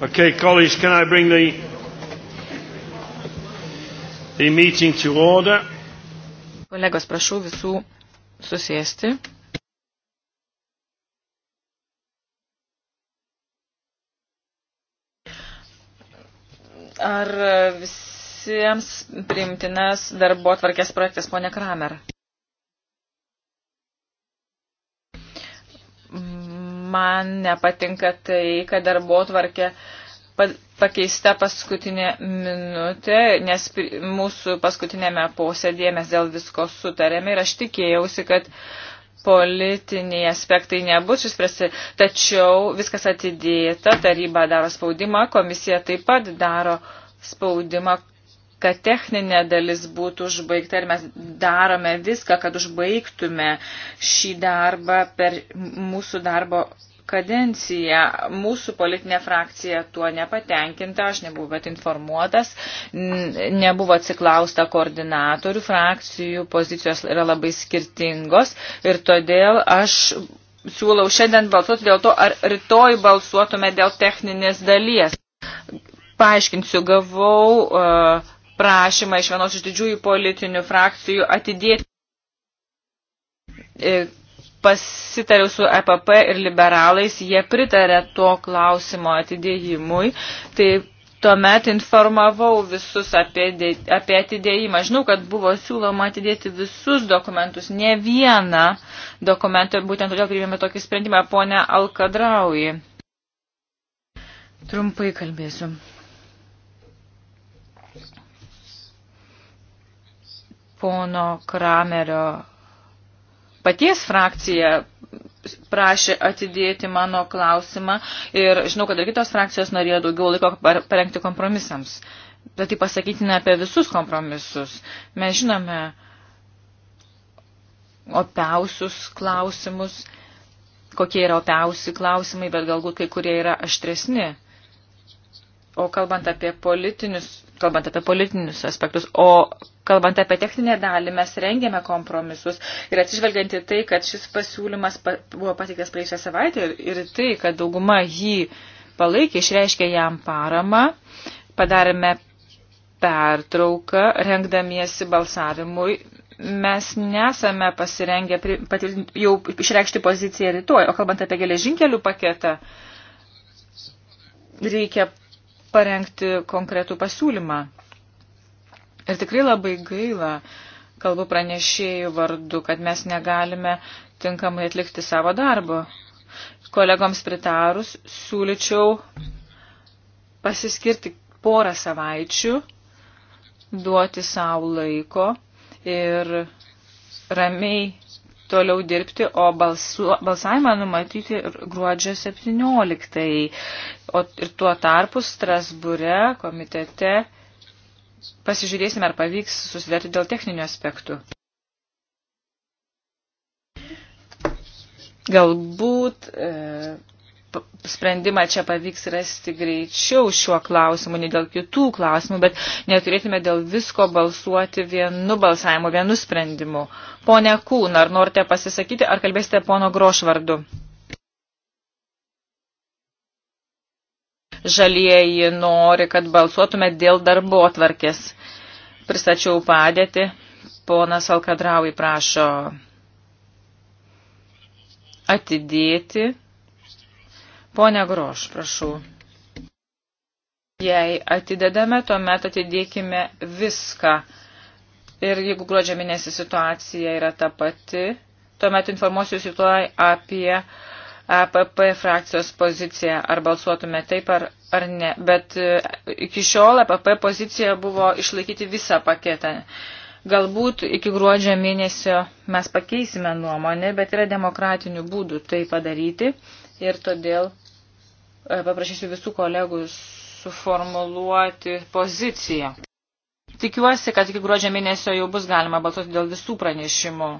Okay, colleagues, can I bring the, the meeting to order? Kolegos, prašau visų susėsti. Ar visiems priimtinas darbo tvarkės projektas, ponė Kramer? Man nepatinka tai, kad darbo tvarkė pakeista paskutinė minutė, nes mūsų paskutinėme posėdėje mes dėl visko sutarėme ir aš tikėjausi, kad politiniai aspektai nebus išspręsti, tačiau viskas atidėta, taryba daro spaudimą, komisija taip pat daro spaudimą kad techninė dalis būtų užbaigta ir mes darome viską, kad užbaigtume šį darbą per mūsų darbo kadenciją. Mūsų politinė frakcija tuo nepatenkinta, aš nebuvau bet informuotas, nebuvo atsiklausta koordinatorių, frakcijų pozicijos yra labai skirtingos ir todėl aš siūlau šiandien balsuoti dėl to, ar rytoj balsuotume dėl techninės dalies. Paaiškinsiu, gavau uh, prašymą iš vienos iš didžiųjų politinių frakcijų atidėti. E, Pasitariu su EPP ir liberalais, jie pritarė to klausimo atidėjimui. Tai tuomet informavau visus apie, dė, apie atidėjimą. Žinau, kad buvo siūloma atidėti visus dokumentus, ne vieną dokumentą, būtent todėl priėmėme tokį sprendimą, ponia Alkadrauji. Trumpai kalbėsiu. pono Kramerio paties frakcija prašė atidėti mano klausimą ir žinau, kad ir kitos frakcijos norėjo daugiau laiko parengti kompromisams. Bet tai pasakytina apie visus kompromisus. Mes žinome opiausius klausimus, kokie yra opiausi klausimai, bet galbūt kai kurie yra aštresni. O kalbant apie politinius, kalbant apie politinius aspektus, o kalbant apie techninę dalį, mes rengėme kompromisus ir atsižvelgiant į tai, kad šis pasiūlymas buvo patikęs praėjusią savaitę ir, ir tai, kad dauguma jį palaikė, išreiškė jam paramą, padarėme pertrauką, rengdamiesi balsavimui. Mes nesame pasirengę jau išreikšti poziciją rytoj, o kalbant apie geležinkelių paketą, reikia parengti konkretų pasiūlymą. Ir tikrai labai gaila, kalbu pranešėjų vardu, kad mes negalime tinkamai atlikti savo darbo. Kolegoms pritarus siūlyčiau pasiskirti porą savaičių, duoti savo laiko ir ramiai toliau dirbti, o balsu, balsavimą numatyti gruodžio 17. O ir tuo tarpu Strasbūre komitete pasižiūrėsime, ar pavyks susidaryti dėl techninių aspektų. Galbūt e, sprendimą čia pavyks rasti greičiau šiuo klausimu, ne dėl kitų klausimų, bet neturėtume dėl visko balsuoti vienu balsavimu, vienu sprendimu. Pone Kūn, ar norite pasisakyti, ar kalbėsite pono Grošvardu? vardu? žalieji nori, kad balsuotume dėl darbo atvarkės. Pristačiau padėti. Ponas Alkadraui prašo atidėti. Pone Groš, prašau. Jei atidedame, tuomet atidėkime viską. Ir jeigu gruodžio mėnesį situacija yra ta pati, tuomet informuosiu situaciją apie uh, APP frakcijos poziciją, ar balsuotume taip ar, ar ne. Bet e, iki šiol APP pozicija buvo išlaikyti visą paketą. Galbūt iki gruodžio mėnesio mes pakeisime nuomonę, bet yra demokratinių būdų tai padaryti ir todėl e, paprašysiu visų kolegų suformuluoti poziciją. Tikiuosi, kad iki gruodžio mėnesio jau bus galima balsuoti dėl visų pranešimų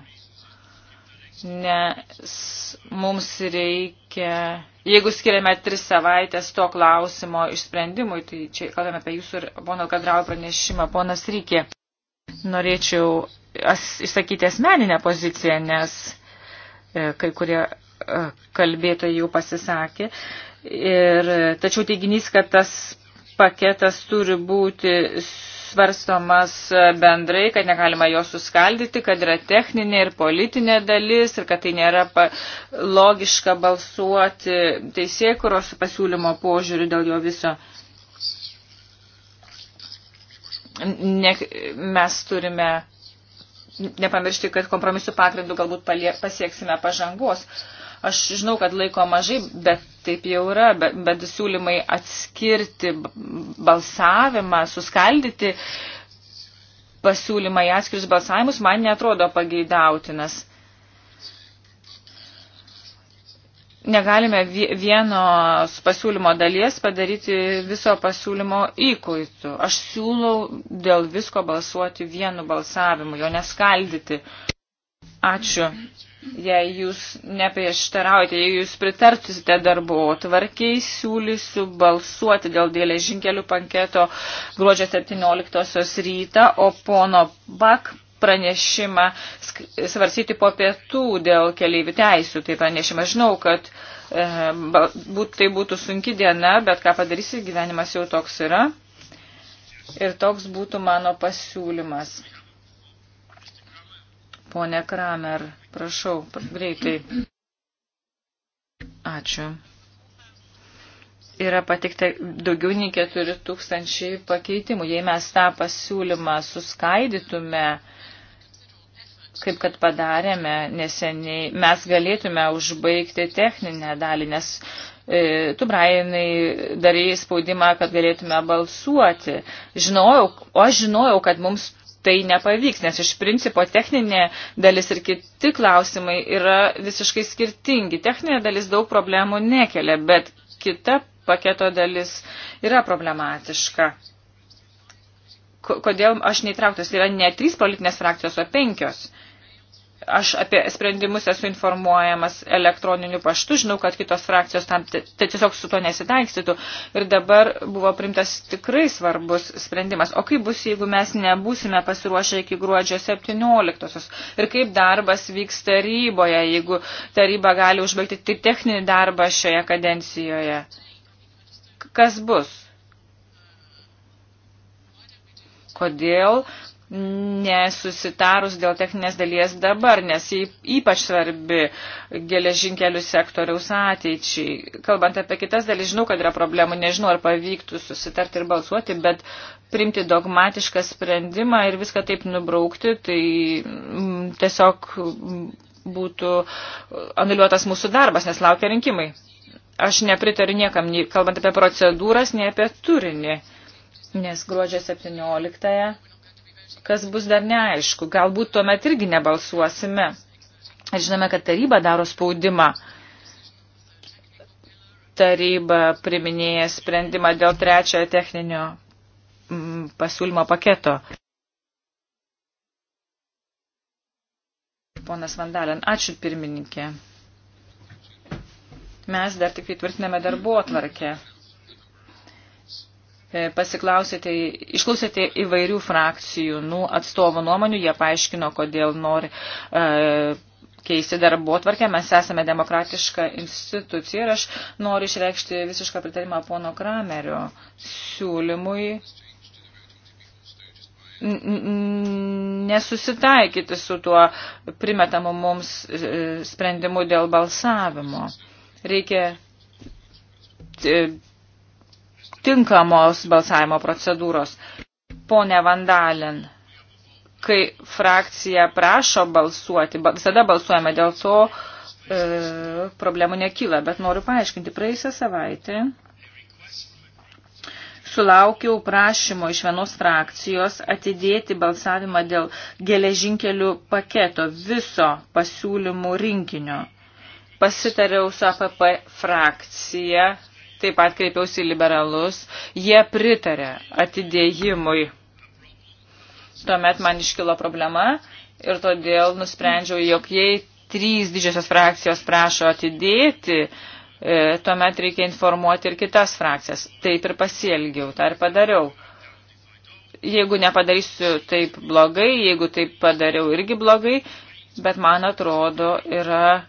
nes mums reikia, jeigu skiriame tris savaitės to klausimo išsprendimui, tai čia kalbame apie jūsų ir pono Kadravo pranešimą, ponas Rykė. Norėčiau as, išsakyti asmeninę poziciją, nes e, kai kurie e, kalbėtojai jau pasisakė. Ir, tačiau teiginys, kad tas paketas turi būti svarstomas e, bendrai, kad negalima jo suskaldyti, kad yra techninė ir politinė dalis ir kad tai nėra pa, logiška balsuoti teisėkuros pasiūlymo požiūriu dėl jo viso. Ne, mes turime nepamiršti, kad kompromisų pagrindų galbūt palie, pasieksime pažangos. Uh, Aš žinau, kad laiko mažai, bet taip jau yra, bet, bet siūlymai atskirti balsavimą, suskaldyti pasiūlymą į atskirius balsavimus man netrodo pageidautinas. Negalime vienos pasiūlymo dalies padaryti viso pasiūlymo įkoitų. Aš siūlau dėl visko balsuoti vienu balsavimu, jo neskaldyti. Uh, Ačiū. Jei jūs neprieštaraujate, jei jūs pritartusite darbo tvarkiai, siūlysiu balsuoti dėl dėlėžinkelių panketo gruodžio 17 rytą, o pono Bak pranešimą svarsyti po pietų dėl keleivių teisų. Tai pranešimą žinau, kad e, būt, tai būtų sunki diena, bet ką padarysi, gyvenimas jau toks yra. Ir toks būtų mano pasiūlymas. Pone Kramer, prašau, greitai. Ačiū. Yra patikta daugiau nei 4000 pakeitimų. Jei mes tą pasiūlymą suskaidytume, kaip kad padarėme neseniai, mes galėtume užbaigti techninę dalį, nes e, tu, Brianai, darėjai spaudimą, kad galėtume balsuoti. Žinojau, o aš žinojau, kad mums tai nepavyks, nes iš principo techninė dalis ir kiti klausimai yra visiškai skirtingi. Techninė dalis daug problemų nekelia, bet kita paketo dalis yra problematiška. Kodėl aš neįtrauktas? Tai yra ne trys politinės frakcijos, o penkios aš apie sprendimus esu informuojamas elektroniniu paštu, žinau, kad kitos frakcijos tam tai tiesiog su to nesitaikstytų. Ir dabar buvo primtas tikrai svarbus sprendimas. O kaip bus, jeigu mes nebūsime pasiruošę iki gruodžio 17-osios? Ir kaip darbas vyks taryboje, jeigu taryba gali užbaigti tik techninį darbą šioje kadencijoje? Kas bus? Kodėl nesusitarus dėl techninės dalies dabar, nes jį ypač svarbi geležinkelių sektoriaus ateičiai. Kalbant apie kitas dalis, žinau, kad yra problemų, nežinau, ar pavyktų susitarti ir balsuoti, bet primti dogmatišką sprendimą ir viską taip nubraukti, tai m, mm, tiesiog būtų anuliuotas mūsų darbas, nes laukia rinkimai. Aš nepritariu niekam, kalbant apie procedūras, nei apie turinį, nes gruodžio 17 kas bus dar neaišku. Galbūt tuomet irgi nebalsuosime. Žinome, kad taryba daro spaudimą. Taryba priminėja sprendimą dėl trečiojo techninio mm, pasiūlymo paketo. Ponas Vandalen, ačiū pirmininkė. Mes dar tik įtvirtiname tai darbo atvarkę. E, pasiklausėte, išklausėte įvairių frakcijų nu, atstovo nuomonių, jie paaiškino, kodėl nori e, keisti darbo tvarkę. Mes esame demokratiška institucija ir aš noriu išreikšti visišką pritarimą pono Kramerio siūlymui nesusitaikyti su tuo primetamu mums e, sprendimu dėl balsavimo. Reikia e, tinkamos balsavimo procedūros. Pone Vandalin, kai frakcija prašo balsuoti, visada balsuojame dėl to, e, problemų nekyla, bet noriu paaiškinti, praėjusią savaitę sulaukiau prašymo iš vienos frakcijos atidėti balsavimą dėl geležinkelių paketo viso pasiūlymų rinkinio. Pasitariau su APP frakcija taip pat kreipiausi į liberalus, jie pritarė atidėjimui. Tuomet man iškilo problema ir todėl nusprendžiau, jog jei trys didžiosios frakcijos prašo atidėti, e, tuomet reikia informuoti ir kitas frakcijas. Taip ir pasielgiau, tą ir padariau. Jeigu nepadarysiu taip blogai, jeigu taip padariau irgi blogai, bet man atrodo yra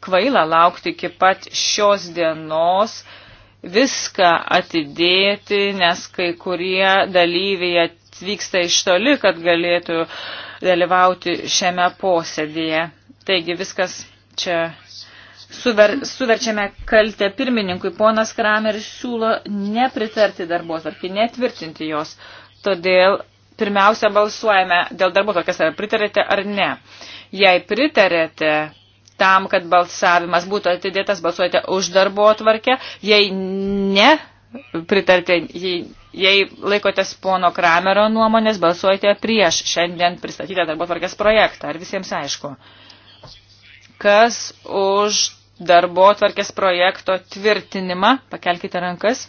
kvaila laukti iki pat šios dienos, uh, viską atidėti, nes kai kurie dalyviai atvyksta iš toli, kad galėtų dalyvauti šiame posėdėje. Taigi viskas čia suver, suverčiame kaltę pirmininkui. Ponas Krameris siūlo nepritarti darbos arki, netvirtinti jos. Todėl pirmiausia balsuojame dėl darbo tokias, ar pritarėte ar ne. Jei pritarėte, tam, kad balsavimas būtų atidėtas, balsuojate už darbo atvarkę. Jei ne, pritartė, jei, jei laikotės pono Kramero nuomonės, balsuojate prieš šiandien pristatytą darbo atvarkės projektą. Ar visiems aišku? Kas už darbo atvarkės projekto tvirtinimą? Pakelkite rankas.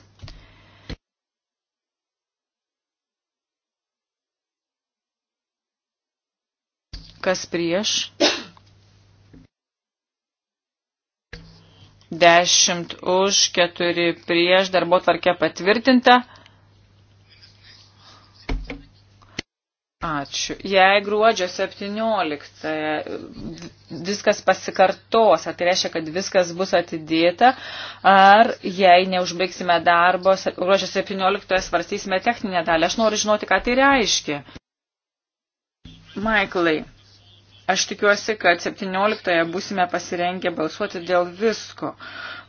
Kas prieš? 10 už, 4 prieš, darbo tvarkė patvirtinta. Ačiū. Jei gruodžio 17 viskas pasikartos, tai reiškia, kad viskas bus atidėta, ar jei neužbaigsime darbo, gruodžio 17 svarstysime techninę dalį. Aš noriu žinoti, ką tai reiškia. Michaelai, Aš tikiuosi, kad 17-ąją būsime pasirengę balsuoti dėl visko,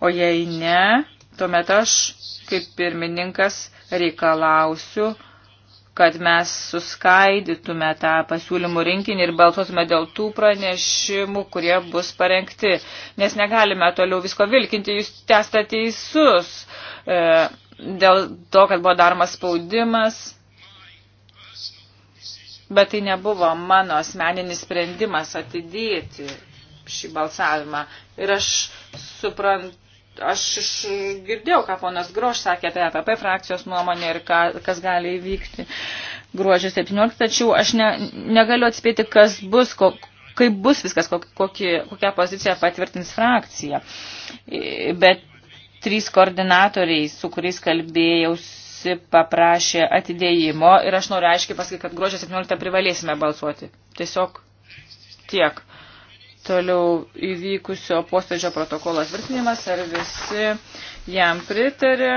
o jei ne, tuomet aš, kaip pirmininkas, reikalausiu, kad mes suskaidytume tą pasiūlymų rinkinį ir balsuotume dėl tų pranešimų, kurie bus parengti, nes negalime toliau visko vilkinti, jūs testate teisus e, dėl to, kad buvo daromas spaudimas bet tai nebuvo mano asmeninis sprendimas atidėti šį balsavimą. Ir aš suprantu, aš girdėjau, ką ponas Groš sakė apie APP frakcijos nuomonę ir ką, kas gali įvykti gruodžio 17, tačiau aš ne, negaliu atspėti, kas bus, ko, kaip bus viskas, kokį, kokią poziciją patvirtins frakcija. Bet trys koordinatoriai, su kuriais kalbėjausi, visi paprašė atidėjimo ir aš noriu aiškiai pasakyti, kad gruodžio 17 privalėsime balsuoti. Tiesiog tiek. Toliau įvykusio posėdžio protokolo tvirtinimas, ar visi jam pritarė.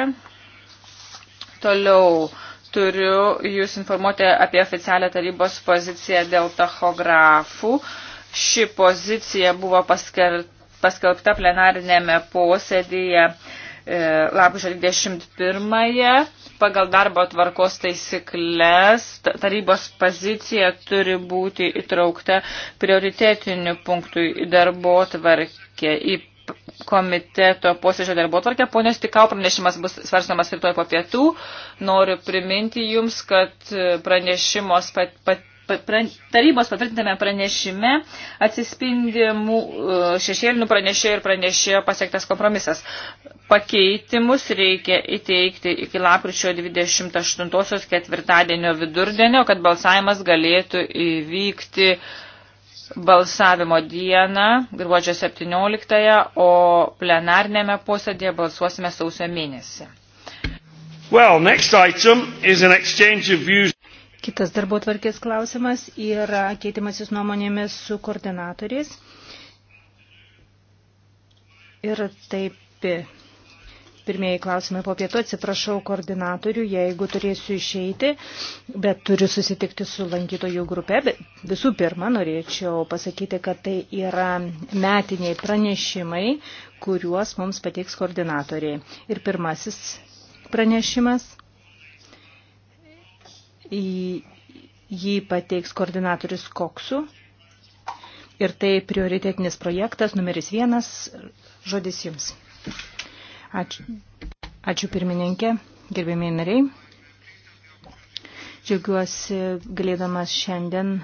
Toliau turiu jūs informuoti apie oficialią tarybos poziciją dėl tachografų. Ši pozicija buvo paskelbta plenarinėme posėdėje e, lapkričio 21-ąją pagal darbo tvarkos taisyklės tarybos pozicija turi būti įtraukta prioritetiniu punktu į darbo tvarkę, į komiteto posėdžio darbo tvarkę. Ponios Tikau pranešimas bus svarstamas rytoj po pietų. Noriu priminti Jums, kad e, pranešimos pat, pat, tarybos patvirtintame pranešime atsispindi e, šešėlinių pranešėjo ir pranešėjo pasiektas kompromisas. Pakeitimus reikia įteikti iki lapkričio 28 ketvirtadienio vidurdienio, kad balsavimas galėtų įvykti balsavimo dieną, gruodžio 17, o plenarnėme posėdėje balsuosime sausio mėnesį. Well, next item is an exchange of views. Kitas darbo tvarkės klausimas yra keitimasis nuomonėmis su koordinatoriais. Ir taip, pirmieji klausimai po pietų, atsiprašau koordinatorių, jeigu turėsiu išeiti, bet turiu susitikti su lankytojų grupe. Bet visų pirma, norėčiau pasakyti, kad tai yra metiniai pranešimai, kuriuos mums pateiks koordinatoriai. Ir pirmasis pranešimas jį pateiks koordinatorius Koksu. Ir tai prioritetinis projektas, numeris vienas, žodis jums. Ačiū, Ačiū pirmininkė, gerbėmiai nariai. Džiaugiuosi galėdamas šiandien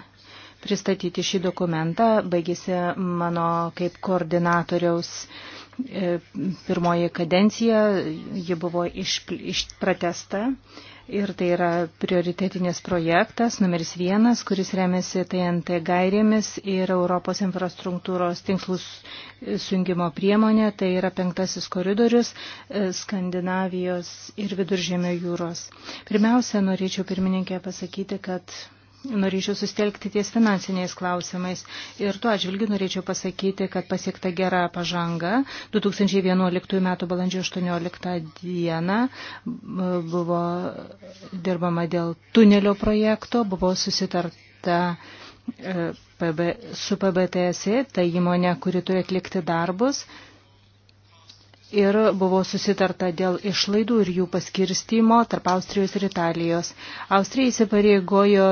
pristatyti šį dokumentą. Baigėsi mano kaip koordinatoriaus e, pirmoji kadencija, ji buvo išpratesta. Iš Ir tai yra prioritetinis projektas numeris vienas, kuris remiasi TNT gairėmis ir Europos infrastruktūros tinklus sujungimo priemonė. Tai yra penktasis koridorius e, Skandinavijos ir viduržėmio jūros. Pirmiausia, norėčiau pirmininkė pasakyti, kad norėčiau sustelkti ties finansiniais klausimais. Ir tuo atžvilgiu norėčiau pasakyti, kad pasiekta gera pažanga. 2011 m. balandžio 18 d. buvo dirbama dėl tunelio projekto, buvo susitarta e, su PBTSE, tai įmonė, kuri turi atlikti darbus ir buvo susitarta dėl išlaidų ir jų paskirstymo tarp Austrijos ir Italijos. Austrija įsipareigojo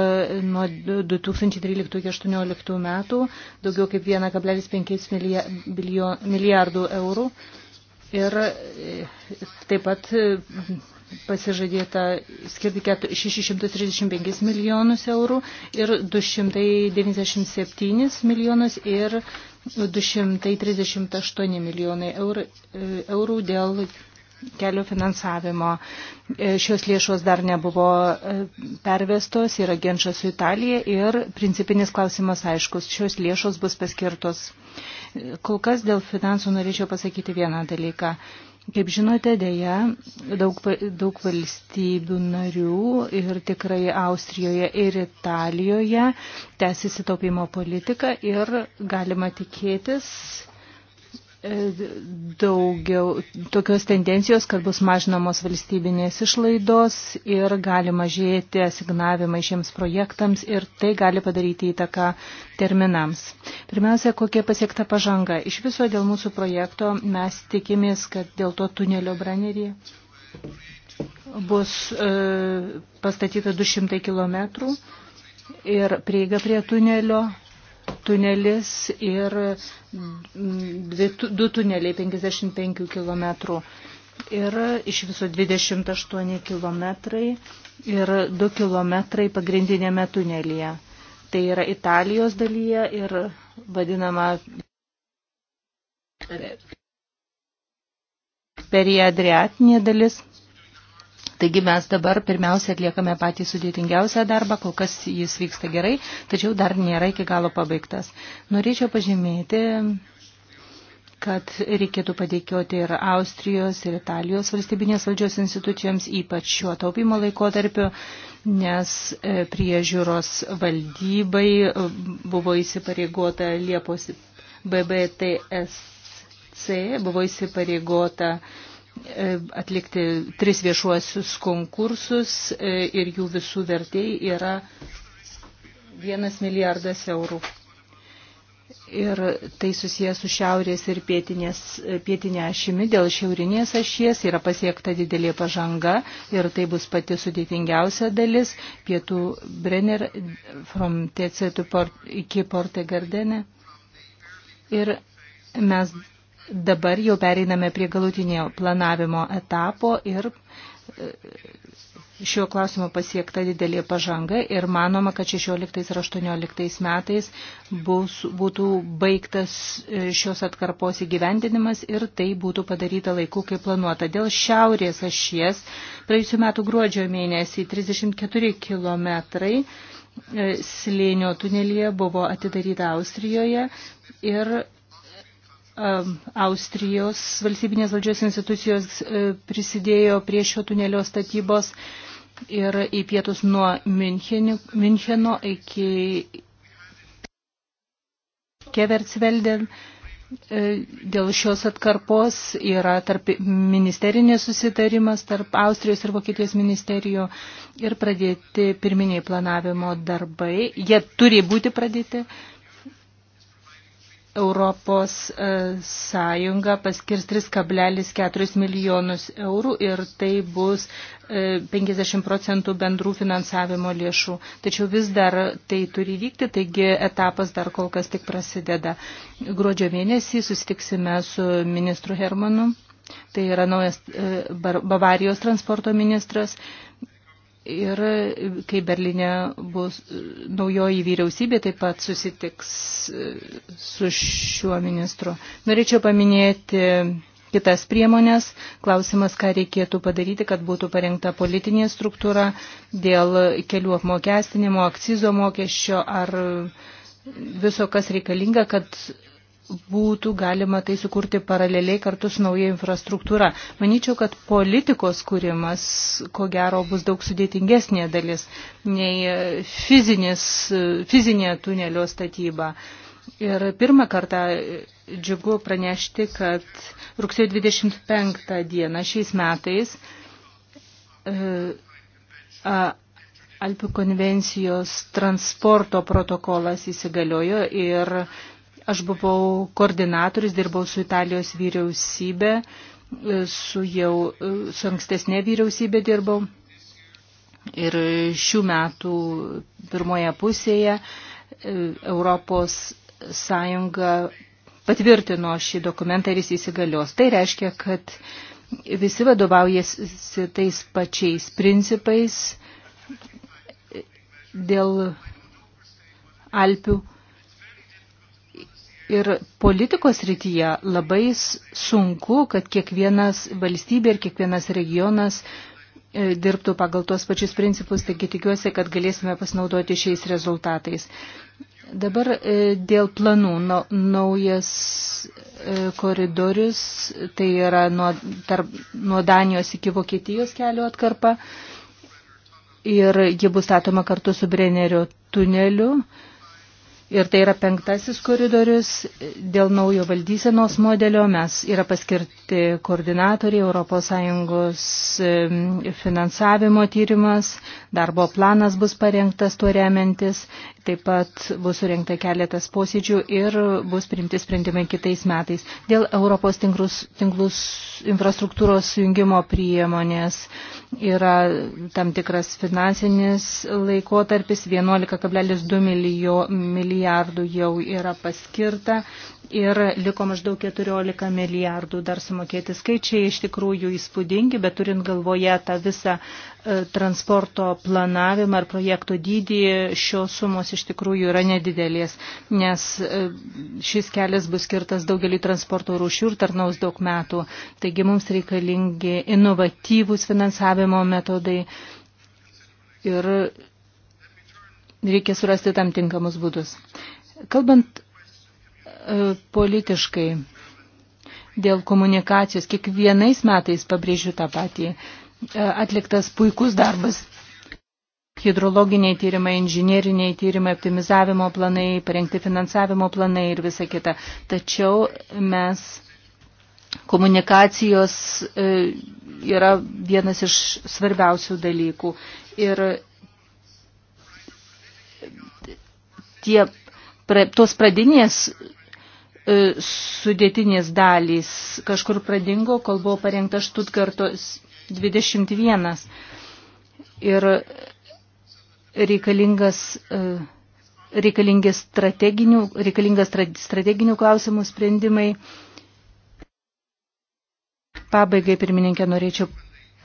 nuo 2013-2018 metų daugiau kaip 1,5 milijardų eurų ir e, taip pat e, pasižadėta skirti 635 milijonus eurų ir 297 milijonus ir 238 milijonai eurų, e, eurų dėl kelio finansavimo. E, šios lėšos dar nebuvo e, pervestos, yra ginčas su Italija ir principinis klausimas aiškus, šios lėšos bus paskirtos. Kol kas dėl finansų norėčiau pasakyti vieną dalyką. Kaip žinote, dėja, daug, daug valstybių narių ir tikrai Austrijoje ir Italijoje tęsiasi taupimo politika ir galima tikėtis E, daugiau tokios tendencijos, kad bus mažinamos valstybinės išlaidos ir gali mažėti asignavimai šiems projektams ir tai gali padaryti įtaką terminams. Pirmiausia, kokia pasiekta pažanga. Iš viso dėl mūsų projekto mes tikimės, kad dėl to tunelio branerį bus e, pastatyta 200 km ir prieiga prie tunelio tunelis ir mm, dvi, du tuneliai 55 km. Ir iš viso 28 km ir 2 km pagrindinėme tunelyje. Tai yra Italijos dalyje ir vadinama periadriatinė dalis. Taigi mes dabar pirmiausia atliekame patį sudėtingiausią darbą, kol kas jis vyksta gerai, tačiau dar nėra iki galo pabaigtas. Norėčiau pažymėti kad reikėtų padėkioti ir Austrijos, ir Italijos valstybinės valdžios institucijoms, ypač šiuo taupimo laikotarpiu, nes e, priežiūros valdybai e, buvo įsipareigota Liepos BBTSC, buvo įsipareigota uh, E, atlikti tris viešuosius konkursus e, ir jų visų vertėjai yra vienas milijardas eurų. Ir tai susijęs su šiaurės ir pietinės, e, pietinė ašimi. Dėl šiaurinės ašies yra pasiekta didelė pažanga ir tai bus pati sudėtingiausia dalis. Pietų Brenner from TC port, iki Porte Gardene. Ir mes dabar jau pereiname prie galutinio planavimo etapo ir e, šiuo klausimu pasiekta didelė pažanga ir manoma, kad 16 ir 18 metais bus, būtų baigtas e, šios atkarpos įgyvendinimas ir tai būtų padaryta laiku, kaip planuota. Dėl šiaurės ašies praėjusiu metu gruodžio mėnesį 34 kilometrai e, slėnio tunelėje buvo atidaryta Austrijoje ir Austrijos valstybinės valdžios institucijos e, prisidėjo prie šio tunelio statybos ir į pietus nuo Müncheno iki Kevercvelden. E, dėl šios atkarpos yra tarp ministerinės susitarimas tarp Austrijos ir Vokietijos ministerijų ir pradėti pirminiai planavimo darbai. Jie turi būti pradėti. Uh, Europos e, Sąjunga paskirs 3,4 milijonus eurų ir tai bus 50 e, procentų bendrų finansavimo lėšų. Tačiau vis dar tai turi vykti, taigi etapas dar kol kas tik prasideda. Gruodžio mėnesį susitiksime su ministru Hermanu, tai yra naujas e, Bavarijos transporto ministras Ir kai Berlinė bus naujoji vyriausybė, taip pat susitiks e, su šiuo ministru. Norėčiau paminėti kitas priemonės. Klausimas, ką reikėtų padaryti, kad būtų parengta politinė struktūra dėl kelių apmokestinimo, akcizo mokesčio ar viso, kas reikalinga, kad būtų galima tai sukurti paraleliai kartu su nauja infrastruktūra. Manyčiau, kad politikos kūrimas, ko gero, bus daug sudėtingesnė dalis nei fizinis, fizinė tunelio statyba. Ir pirmą kartą džiugu pranešti, kad rugsėjo 25 dieną šiais metais e, a, Alpių konvencijos transporto protokolas įsigaliojo ir Aš buvau koordinatorius, dirbau su Italijos vyriausybė, su jau su ankstesnė vyriausybė dirbau. Ir šių metų pirmoje pusėje e, Europos Sąjunga patvirtino šį dokumentą ir jis įsigalios. Tai reiškia, kad visi vadovaujasi tais pačiais principais dėl Alpių Ir politikos rytyje labai sunku, kad kiekvienas valstybė ir kiekvienas regionas e, dirbtų pagal tuos pačius principus, taigi tikiuosi, kad galėsime pasinaudoti šiais rezultatais. Dabar e, dėl planų. Naujas e, koridorius, tai yra nuo, tarp, nuo Danijos iki Vokietijos kelio atkarpa ir ji bus statoma kartu su Brenerio tuneliu. Ir tai yra penktasis koridorius dėl naujo valdysenos modelio. Mes yra paskirti koordinatoriai ES finansavimo tyrimas, darbo planas bus parengtas tuo remiantis, taip pat bus surinkta keletas posėdžių ir bus priimti sprendimai kitais metais. Dėl Europos tinklus, tinklus infrastruktūros jungimo priemonės yra tam tikras finansinis laikotarpis 11,2 milijonų milijardų jau yra paskirta ir liko maždaug 14 milijardų dar sumokėti. Skaičiai iš tikrųjų įspūdingi, bet turint galvoje tą visą e, transporto planavimą ar projekto dydį, šios sumos iš tikrųjų yra nedidelės, nes e, šis kelias bus skirtas daugelį transporto rūšių ir tarnaus daug metų. Taigi mums reikalingi inovatyvūs finansavimo metodai. Ir reikia surasti tam tinkamus būdus. Kalbant e, politiškai dėl komunikacijos, kiekvienais metais pabrėžiu tą patį, e, atliktas puikus darbas hidrologiniai tyrimai, inžinieriniai tyrimai, optimizavimo planai, parengti finansavimo planai ir visa kita. Tačiau mes komunikacijos e, yra vienas iš svarbiausių dalykų. Ir tie, pra, tos pradinės e, sudėtinės dalys kažkur pradingo, kol buvo parengta Štutkarto 21. Ir reikalingas, e, reikalingas strateginių, reikalingas strateginių klausimų sprendimai. Pabaigai, pirmininkė, norėčiau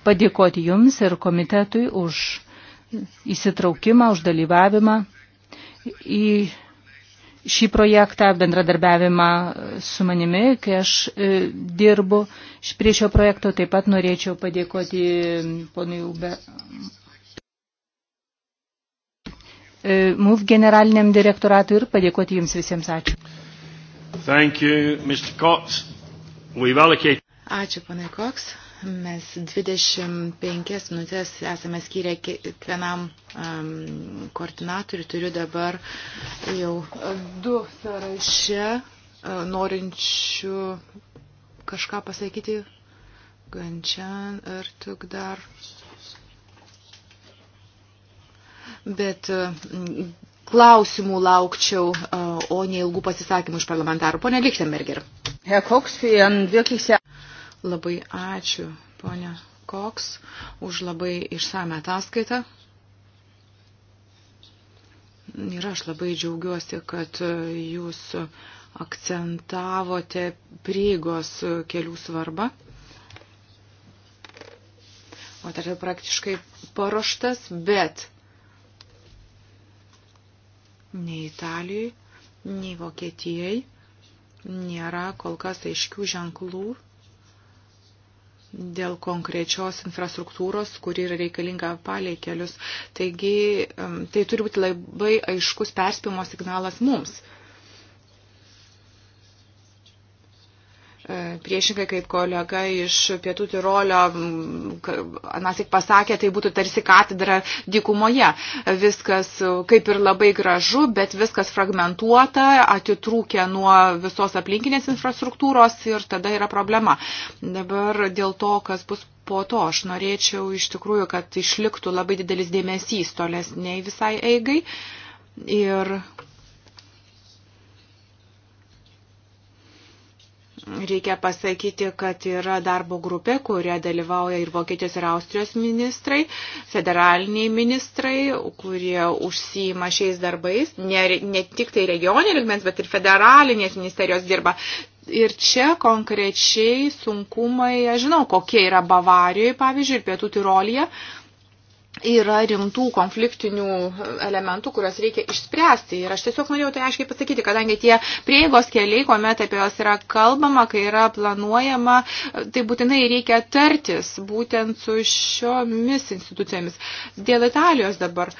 padėkoti Jums ir komitetui už įsitraukimą, už dalyvavimą į šį projektą, bendradarbiavimą su manimi, kai aš e, dirbu prie šio projekto. Taip pat norėčiau padėkoti ponui Ube. E, MUF generaliniam direktoratui ir padėkoti jums visiems. Ačiū. Thank you, Mr. Cox. We've allocated... Ačiū, panai Koks. Mes 25 minutės esame skyrę kiekvienam um, koordinatoriui. Turiu dabar jau du sąraše uh, norinčių kažką pasakyti. Gančian ir tik dar. Bet uh, klausimų laukčiau, uh, o ne ilgų pasisakymų iš parlamentarų. Pone Lichtenberger. Herr Koks, für Ihren wirklich sehr Labai ačiū, ponia Koks, už labai išsame ataskaitą. Ir aš labai džiaugiuosi, kad jūs akcentavote prieigos kelių svarbą. O tai yra praktiškai paruoštas, bet nei Italijai, nei Vokietijai nėra kol kas aiškių ženklų, dėl konkrečios infrastruktūros, kuri yra reikalinga palei kelius. Taigi tai turi būti labai aiškus perspėjimo signalas mums. E, priešingai, kaip kolega iš Pietų Tirolio, mes tik pasakė, tai būtų tarsi katedra dykumoje. Viskas kaip ir labai gražu, bet viskas fragmentuota, atitrūkia nuo visos aplinkinės infrastruktūros ir tada yra problema. Dabar dėl to, kas bus po to, aš norėčiau iš tikrųjų, kad išliktų labai didelis dėmesys tolesniai visai eigai. Ir Mhm. Reikia pasakyti, kad yra darbo grupė, kurioje dalyvauja ir Vokietijos ir Austrijos ministrai, federaliniai ministrai, kurie užsijima šiais darbais. Ne, ne tik tai regioninė lygmens, bet ir federalinės ministerijos dirba. Ir čia konkrečiai sunkumai, aš žinau, kokie yra Bavarijoje, pavyzdžiui, ir Pietų Tirolija. Uh, yra rimtų konfliktinių elementų, kuriuos reikia išspręsti. Ir aš tiesiog norėjau tai aiškiai pasakyti, kadangi tie prieigos keliai, kuomet apie juos yra kalbama, kai yra planuojama, tai būtinai reikia tartis būtent su šiomis institucijomis. Dėl Italijos dabar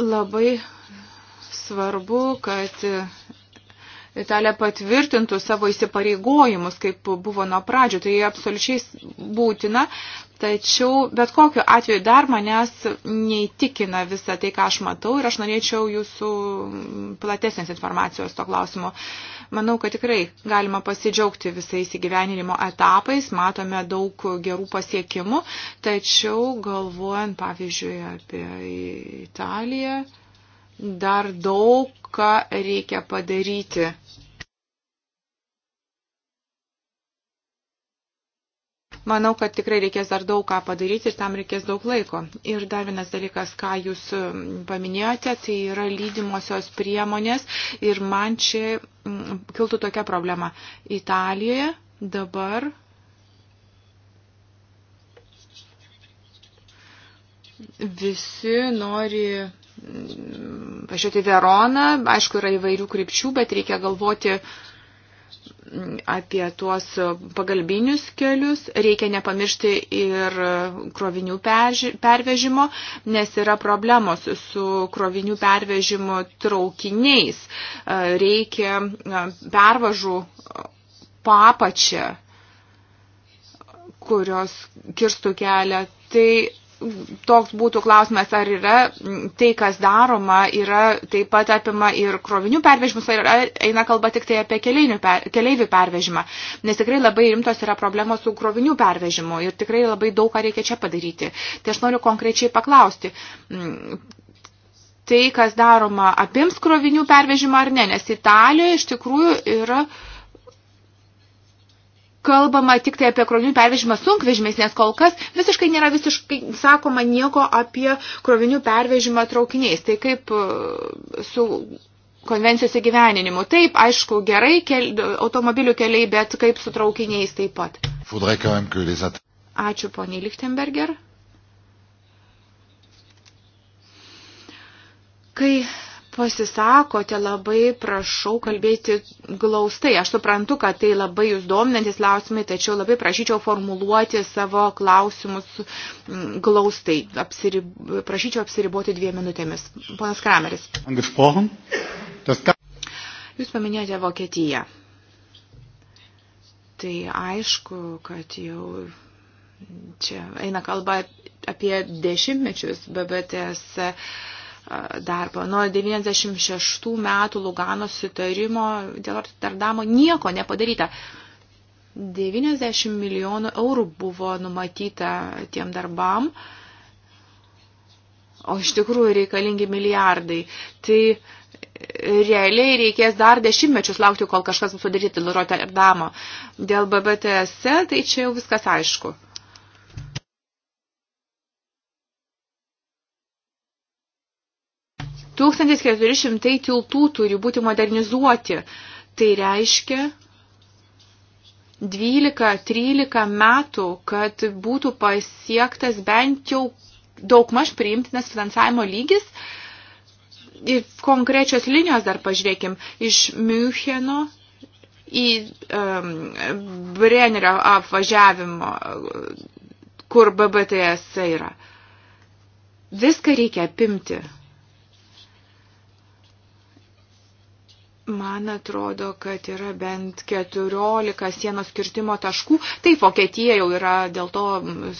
labai svarbu, kad Italija patvirtintų savo įsipareigojimus, kaip buvo nuo pradžio. Tai absoliučiai būtina, tačiau bet kokiu atveju dar manęs neįtikina visą tai, ką aš matau ir aš norėčiau jūsų platesnės informacijos to klausimo. Manau, kad tikrai galima pasidžiaugti visais įgyvenimo etapais, matome daug gerų pasiekimų, tačiau galvojant, pavyzdžiui, apie Italiją dar daug ką reikia padaryti. Manau, kad tikrai reikės dar daug ką padaryti ir tam reikės daug laiko. Ir dar vienas dalykas, ką jūs paminėjote, tai yra lydimosios priemonės. Ir man čia kiltų tokia problema. Italijoje dabar visi nori važiuoti Veroną. Aišku, yra įvairių krypčių, bet reikia galvoti apie tuos pagalbinius kelius. Reikia nepamiršti ir krovinių pervežimo, nes yra problemos su krovinių pervežimu traukiniais. Reikia pervažų papačią kurios kirstų kelią. Tai toks būtų klausimas, ar yra tai, kas daroma, yra taip pat apima ir krovinių pervežimus, ar eina kalba tik tai apie per, keleivių pervežimą. Nes tikrai labai rimtos yra problemos su krovinių pervežimu ir tikrai labai daug ką reikia čia padaryti. Tai aš noriu konkrečiai paklausti. Tai, kas daroma, apims krovinių pervežimą ar ne, nes Italijoje iš tikrųjų yra uh, kalbama tik tai apie krovinių pervežimą sunkvežimiais, nes kol kas visiškai nėra visiškai sakoma nieko apie krovinių pervežimą traukiniais. Tai kaip e, su konvencijos įgyveninimu. Taip, aišku, gerai kel, automobilių keliai, bet kaip su traukiniais taip pat. Ačiū, poniai Lichtenberger. Kai pasisakote, labai prašau kalbėti glaustai. Aš suprantu, kad tai labai jūs dominantis klausimai, tačiau labai prašyčiau formuluoti savo klausimus mm, glaustai. Apsirib... Prašyčiau apsiriboti dviem minutėmis. Ponas Krameris. Jūs paminėjote Vokietiją. Tai aišku, kad jau čia eina kalba apie dešimtmečius BBTS darbą. Nuo 96 metų Lugano sutarimo dėl Amsterdamo nieko nepadaryta. 90 milijonų eurų buvo numatyta tiem darbam, o iš tikrųjų reikalingi milijardai. Tai realiai reikės dar dešimtmečius laukti, kol kažkas bus padaryti dėl Rotterdamo. Dėl BBTS, tai čia jau viskas aišku. 1400 tiltų turi būti modernizuoti. Tai reiškia 12-13 metų, kad būtų pasiektas bent jau daugmaž priimtinas finansavimo lygis. Ir konkrečios linijos dar pažiūrėkim. Iš Müncheno į um, Brennerio apvažiavimo, kur BBTS yra. Viską reikia apimti. Man atrodo, kad yra bent 14 sienos kirtimo taškų. Taip, Vokietija jau yra dėl to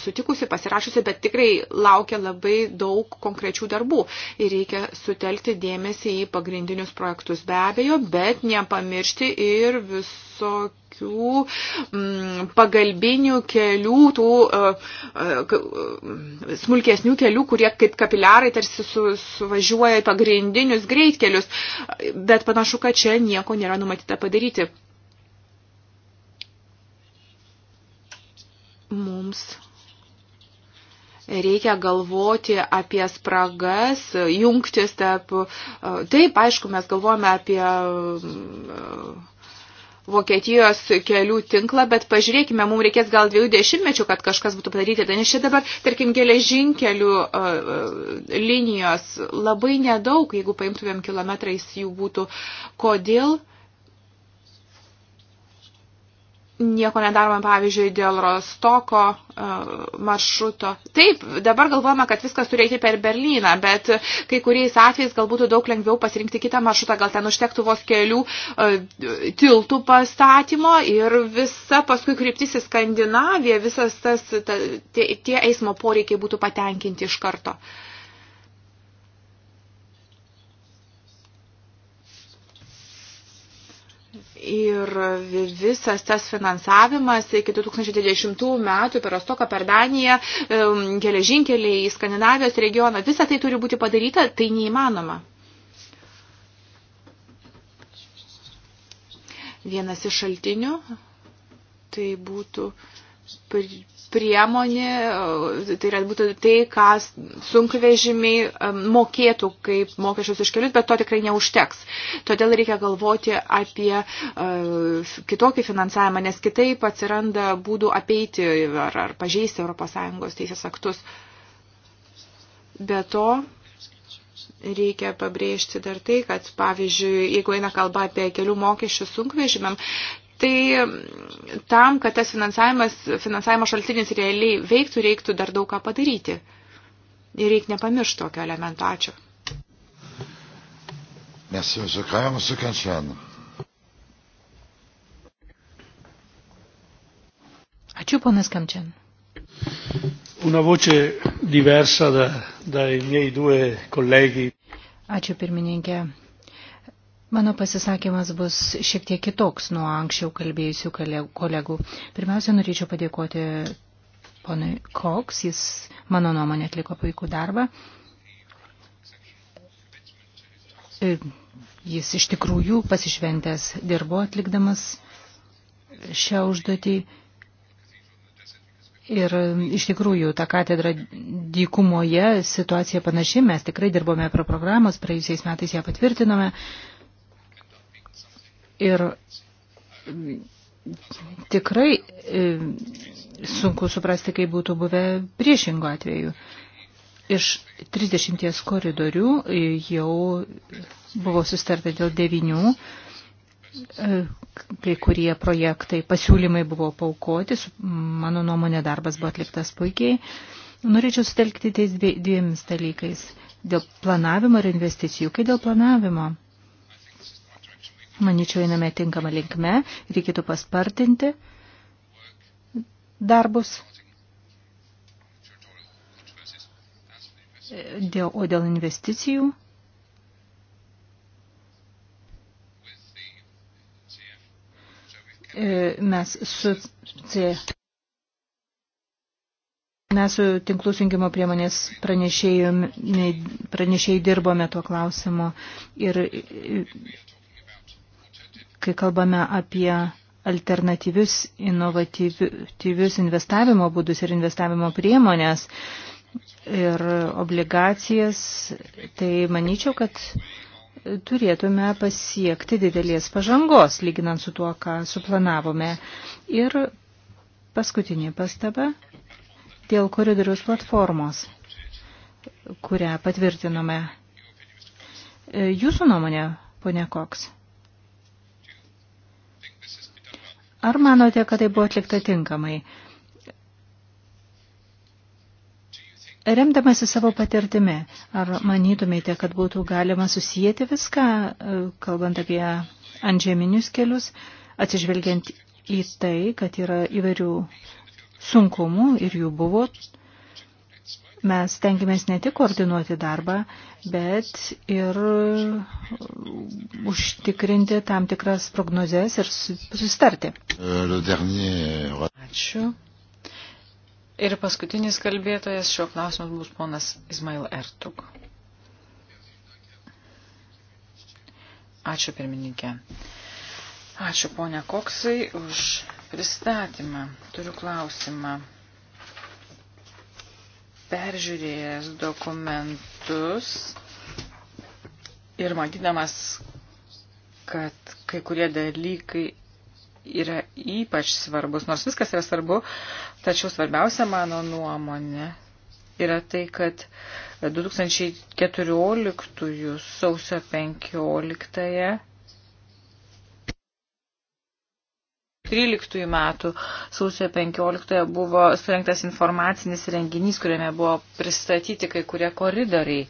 sutikusi, pasirašusi, bet tikrai laukia labai daug konkrečių darbų ir reikia sutelkti dėmesį į pagrindinius projektus be abejo, bet nepamiršti ir viso tokių m, mm, pagalbinių kelių, tų uh, smulkesnių kelių, kurie kaip kapiliarai tarsi su, suvažiuoja į pagrindinius greitkelius, bet panašu, kad čia nieko nėra numatyta padaryti. Mums reikia galvoti apie spragas, jungtis tarp. Taip, aišku, mes galvojame apie Vokietijos kelių tinklą, bet pažiūrėkime, mums reikės gal dviejų dešimtmečių, kad kažkas būtų padaryti. Nes čia dabar, tarkim, geležinkelių linijos labai nedaug, jeigu paimtumėm kilometrais jų būtų. Kodėl nieko nedarome, pavyzdžiui, dėl Rostoko e, maršruto. Taip, dabar galvojame, kad viskas turėti per Berlyną, bet kai kuriais atvejais galbūt daug lengviau pasirinkti kitą maršrutą, gal ten užtektų vos kelių e, tiltų pastatymo ir visa paskui kryptis į Skandinaviją, visas tas, ta, tie, tie eismo poreikiai būtų patenkinti iš karto. Uh, Ir visas tas finansavimas iki 2020 metų per Ostoką, per Daniją, geležinkeliai į Skandinavijos regioną, visa tai turi būti padaryta, tai neįmanoma. Vienas iš šaltinių tai būtų priemonė, e, tai yra būtų tai, ką sunkvežimiai e, mokėtų kaip mokesčius už kelius, bet to tikrai neužteks. Todėl reikia galvoti apie e, kitokį finansavimą, nes kitaip atsiranda būdų apeiti ar, ar pažeisti ES teisės aktus. Be to, reikia pabrėžti dar tai, kad pavyzdžiui, jeigu eina kalba apie kelių mokesčių sunkvežimiam, Tai tam, kad tas finansavimas, finansavimo šaltinis realiai veiktų, reiktų dar daug ką padaryti. Ir reikia nepamiršti tokio elemento. Ačiū. Merci, monsieur Kramer, monsieur Kančian. Ačiū, ponas Kamčian. Una voce diversa da, dai miei due colleghi. Ačiū pirmininkė. Mano pasisakymas bus šiek tiek kitoks nuo anksčiau kalbėjusių kolegų. Pirmiausia, norėčiau padėkoti ponui Koks, jis mano nuomonė atliko puikų darbą. Ir e, jis iš tikrųjų pasišventęs dirbo atlikdamas šią užduotį. Ir e, iš tikrųjų, ta katedra dykumoje situacija panaši, mes tikrai dirbome prie programos, praėjusiais metais ją patvirtinome. Ir mm, tikrai mm, sunku suprasti, kaip būtų buvę priešingo atveju. Iš 30 koridorių e, jau buvo sustarta dėl devinių, e, kai kurie projektai, pasiūlymai buvo paukoti, mano nuomonė darbas buvo atliktas puikiai. Norėčiau sutelkti tais dviemis dalykais. Dėl planavimo ir investicijų. Kai dėl planavimo Manyčiau, einame tinkamą linkme, reikėtų paspartinti darbus. Dėl, o dėl investicijų e, mes su C. Mes su tinklų sujungimo priemonės pranešėjai dirbome tuo klausimu ir kai kalbame apie alternatyvius, inovatyvius investavimo būdus ir investavimo priemonės ir obligacijas, tai manyčiau, kad turėtume pasiekti didelės pažangos, lyginant su tuo, ką suplanavome. Ir paskutinė pastaba dėl koridorius platformos, kurią patvirtinome. E, jūsų nuomonė, ponė Koks? Ar manote, kad tai buvo atlikta tinkamai? Remdamasi savo patirtimi, ar manytumėte, kad būtų galima susijęti viską, e, kalbant apie antžeminius kelius, atsižvelgiant į tai, kad yra įvairių sunkumų ir jų buvo, Mes tengiamės ne tik koordinuoti darbą, bet ir užtikrinti tam tikras prognozes ir susitarti. Ačiū. Ir paskutinis kalbėtojas šio klausimas bus ponas Izmail Ertuk. Ačiū pirmininkė. Ačiū ponia Koksai už pristatymą. Turiu klausimą peržiūrėjęs dokumentus ir matydamas, kad kai kurie dalykai yra ypač svarbus, nors viskas yra svarbu, tačiau svarbiausia mano nuomonė yra tai, kad 2014 sausio 15 2013 metų sausio 15 buvo surinktas informacinis renginys, kuriame buvo pristatyti kai kurie koridoriai.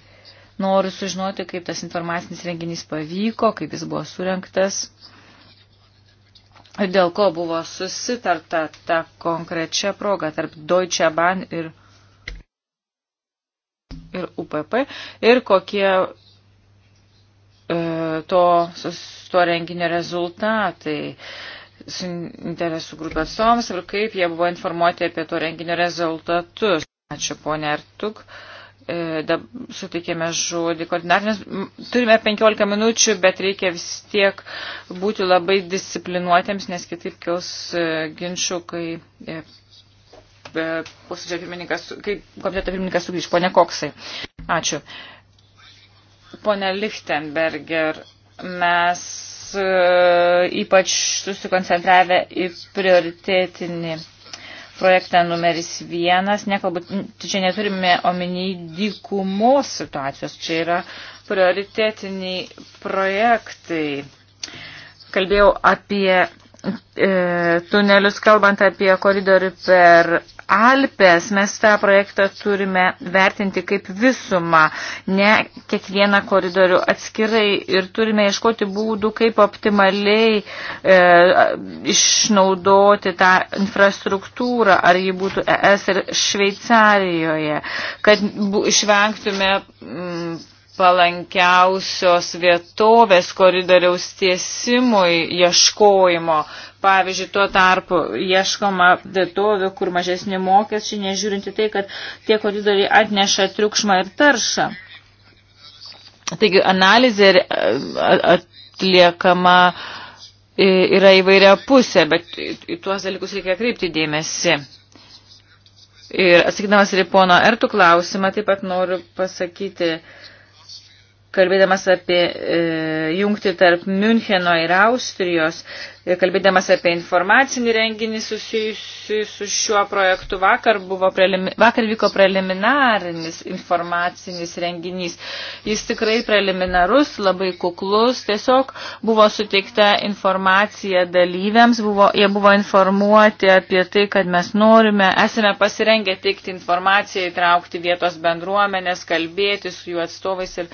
Noriu sužinoti, kaip tas informacinis renginys pavyko, kaip jis buvo surinktas. Ir dėl ko buvo susitarta ta konkrečia proga tarp Deutsche Bahn ir ir UPP ir kokie e, to, to renginio rezultatai su interesų grupės atstovoms ir kaip jie buvo informuoti apie to renginio rezultatus. Ačiū, ponė Artuk. E, dab, sutikėme žodį koordinatorius. Turime 15 minučių, bet reikia vis tiek būti labai disciplinuotėms, nes kitaip kils e, ginčių, kai e, e posėdžio pirmininkas, kai komiteto pirmininkas sugrįž, ponė Koksai. Ačiū. Pone Lichtenberger, mes E, ypač susikoncentravę į prioritetinį projektą numeris vienas. Nekalbu, čia neturime omeny dykumos situacijos, čia yra prioritetiniai projektai. Kalbėjau apie E, tunelius, kalbant apie koridorių per Alpes, mes tą projektą turime vertinti kaip visumą, ne kiekvieną koridorių atskirai ir turime ieškoti būdų, kaip optimaliai e, išnaudoti tą infrastruktūrą, ar ji būtų ES ir Šveicarijoje, kad bu, išvengtume m, mm, palankiausios vietovės koridoriaus tiesimui ieškojimo. Pavyzdžiui, tuo tarpu ieškoma vietovių, kur mažesni mokesčiai, nežiūrinti tai, kad tie koridoriai atneša triukšmą ir taršą. Taigi analizė atliekama yra įvairia pusė, bet į tuos dalykus reikia kreipti dėmesį. Ir atsakydamas ir į pono Ertų klausimą, taip pat noriu pasakyti, kalbėdamas apie e, jungti tarp Müncheno ir Austrijos, e, kalbėdamas apie informacinį renginį susijusi su šiuo projektu, vakar, buvo prelimi, vakar vyko preliminarinis informacinis renginys. Jis tikrai preliminarus, labai kuklus, tiesiog buvo suteikta informacija dalyviams, buvo, jie buvo informuoti apie tai, kad mes norime, esame pasirengę teikti informaciją, įtraukti vietos bendruomenės, kalbėti su jų atstovais ir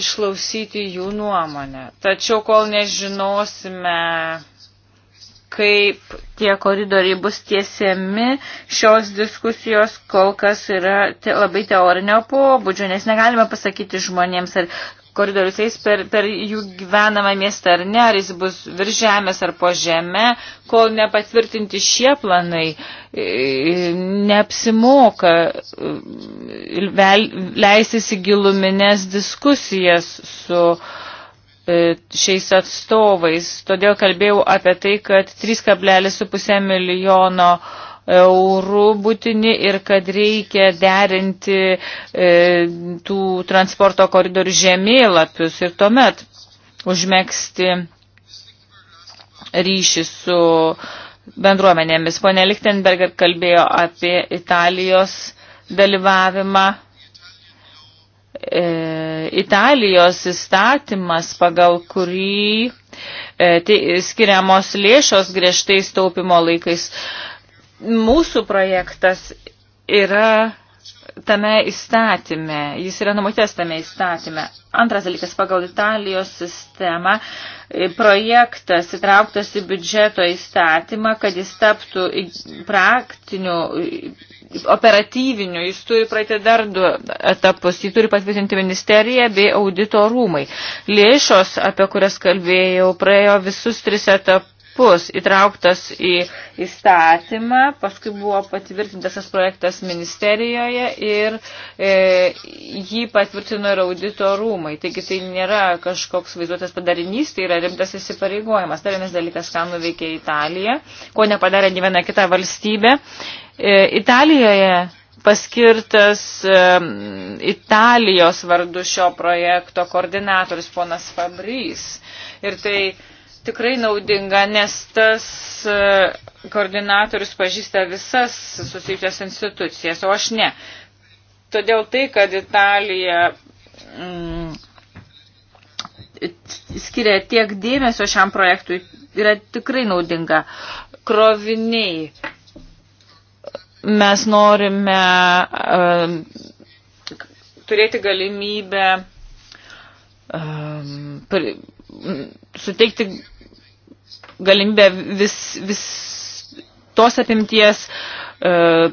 išklausyti jų nuomonę. Tačiau kol nežinosime, kaip tie koridoriai bus tiesiami, šios diskusijos kol kas yra te, labai teorinio pobūdžio, nes negalime pasakyti žmonėms, ar koridorius eis per, per jų gyvenamą miestą ar ne, ar jis bus virš žemės ar po žemę, kol nepatvirtinti šie planai e, neapsimoka e, leisis į giluminės diskusijas su e, šiais atstovais. Todėl kalbėjau apie tai, kad 3,5 milijono uh, eurų būtini ir kad reikia derinti e, tų transporto koridorių žemėlapius ir tuomet užmėgsti ryšį su bendruomenėmis. Pone Lichtenberger kalbėjo apie Italijos dalyvavimą. E, Italijos įstatymas, pagal kurį e, tai skiriamos lėšos griežtais taupimo laikais e, Mūsų projektas yra tame įstatyme, jis yra numatęs tame įstatyme. Antras dalykas, pagal Italijos sistemą e, projektas įtrauktas į biudžeto įstatymą, kad jis taptų praktiniu, e, operatyviniu, jis turi praeiti dar du etapus, jį turi patvirtinti ministerija bei audito rūmai. Lėšos, apie kurias kalbėjau, praėjo visus tris etapus etapus įtrauktas į įstatymą, paskui buvo patvirtintas tas projektas ministerijoje ir e, jį patvirtino ir audito rūmai. Taigi tai nėra kažkoks vaizduotas padarinys, tai yra rimtas įsipareigojimas. Tai vienas dalykas, ką nuveikė Italija, ko nepadarė ne viena kita valstybė. E, Italijoje paskirtas um, Italijos vardu šio projekto koordinatorius ponas Fabrys. Ir tai tikrai naudinga, nes tas e, koordinatorius pažįsta visas susijusias institucijas, o aš ne. Todėl tai, kad Italija mm, skiria tiek dėmesio šiam projektui, yra tikrai naudinga. Kroviniai. Mes norime um, turėti galimybę um, pri, suteikti galimybę vis, vis tos apimties e,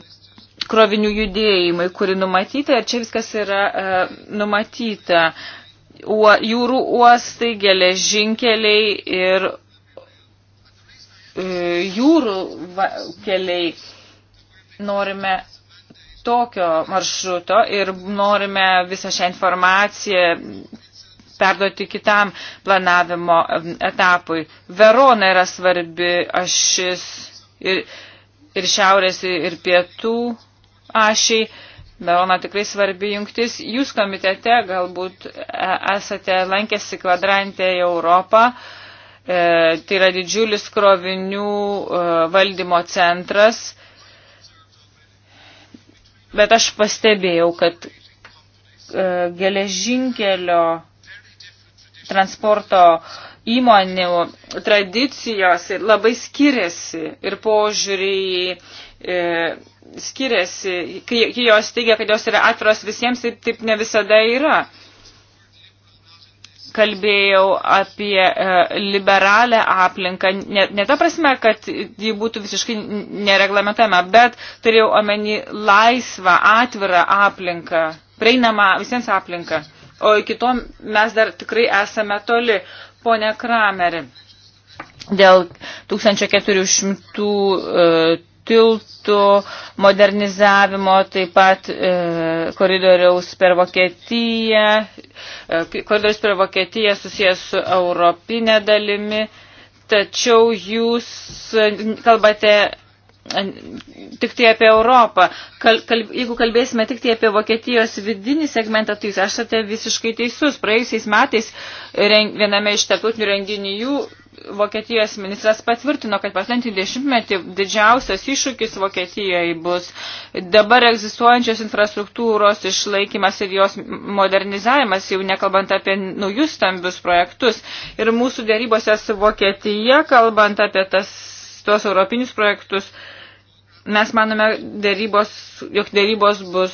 krovinių judėjimai, kuri numatyta ir čia viskas yra e, numatyta. Uo, jūrų uostai, geležinkeliai ir e, jūrų va, keliai. Norime tokio maršruto ir norime visą šią informaciją perduoti kitam planavimo etapui. Verona yra svarbi ašis ir, ir šiaurės ir pietų ašiai. Verona tikrai svarbi jungtis. Jūs komitete galbūt e, esate lankęsi kvadrantę į Europą. E, tai yra didžiulis krovinių e, valdymo centras. Bet aš pastebėjau, kad e, geležinkelio transporto įmonių tradicijos labai skiriasi ir požiūriai e, skiriasi, kai, kai jos teigia, kad jos yra atviros visiems, taip, taip ne visada yra. Kalbėjau apie e, liberalę aplinką, ne, ne ta prasme, kad ji būtų visiškai nereglamentama, bet turėjau omeny laisvą, atvirą aplinką, prieinamą visiems aplinką. E, o iki to mes dar tikrai esame toli. Pone Krameri, dėl 1400 e, tiltų modernizavimo, taip pat e, koridoriaus per Vokietiją, e, koridorius per Vokietiją susijęs su europinė dalimi, tačiau jūs kalbate tik tai apie Europą. Kal, kal, jeigu kalbėsime tik tai apie Vokietijos vidinį segmentą, tai jūs esate visiškai teisus. Praėjusiais metais ren, viename iš tarptautinių renginių Vokietijos ministras patvirtino, kad paslentinį dešimtmetį didžiausias iššūkis Vokietijoje bus dabar egzistuojančios infrastruktūros išlaikymas ir jos modernizavimas, jau nekalbant apie naujus stambius projektus. Ir mūsų dėrybose su Vokietija, kalbant apie tas, tuos europinius projektus, uh, Mes manome, dėrybos, jog dėrybos bus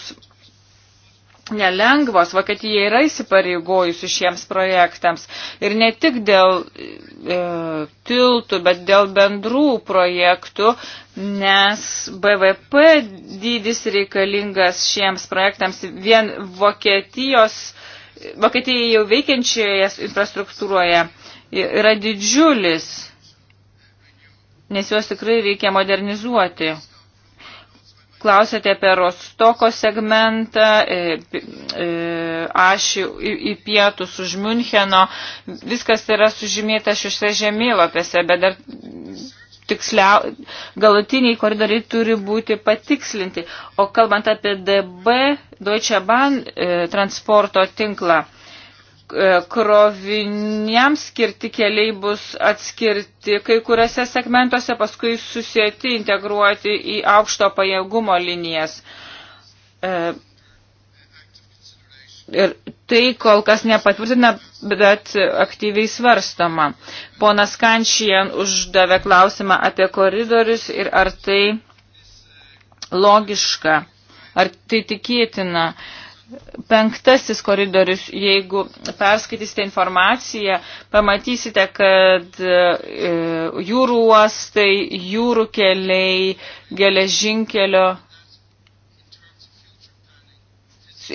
nelengvos. Vokietija yra įsipareigojusi šiems projektams. Ir ne tik dėl e, tiltų, bet dėl bendrų projektų, nes BVP dydis reikalingas šiems projektams vien Vokietijos, Vokietijai jau veikiančioje infrastruktūroje yra didžiulis, nes juos tikrai reikia modernizuoti klausėte apie Rostoko segmentą, e, e, aš į, į pietus už Müncheno. Viskas yra sužymėta šiuose žemėlapėse, bet dar tiksliau, galutiniai koridoriai turi būti patikslinti. O kalbant apie DB, Deutsche Bahn e, transporto tinklą, E, kroviniams skirti keliai bus atskirti kai kuriuose segmentuose, paskui susijęti, integruoti į aukšto pajėgumo linijas. E, ir tai kol kas nepatvirtina, bet aktyviai svarstama. Ponas Kančijan uždavė klausimą apie koridorius ir ar tai logiška, ar tai tikėtina. Uh, penktasis koridorius, jeigu perskaitysite informaciją, pamatysite, kad e, jūrų uostai, jūrų keliai, geležinkelio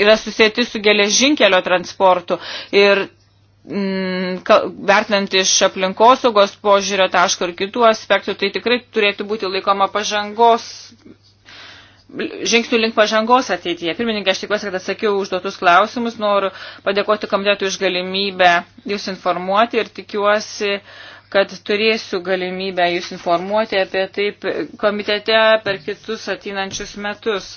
yra susėti su geležinkelio transportu ir mm, vertinant iš aplinkosaugos požiūrio taško ir kitų aspektų, tai tikrai turėtų būti laikoma pažangos žingsnių link pažangos ateityje. Pirmininkė, aš tikiuosi, kad atsakiau užduotus klausimus, noriu padėkoti komitetui už galimybę jūs informuoti ir tikiuosi, kad turėsiu galimybę jūs informuoti apie taip komitete per kitus ateinančius metus.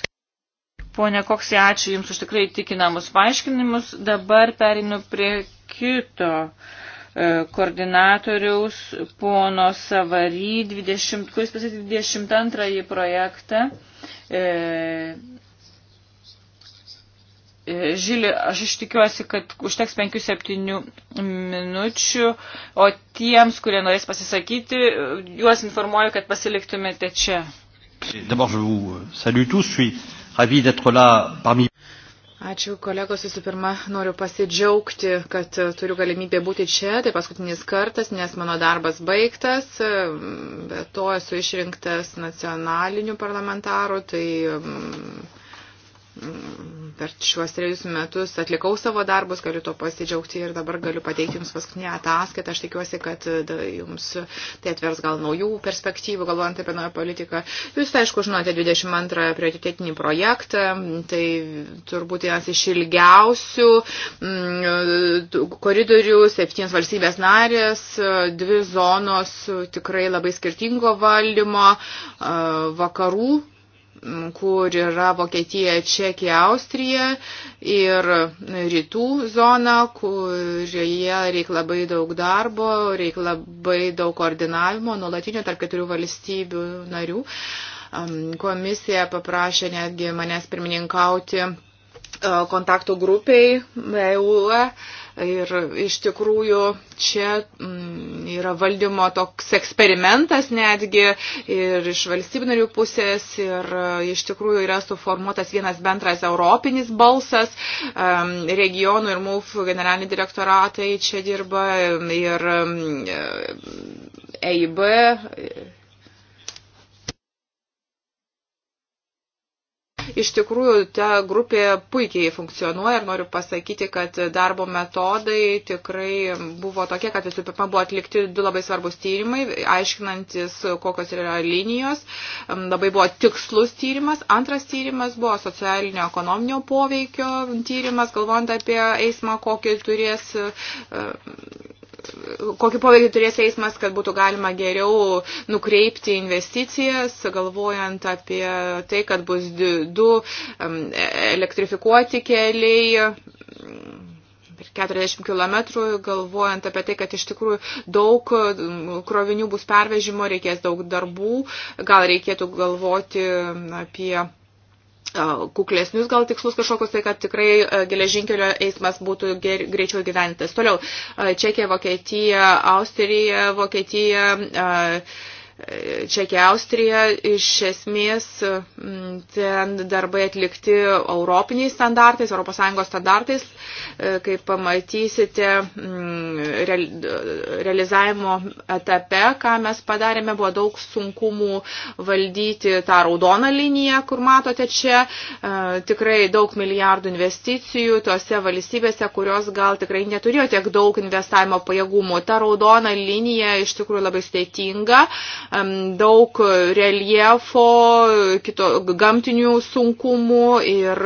Pone Koksė, ačiū Jums už tikrai tikinamus paaiškinimus. Dabar perinu prie kito E, koordinatoriaus pono Savary, 20, kuris pasakė 22 projektą. E, e, Žili, aš iš tikiuosi, kad užteks 5-7 minučių, o tiems, kurie norės pasisakyti, juos informuoju, kad pasiliktumėte čia. D'abord, je vous salue tous, je suis ravi d'être là parmi vous. Ačiū, kolegos. Visų pirma, noriu pasidžiaugti, kad e, turiu galimybę būti čia. Tai paskutinis kartas, nes mano darbas baigtas. E, be to esu išrinktas nacionaliniu parlamentaru. Tai mm, per šiuos trejus metus atlikau savo darbus, galiu to pasidžiaugti ir dabar galiu pateikti Jums paskutinę ataskaitą. Aš tikiuosi, kad Jums tai atvers gal naujų perspektyvų, galvojant apie naują politiką. Jūs, aišku, žinote 22 prioritetinį projektą, tai turbūt vienas iš ilgiausių mm, koridorių, septynis valstybės narės, dvi zonos tikrai labai skirtingo valdymo, vakarų kur yra Vokietija, Čekija, Austrija ir rytų zona, kurioje reikia labai daug darbo, reikia labai daug koordinavimo, nuolatinio tarp keturių valstybių narių. Komisija paprašė netgi manęs pirmininkauti e, kontaktų grupiai EUE Ir iš tikrųjų čia mm, yra valdymo toks eksperimentas netgi ir iš valstybinarių pusės ir e, iš tikrųjų yra suformuotas vienas bendras europinis balsas, regionų ir MUF generaliniai direktoratai čia dirba ir EIB Iš tikrųjų, ta grupė puikiai funkcionuoja ir noriu pasakyti, kad darbo metodai tikrai buvo tokie, kad visų pirma buvo atlikti du labai svarbus tyrimai, aiškinantis, kokios yra linijos. Labai buvo tikslus tyrimas. Antras tyrimas buvo socialinio ekonominio poveikio tyrimas, galvojant apie eismą, kokį turės kokį poveikį turės eismas, kad būtų galima geriau nukreipti investicijas, galvojant apie tai, kad bus du e- elektrifikuoti keliai. 40 mm, km, galvojant apie tai, kad iš tikrųjų daug krovinių bus pervežimo, reikės daug darbų, gal reikėtų galvoti apie kuklesnius gal tikslus kažkokius, tai kad tikrai geležinkelio eismas būtų ger, greičiau gyventas. Toliau, Čekija, Vokietija, Austrija, Vokietija. A, Čekija, Austrija, iš esmės mm, ten darbai atlikti europiniais standartais, ES standartais, e, kaip pamatysite mm, realizavimo etape, ką mes padarėme, buvo daug sunkumų valdyti tą raudoną liniją, kur matote čia, e, tikrai daug milijardų investicijų tose valstybėse, kurios gal tikrai neturėjo tiek daug investavimo pajėgumų. Ta raudona linija iš tikrųjų labai steitinga daug reljefo, kito, gamtinių sunkumų ir,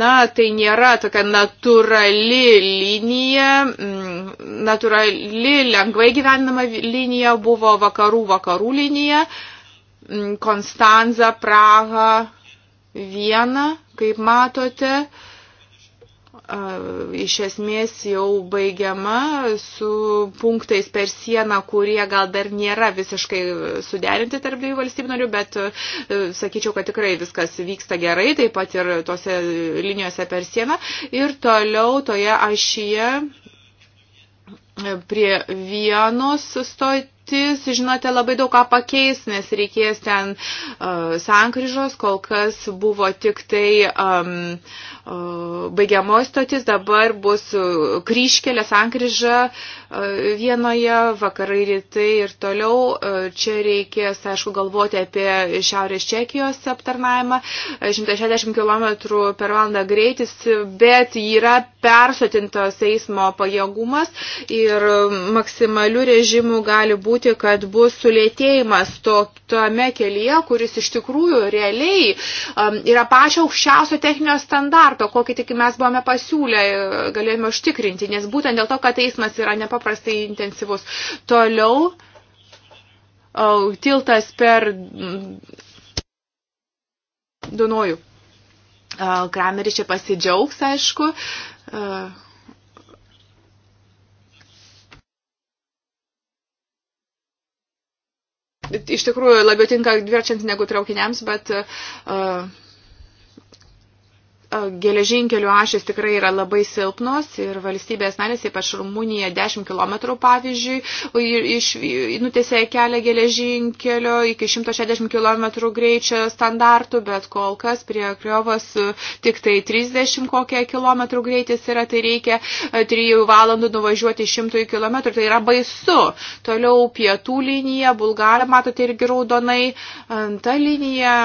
na, tai nėra tokia natūrali linija, mm, natūrali lengvai gyvenama linija buvo vakarų vakarų linija, mm, Konstanza, Praha, Viena, kaip matote, iš esmės jau baigiama su punktais per sieną, kurie gal dar nėra visiškai suderinti tarp dviejų valstybių narių, bet sakyčiau, kad tikrai viskas vyksta gerai, taip pat ir tose linijose per sieną. Ir toliau toje ašyje prie vienos stoti kryptis, žinote, labai daug ką pakeis, nes reikės ten uh, sankryžos, kol kas buvo tik tai um, baigiamoji stotis, dabar bus e, kryškelė sankryža Vienoje, vakarai rytai ir toliau. Čia reikės, aišku, galvoti apie Šiaurės Čekijos aptarnavimą. 160 km per valandą greitis, bet yra persotintos eismo pajėgumas ir maksimalių režimų gali būti, kad bus sulėtėjimas to, tome kelyje, kuris iš tikrųjų realiai um, yra pačio aukščiausio techninio standarto, kokį tik mes buvome pasiūlę, galėjome užtikrinti, nes būtent dėl to, kad eismas yra nepaprastas nepaprastai intensyvus. Toliau tiltas per Dunojų. Krameris čia pasidžiaugs, aišku. Iš tikrųjų, labiau tinka dviračiams negu traukiniams, bet uh, geležinkelių ašės tikrai yra labai silpnos ir valstybės narės, ypač Rumunija, 10 km pavyzdžiui, iš, nutėsė kelią geležinkelio iki 160 km greičio standartų, bet kol kas prie kriovos e, tik tai 30 kokie km greitis yra, tai reikia 3 e, valandų nuvažiuoti 100 km, tai yra baisu. Toliau pietų linija, Bulgarija, matote irgi raudonai, ta linija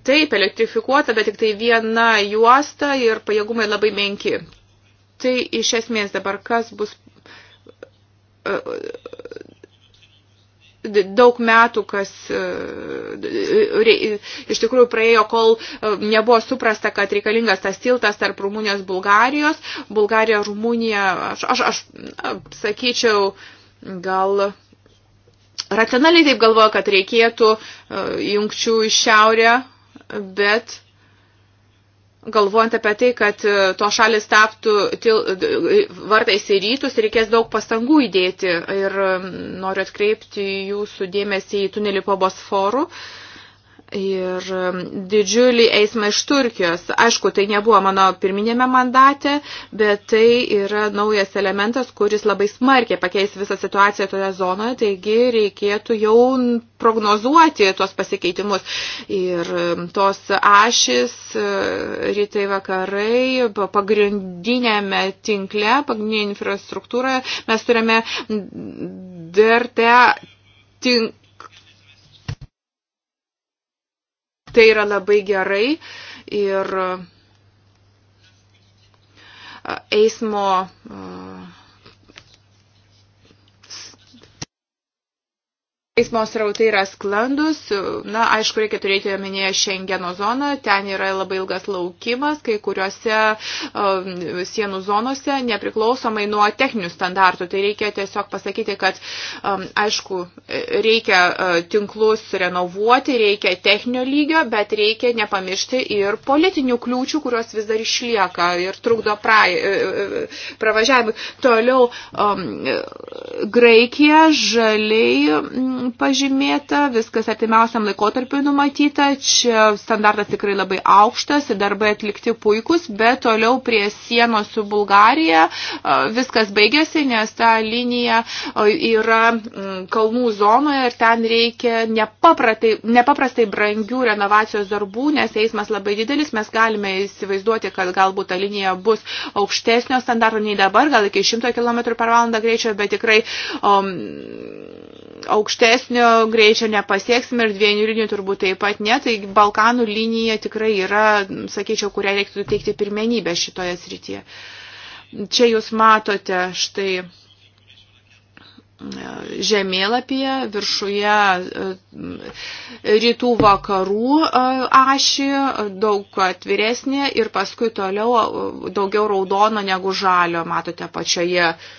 Taip, elektrifikuota, bet tik tai viena juosta ir pajėgumai labai menki. Tai iš esmės dabar kas bus e, daug metų, kas e, iš tikrųjų praėjo, kol e, nebuvo suprasta, kad reikalingas tas tiltas tarp Rumunijos Bulgarijos. Bulgarija, Rumunija, aš, aš, aš sakyčiau, gal racionaliai taip galvoja, kad reikėtų jungčių iš šiaurę bet galvojant apie tai, kad e, to šalis taptų til, e, vartais į rytus, reikės daug pastangų įdėti. Ir noriu atkreipti jūsų dėmesį į tunelį po Bosforų. Uh, ir um, didžiulį eismą iš Turkijos. Aišku, tai nebuvo mano pirminėme mandate, bet tai yra naujas elementas, kuris labai smarkiai pakeis visą situaciją toje zonoje, taigi reikėtų jau prognozuoti tos pasikeitimus. Ir um, tos ašis uh, rytai vakarai pagrindinėme tinkle, pagrindinėje infrastruktūroje mes turime DRT tinklą Tai yra labai gerai ir e, eismo e, Eismo srautai yra sklandus, na, aišku, reikia turėti omenyje Schengeno zoną, ten yra labai ilgas laukimas, kai kuriuose um, sienų zonose, nepriklausomai nuo techninių standartų. Tai reikia tiesiog pasakyti, kad, um, aišku, reikia uh, tinklus renovuoti, reikia techninio lygio, bet reikia nepamiršti ir politinių kliūčių, kurios vis dar išlieka ir trukdo pra, e, e, pravažiavimui. Toliau um, Graikija žaliai pažymėta, viskas artimiausiam laikotarpiu numatyta, čia standartas tikrai labai aukštas, darbai atlikti puikus, bet toliau prie sienos su Bulgarija viskas baigėsi, nes ta linija yra mm, kalnų zonoje ir ten reikia nepaprastai, nepaprastai brangių renovacijos darbų, nes eismas labai didelis, mes galime įsivaizduoti, kad galbūt ta linija bus aukštesnio standarto nei dabar, gal iki 100 km per valandą greičio, bet tikrai um, aukštesnio greičio nepasieksime ir dviejų linijų turbūt taip pat ne, tai Balkanų linija tikrai yra, sakyčiau, kurią reiktų teikti pirmenybę šitoje srityje. Čia jūs matote štai e, žemėlapyje, viršuje e, rytų vakarų e, ašį, daug atviresnė ir paskui toliau daugiau raudono negu žalio, matote pačioje uh,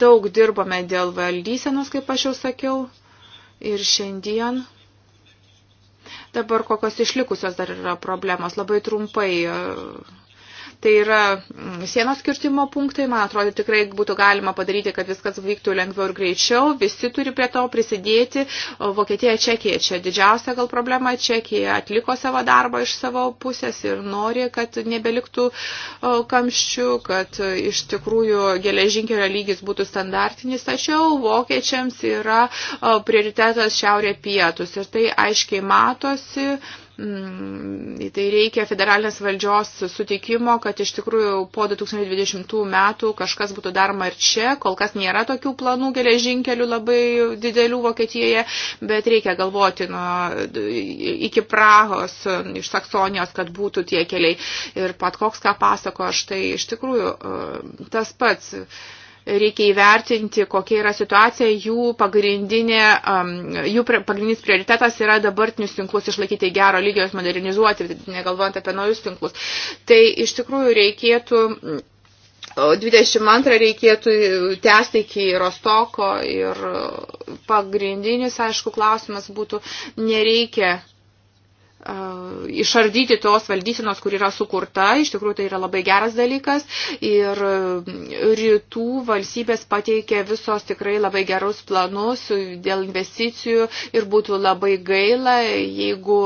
Daug dirbome dėl valdysenos, kaip aš jau sakiau, ir šiandien. Dabar kokios išlikusios dar yra problemos. Labai trumpai Tai yra mm, sienos skirtimo punktai, man atrodo, tikrai būtų galima padaryti, kad viskas vyktų lengviau ir greičiau, visi turi prie to prisidėti. Vokietija, Čekija, čia didžiausia gal problema, Čekija atliko savo darbą iš savo pusės ir nori, kad nebeliktų kamščių, kad e, iš tikrųjų geležinkelio lygis būtų standartinis, tačiau vokiečiams yra prioritetas šiaurė pietus ir tai aiškiai matosi. Mm, tai reikia federalinės valdžios sutikimo, kad iš tikrųjų po 2020 metų kažkas būtų daroma ir čia. Kol kas nėra tokių planų geležinkelių labai didelių Vokietijoje, bet reikia galvoti nuo iki Prahos, iš Saksonijos, kad būtų tie keliai. Ir pat koks ką pasako, aš tai iš tikrųjų e, tas pats reikia įvertinti, kokia yra situacija, jų, pagrindinė, jų pagrindinis prioritetas yra dabartinius tinklus išlaikyti gero lygio, modernizuoti, negalvojant apie naujus tinklus. Tai iš tikrųjų reikėtų 22 reikėtų tęsti iki Rostoko ir pagrindinis, aišku, klausimas būtų, nereikia išardyti tos valdysenos, kur yra sukurta, iš tikrųjų tai yra labai geras dalykas ir rytų valstybės pateikė visos tikrai labai gerus planus dėl investicijų ir būtų labai gaila, jeigu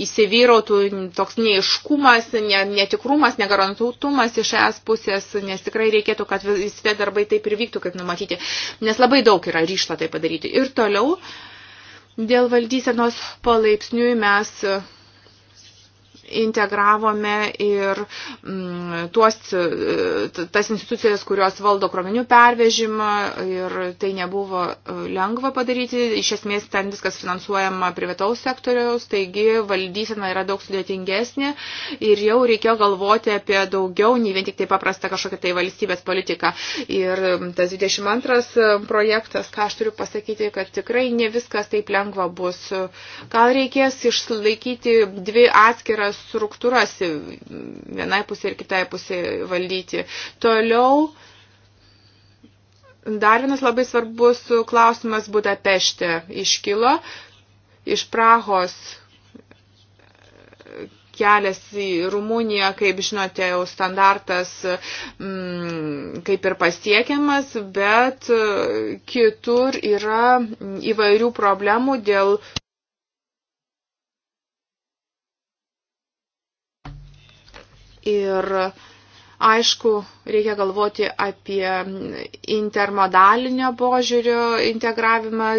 įsivyrautų toks neiškumas, netikrumas, negarantuotumas iš es pusės, nes tikrai reikėtų, kad visi tie darbai taip ir vyktų, kaip numatyti, nes labai daug yra ryšta tai padaryti. Ir toliau uh, Dėl valdysenos palaipsniui mes integravome ir mm, tuos, tas institucijas, kurios valdo krovinių pervežimą ir tai nebuvo e, lengva padaryti. Iš esmės ten viskas finansuojama privataus sektoriaus, taigi valdysena yra daug sudėtingesnė ir jau reikėjo galvoti apie daugiau, nei vien tik tai paprastą kažkokią tai valstybės politiką. Ir tas 22 e, projektas, ką aš turiu pasakyti, kad tikrai ne viskas taip lengva bus. Gal reikės išlaikyti dvi atskiras struktūras vienai pusė ir kitai pusė valdyti. Toliau dar vienas labai svarbus klausimas Budapešte iškilo iš Prahos kelias į Rumuniją, kaip žinote, jau standartas mm, kaip ir pasiekiamas, bet kitur yra įvairių problemų dėl Ir aišku, reikia galvoti apie intermodalinio požiūrio integravimą,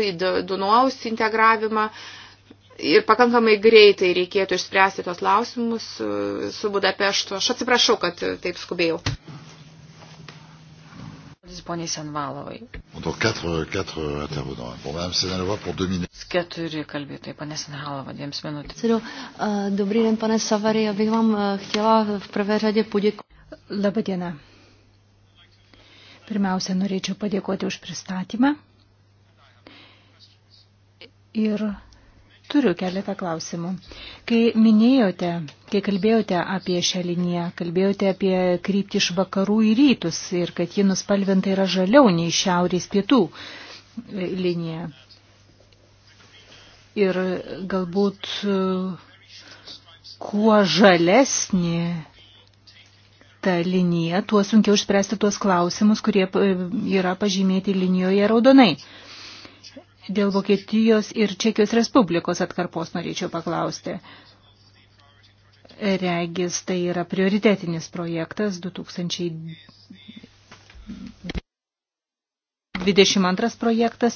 Dunojaus integravimą. Ir pakankamai greitai reikėtų išspręsti tos klausimus e, su Budapešto. Aš atsiprašau, kad taip skubėjau. Jis poniai Senvalovai. Keturi kalbėtojai, pane Senvalova, dviems minutėms. Eh, dobrý den, pane Savary, já bych vám eh, chtěla v prvé řadě poděkovat. Labą dieną. Pirmiausia, norėčiau padėkoti už pristatymą. Ir Turiu keletą klausimų. Kai minėjote, kai kalbėjote apie šią liniją, kalbėjote apie kryptį iš vakarų į rytus ir kad ji nuspalvinta yra žaliau nei šiaurės pietų e, linija. Ir galbūt e, kuo žalesnė ta linija, tuo sunkiau išspręsti tuos klausimus, kurie e, yra pažymėti linijoje raudonai dėl Vokietijos ir Čekijos Respublikos atkarpos norėčiau paklausti. Regis tai yra prioritetinis projektas 2022 projektas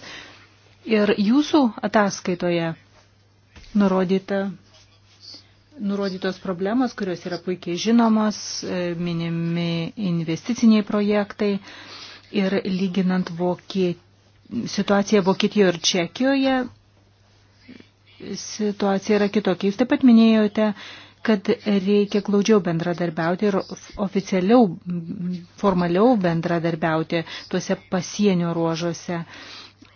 ir jūsų ataskaitoje nurodyta nurodytos problemos, kurios yra puikiai žinomos, e, minimi investiciniai projektai ir lyginant Vokietiją situacija Vokietijoje ir Čekijoje situacija yra kitokia. Jūs taip pat minėjote, kad reikia glaudžiau bendradarbiauti ir oficialiau, formaliau bendradarbiauti tuose pasienio ruožuose.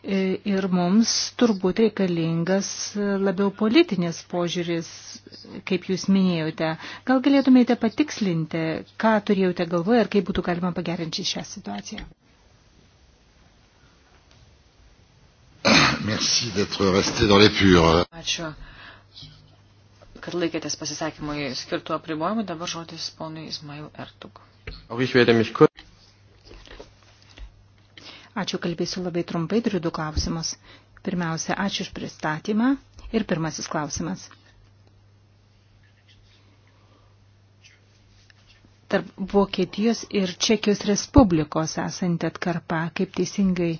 E, ir mums turbūt reikalingas labiau politinis požiūris, kaip jūs minėjote. Gal galėtumėte patikslinti, ką turėjote galvoje ir kaip būtų galima pagerinti šią situaciją? Merci d'être resté dans les purs. Ačiū, kad laikėtės pasisakymui skirtų apribojimų. Dabar žodis ponui Ismail Ertuk. Ačiū, kalbėsiu labai trumpai, turiu du klausimus. Pirmiausia, ačiū už pristatymą. Ir pirmasis klausimas. Tarp Vokietijos ir Čekijos Respublikos esanti atkarpa, kaip teisingai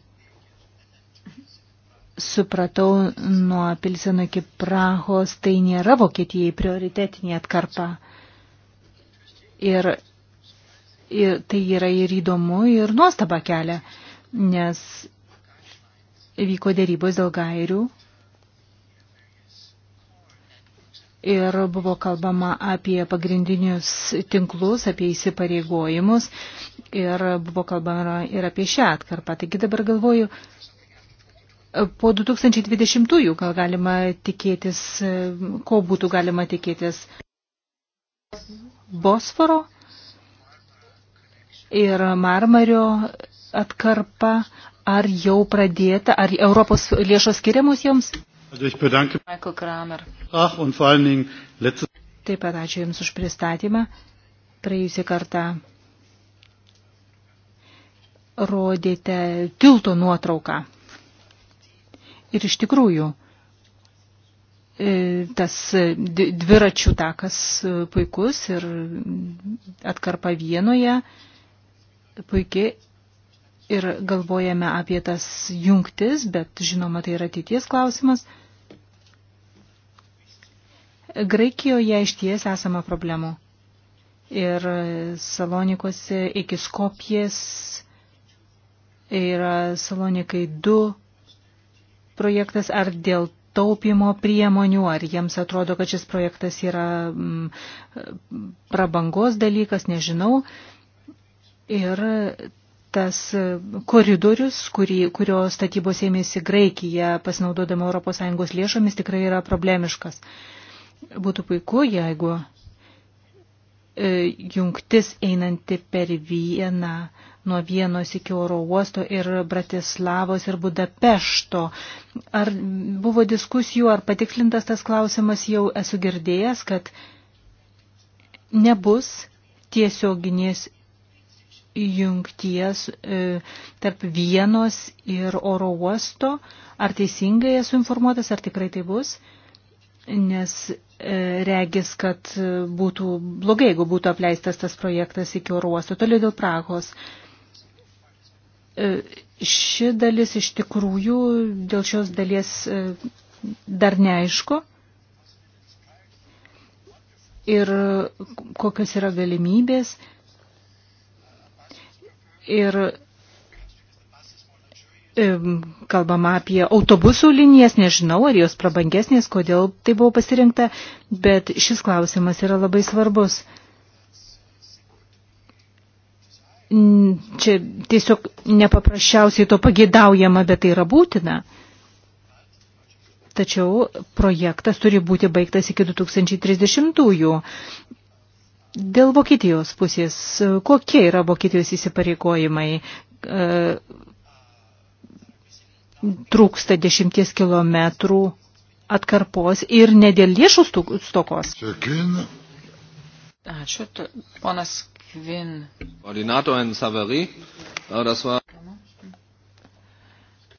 supratau, nuo Pilseno iki Prahos tai nėra Vokietijai prioritetinė atkarpa. Ir, ir tai yra ir įdomu, ir nuostaba kelia, nes vyko dėrybos dėl gairių. Ir buvo kalbama apie pagrindinius tinklus, apie įsipareigojimus ir buvo kalbama ir apie šią atkarpą. Taigi dabar galvoju, po 2020-ųjų gal galima tikėtis, e, ko būtų galima tikėtis? Bosforo ir Marmario atkarpa, ar jau pradėta, ar Europos lėšos skiriamos joms? Michael Kramer. Ach, und vor allen Dingen letztes... Taip pat ačiū Jums už pristatymą. Praėjusią kartą rodėte tilto nuotrauką. Ir iš tikrųjų, e, tas dviračių takas e, puikus ir atkarpa vienoje puikiai ir galvojame apie tas jungtis, bet žinoma, tai yra ateities klausimas. Graikijoje išties esama problemų. Ir Salonikose iki Skopjes yra Salonikai 2 projektas, ar dėl taupimo priemonių, ar jiems atrodo, kad šis projektas yra mm, prabangos dalykas, nežinau. Ir tas koridorius, kurį, kurio statybos ėmėsi Graikija, pasinaudodama ES lėšomis, tikrai yra problemiškas. Būtų puiku, jeigu E, jungtis einanti per vieną nuo vienos iki oro uosto ir Bratislavos ir Budapešto. Ar buvo diskusijų, ar patikslintas tas klausimas, jau esu girdėjęs, kad nebus tiesioginės jungties e, tarp vienos ir oro uosto. Ar teisingai esu informuotas, ar tikrai tai bus? E, nes e, regis, kad būtų blogai, jeigu būtų apleistas tas projektas iki oro uosto. Toliau dėl Prahos. E, ši dalis iš tikrųjų dėl šios dalies e, dar neaišku. Ir kokios yra galimybės. Ir kalbama apie autobusų linijas, nežinau, ar jos prabangesnės, kodėl tai buvo pasirinkta, bet šis klausimas yra labai svarbus. Čia tiesiog nepaprasčiausiai to pagėdaujama, bet tai yra būtina. Tačiau projektas turi būti baigtas iki 2030-ųjų. Dėl Vokietijos pusės, kokie yra Vokietijos įsipareikojimai? trūksta dešimties kilometrų atkarpos ir ne dėl lėšų stokos. Ačiū, ponas Kvin.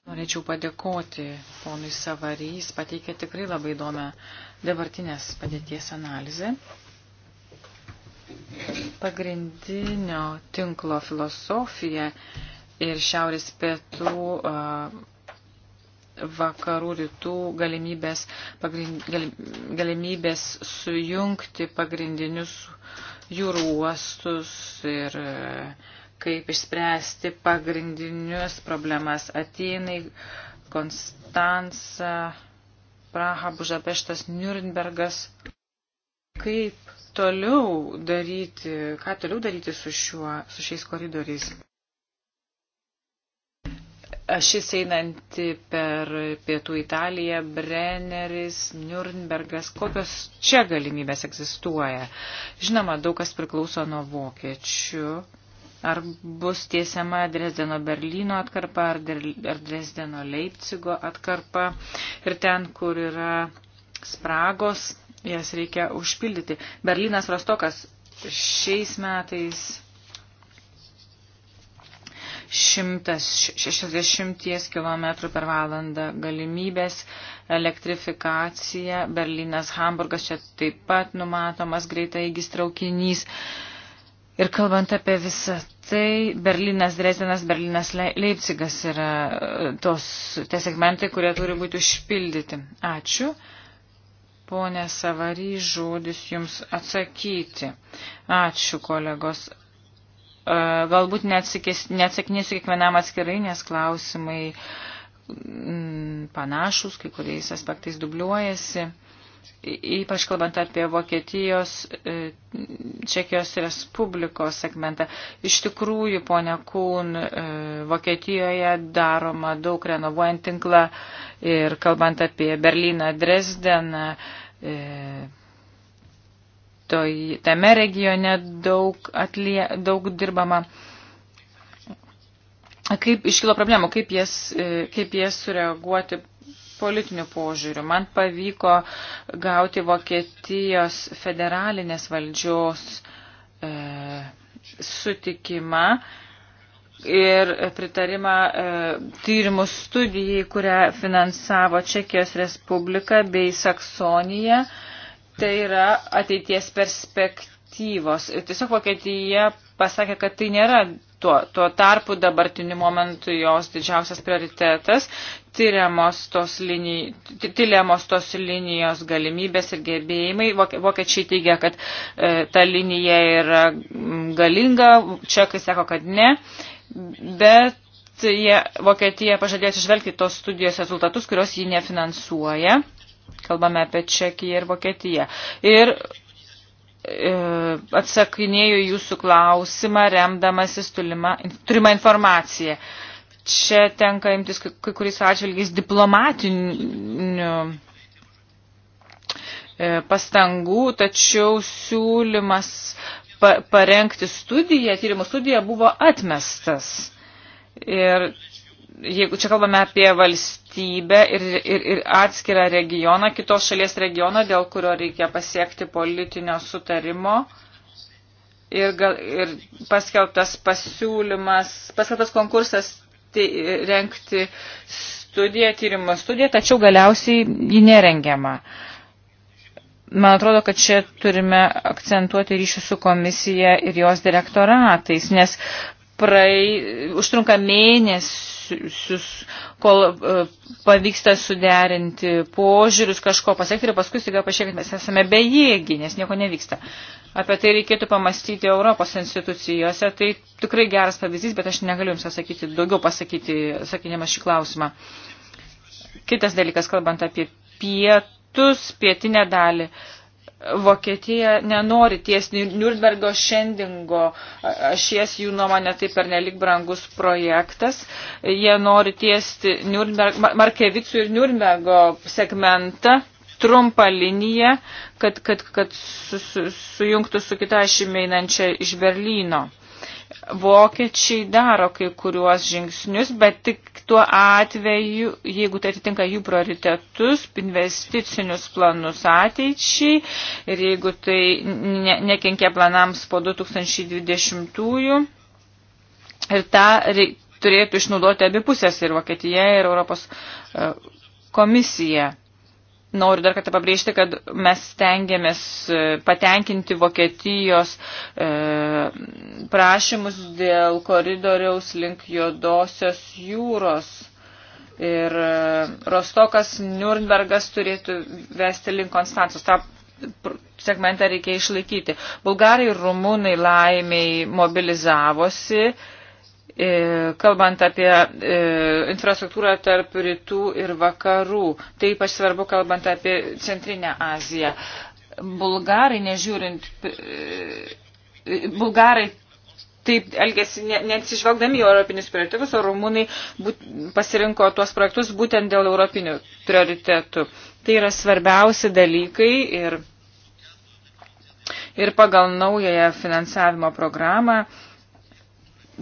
Norėčiau padėkoti ponui Savarys, pateikė tikrai labai įdomią dabartinės padėties analizę. Pagrindinio tinklo filosofija ir šiaurės pietų uh, vakarų rytų galimybės, pagrind, galimybės sujungti pagrindinius jūrų uostus ir e, kaip išspręsti pagrindinius problemas Atinai, Konstanca, Praha, Bužapeštas, Nürnbergas. Kaip toliau daryti, ką toliau daryti su, šiuo, su šiais koridoriais? ašis einanti per pietų Italiją, Brenneris, Nürnbergas, kokios čia galimybės egzistuoja. Žinoma, daug kas priklauso nuo vokiečių. Ar bus tiesiama Dresdeno Berlyno atkarpa, ar, ar Dresdeno Leipcigo atkarpa. Ir ten, kur yra spragos, jas reikia užpildyti. Berlynas Rostokas šiais metais 160 km per valandą galimybės, elektrifikacija, Berlynas, Hamburgas, čia taip pat numatomas greitai įgis traukinys. Ir kalbant apie visą tai, Berlynas, Dresdenas, Berlynas, Leipzigas yra e, tos, tie segmentai, kurie turi būti užpildyti. Ačiū. Pone Savary, žodis jums atsakyti. Ačiū, kolegos. Galbūt neatsakinėsiu kiekvienam atskirai, nes klausimai mm, panašus, kai kuriais aspektais dubliuojasi. Ypač kalbant apie Vokietijos, e, Čekijos Respublikos segmentą. Iš tikrųjų, ponia Kūn, e, Vokietijoje daroma daug renovuojant tinklą ir kalbant apie Berliną, Dresdeną, e, toj, tame regione daug, atlie, daug dirbama. Kaip iškilo problemų, kaip jas, e, kaip jas sureaguoti politiniu požiūriu. Man pavyko gauti Vokietijos federalinės valdžios e, sutikimą ir pritarimą e, tyrimų studijai, kurią finansavo Čekijos Respublika bei Saksonija. E, Tai yra ateities perspektyvos. Tiesiog Vokietija pasakė, kad tai nėra tuo, tuo tarpu dabartiniu momentu jos didžiausias prioritetas, tyriamos tos, linij, tyriamos tos linijos galimybės ir gebėjimai. Vokiečiai teigia, kad e, ta linija yra galinga, čekai sako, kad ne, bet jie, Vokietija pažadėjo atsižvelgti tos studijos rezultatus, kurios jį nefinansuoja. Kalbame apie Čekiją ir Vokietiją. Ir e, atsakinėjau jūsų klausimą, remdamasis turimą informaciją. Čia tenka imtis kai kuris atžvilgiais diplomatinių e, pastangų, tačiau siūlymas parengti studiją, tyrimų studiją buvo atmestas. Ir jeigu čia kalbame apie valstybę, valstybę ir, ir, ir atskirą regioną, kitos šalies regioną, dėl kurio reikia pasiekti politinio sutarimo. Ir, gal, ir paskelbtas pasiūlymas, paskelbtas konkursas tai, renkti studiją, tyrimo studiją, tačiau galiausiai ji nerengiama. Man atrodo, kad čia turime akcentuoti ryšių su komisija ir jos direktoratais, nes praei, užtrunka mėnesius, kol e, pavyksta suderinti požiūrius kažko pasiekti ir paskui staiga pažiūrėkit, mes esame bejėgi, nes nieko nevyksta. Apie tai reikėtų pamastyti Europos institucijose. Tai tikrai geras pavyzdys, bet aš negaliu jums pasakyti, daugiau pasakyti, sakinėmas šį klausimą. Kitas dalykas, kalbant apie pietus, pietinę dalį. Uh, Vokietija nenori tiesti Nürnbergo šendingo, ašies jų nuomonė tai per nelik brangus projektas. Jie nori tiesti Nürnberg, Markevicų ir Nürnbergo segmentą, trumpą liniją, kad, kad, kad su, su, sujungtų su kita ašimi einančia iš Berlyno vokiečiai daro kai kuriuos žingsnius, bet tik tuo atveju, jeigu tai atitinka jų prioritetus, investicinius planus ateičiai ir jeigu tai ne, nekenkia planams po 2020-ųjų. Ir tą reik, turėtų išnaudoti abi pusės ir Vokietija, ir Europos e, komisija. Noriu dar kartą pabrėžti, kad mes stengiamės e, patenkinti Vokietijos e, prašymus dėl koridoriaus link juodosios jūros. Ir e, Rostokas Nürnbergas turėtų vesti link Konstantos. Ta segmentą reikia išlaikyti. Bulgarai ir rumūnai laimiai mobilizavosi E, kalbant apie e, infrastruktūrą tarp rytų ir vakarų. Tai ypač svarbu, kalbant apie Centrinę Aziją. Bulgarai, nežiūrint, e, bulgarai taip elgesi, ne, neatsižvelgdami į europinius prioritetus, o rumūnai būt, pasirinko tuos projektus būtent dėl europinių prioritetų. Tai yra svarbiausi dalykai ir, ir pagal naująją finansavimo programą uh,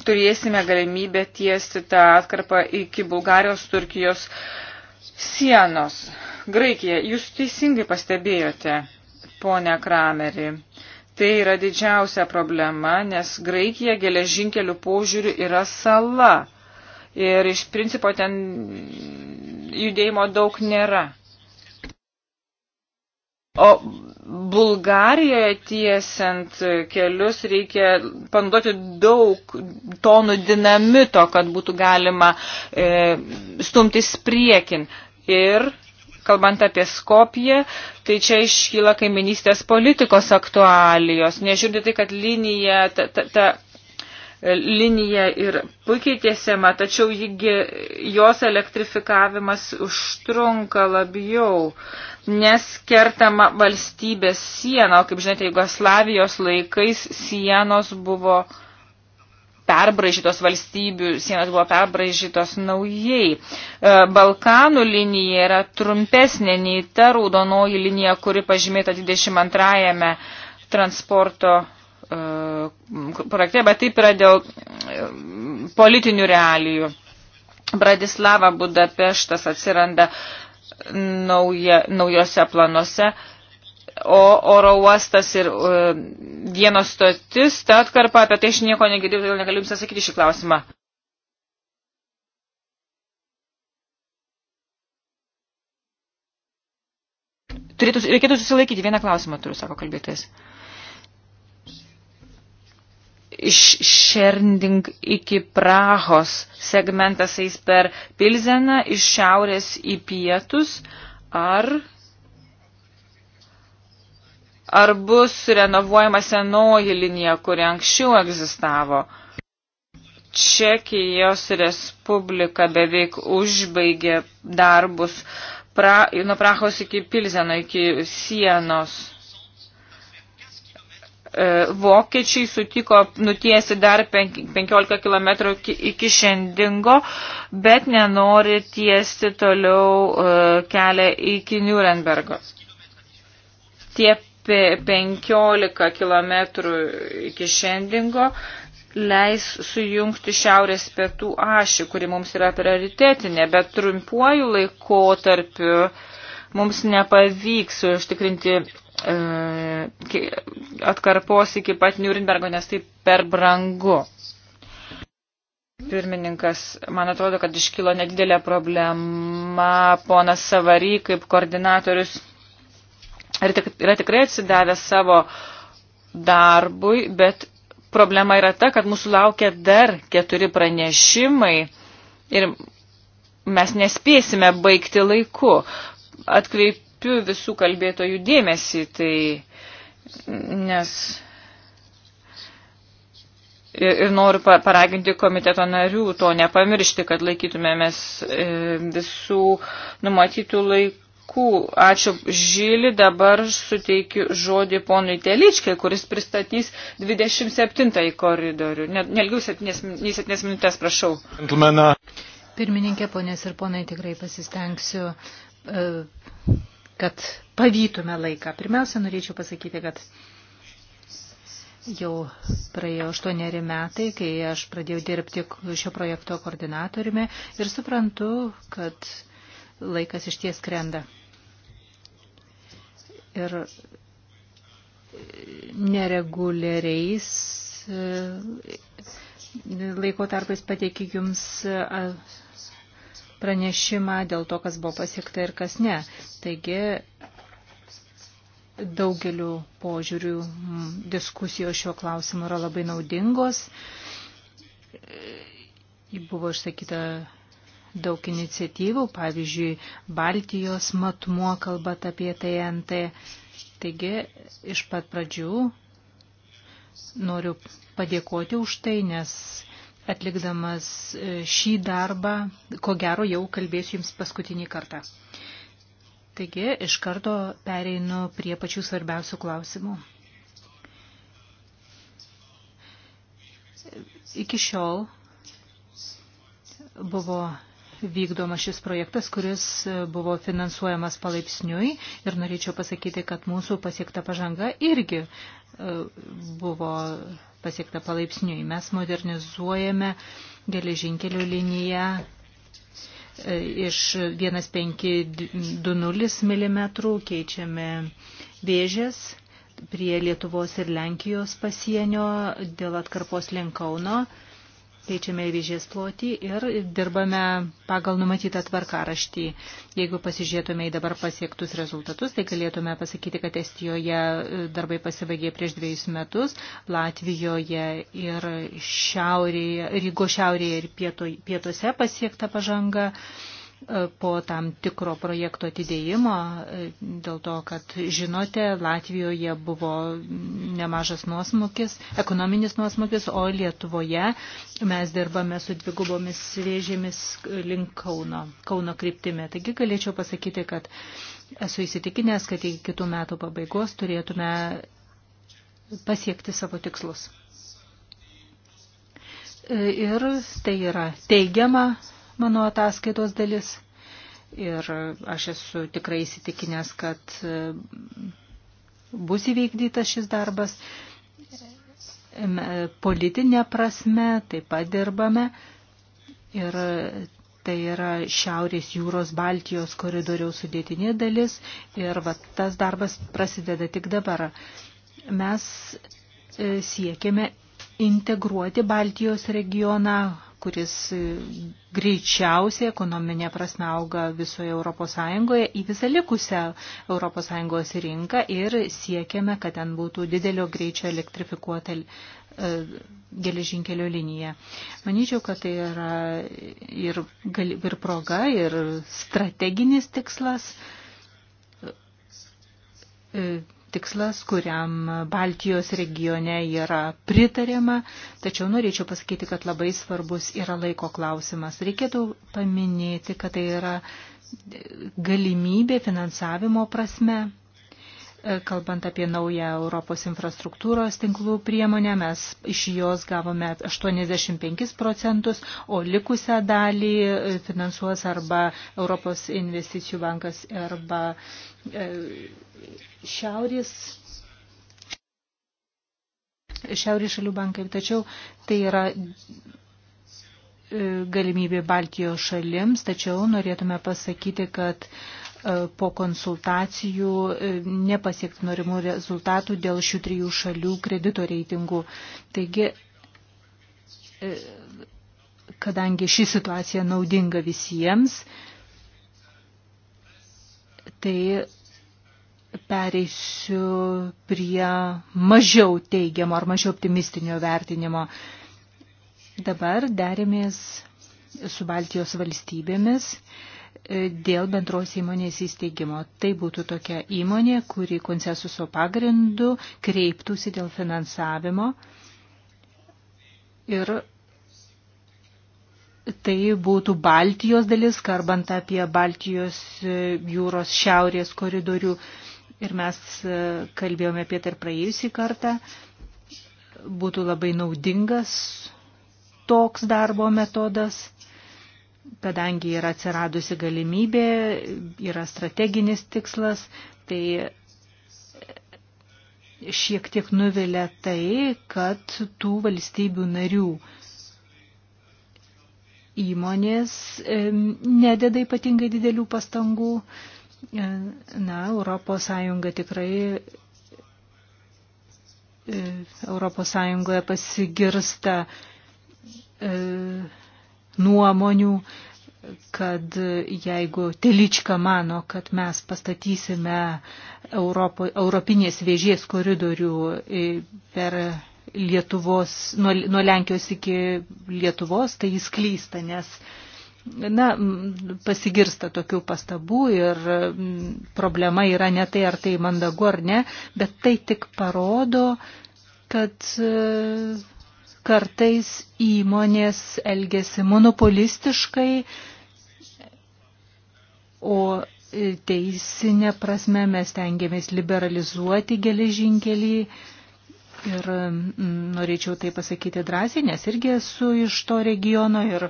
turėsime galimybę tiesti tą atkarpą iki Bulgarijos, Turkijos sienos. Graikija, jūs teisingai pastebėjote, ponia Krameri. Tai yra didžiausia problema, nes Graikija geležinkelių požiūrių yra sala. Ir iš principo ten judėjimo daug nėra. O Bulgarijoje tiesiant kelius reikia panaudoti daug tonų dinamito, kad būtų galima e, stumtis priekin. Ir, kalbant apie Skopiją, tai čia iškyla kaiminystės politikos aktualijos. Nežiūrint tai, kad linija, ta, ta, ta linija ir puikiai tiesiama, tačiau jį, jos elektrifikavimas užtrunka labiau neskertama valstybės siena, o kaip žinote, Jugoslavijos laikais sienos buvo perbražytos valstybių, sienos buvo perbražytos naujai. E, Balkanų linija yra trumpesnė nei ta raudonoji linija, kuri pažymėta 22-ame transporto e, projekte, bet taip yra dėl e, politinių realijų. Bratislava, Budapeštas atsiranda uh, nauja, naujose planuose, o oro uostas ir uh, e, vienos stotis, ta atkarpa, apie tai aš nieko negirdėjau, todėl negaliu jums atsakyti šį klausimą. Turėtų, reikėtų susilaikyti, vieną klausimą turiu, sako kalbėtojas. Uh, iš Šernding iki Prahos segmentas eis per Pilzeną iš šiaurės į pietus, ar, ar bus renovuojama senoji linija, kuri anksčiau egzistavo. Čekijos Respublika beveik užbaigė darbus pra, nuo Prahos iki Pilzeno, iki sienos E, vokiečiai sutiko nutiesi dar 15 km iki Šendingo, bet nenori tiesti toliau e, kelią iki Nürnbergo. Tie 15 km iki Šendingo leis sujungti šiaurės pietų ašį, kuri mums yra prioritetinė, bet trumpuoju laikotarpiu tarpiu mums nepavyks užtikrinti e, atkarpos iki pat Nürnbergo, nes tai per brangu. Pirmininkas, man atrodo, kad iškilo nedidelė problema, ponas Savary kaip koordinatorius yra tikrai atsidavęs savo darbui, bet problema yra ta, kad mūsų laukia dar keturi pranešimai ir mes nespėsime baigti laiku atkreipiu visų kalbėtojų dėmesį, tai nes ir, ir noriu paraginti komiteto narių to nepamiršti, kad laikytumėmės e, visų numatytų laikų. Ačiū Žylį, dabar suteikiu žodį ponui Teličkai, kuris pristatys 27 koridorių. Nelgiau 7, 7 minutės, prašau. Pirmininkė, ponės ir ponai, tikrai pasistengsiu E, kad pavytume laiką. Pirmiausia, norėčiau pasakyti, kad jau praėjo aštuoneri metai, kai aš pradėjau dirbti šio projekto koordinatoriumi ir suprantu, kad laikas iš ties krenda. Ir nereguliariais e, laiko tarpais pateikiu jums pranešimą dėl to, kas buvo pasiekta ir kas ne. Taigi daugeliu požiūrių diskusijos šiuo klausimu yra labai naudingos. Buvo išsakyta daug iniciatyvų, pavyzdžiui, Baltijos matmuo kalbat apie TNT. Taigi, iš pat pradžių noriu padėkoti už tai, nes atlikdamas e, šį darbą, ko gero jau kalbėsiu Jums paskutinį kartą. Taigi, iš karto pereinu prie pačių svarbiausių klausimų. Iki šiol buvo vykdomas šis projektas, kuris buvo finansuojamas palaipsniui ir norėčiau pasakyti, kad mūsų pasiekta pažanga irgi e, buvo pasiekta palaipsniui. Mes modernizuojame geležinkelių liniją e, iš 1520 mm keičiame vėžės prie Lietuvos ir Lenkijos pasienio dėl atkarpos link Kauno keičiame vėžės plotį ir dirbame pagal numatytą tvarkaraštį. Jeigu pasižiūrėtume į dabar pasiektus rezultatus, tai galėtume pasakyti, kad Estijoje e, darbai pasibaigė prieš dviejus metus, Latvijoje ir šiaurėje, Rygo šiaurėje ir pieto, pietuose pasiekta pažanga. Uh, E, po tam tikro projekto atidėjimo, e, dėl to, kad žinote, Latvijoje buvo nemažas nuosmukis, ekonominis nuosmukis, o Lietuvoje mes dirbame su dvigubomis vėžėmis link Kauno, Kauno kryptimi. Taigi galėčiau pasakyti, kad esu įsitikinęs, kad iki kitų metų pabaigos turėtume pasiekti savo tikslus. E, ir tai yra teigiama mano ataskaitos dalis. Ir aš esu tikrai įsitikinęs, kad e, bus įveikdytas šis darbas. E, politinė prasme taip pat dirbame. Ir e, tai yra Šiaurės jūros Baltijos koridoriaus sudėtinė dalis ir va, tas darbas prasideda tik dabar. Mes siekime integruoti Baltijos regioną kuris e, greičiausiai ekonominė prasme auga visoje ES į visą likusią ES rinką ir siekiame, kad ten būtų didelio greičio elektrifikuota e, geležinkelio linija. Manyčiau, kad tai yra ir, ir proga, ir strateginis tikslas e, tikslas, kuriam Baltijos regione yra pritarima, tačiau norėčiau pasakyti, kad labai svarbus yra laiko klausimas. Reikėtų paminėti, kad tai yra galimybė finansavimo prasme. Kalbant apie naują Europos infrastruktūros tinklų priemonę, mes iš jos gavome 85 procentus, o likusią dalį finansuos arba Europos investicijų bankas arba e, šiaurės šiaurės šalių bankai, tačiau tai yra e, galimybė Baltijos šalims, tačiau norėtume pasakyti, kad e, po konsultacijų e, nepasiekti norimų rezultatų dėl šių trijų šalių kredito reitingų. Taigi, kadangi ši situacija naudinga visiems, tai pereisiu prie mažiau teigiamo ar mažiau optimistinio vertinimo. Dabar derėmės su Baltijos valstybėmis e, dėl bendros įmonės įsteigimo. Tai būtų tokia įmonė, kuri konsensuso pagrindu kreiptųsi dėl finansavimo ir tai būtų Baltijos dalis, karbant apie Baltijos e, jūros šiaurės koridorių ir mes e, kalbėjome apie tai ir praėjusį kartą, būtų labai naudingas toks darbo metodas, kadangi yra atsiradusi galimybė, yra strateginis tikslas, tai šiek tiek nuvilia tai, kad tų valstybių narių įmonės nededa ypatingai didelių pastangų Na, Europos Sąjunga tikrai e, Europos Sąjungoje pasigirsta e, nuomonių, kad jeigu Telička mano, kad mes pastatysime Europo, Europinės vėžės koridorių e, per Lietuvos, nuo, nuo Lenkijos iki Lietuvos, tai jis klysta, nes uh, Na, pasigirsta tokių pastabų ir problema yra ne tai, ar tai mandagu ar ne, bet tai tik parodo, kad e, kartais įmonės elgesi monopolistiškai, o e, teisinė prasme mes tengiamės liberalizuoti geležinkelį. Ir norėčiau tai pasakyti drąsiai, nes irgi esu iš to regiono ir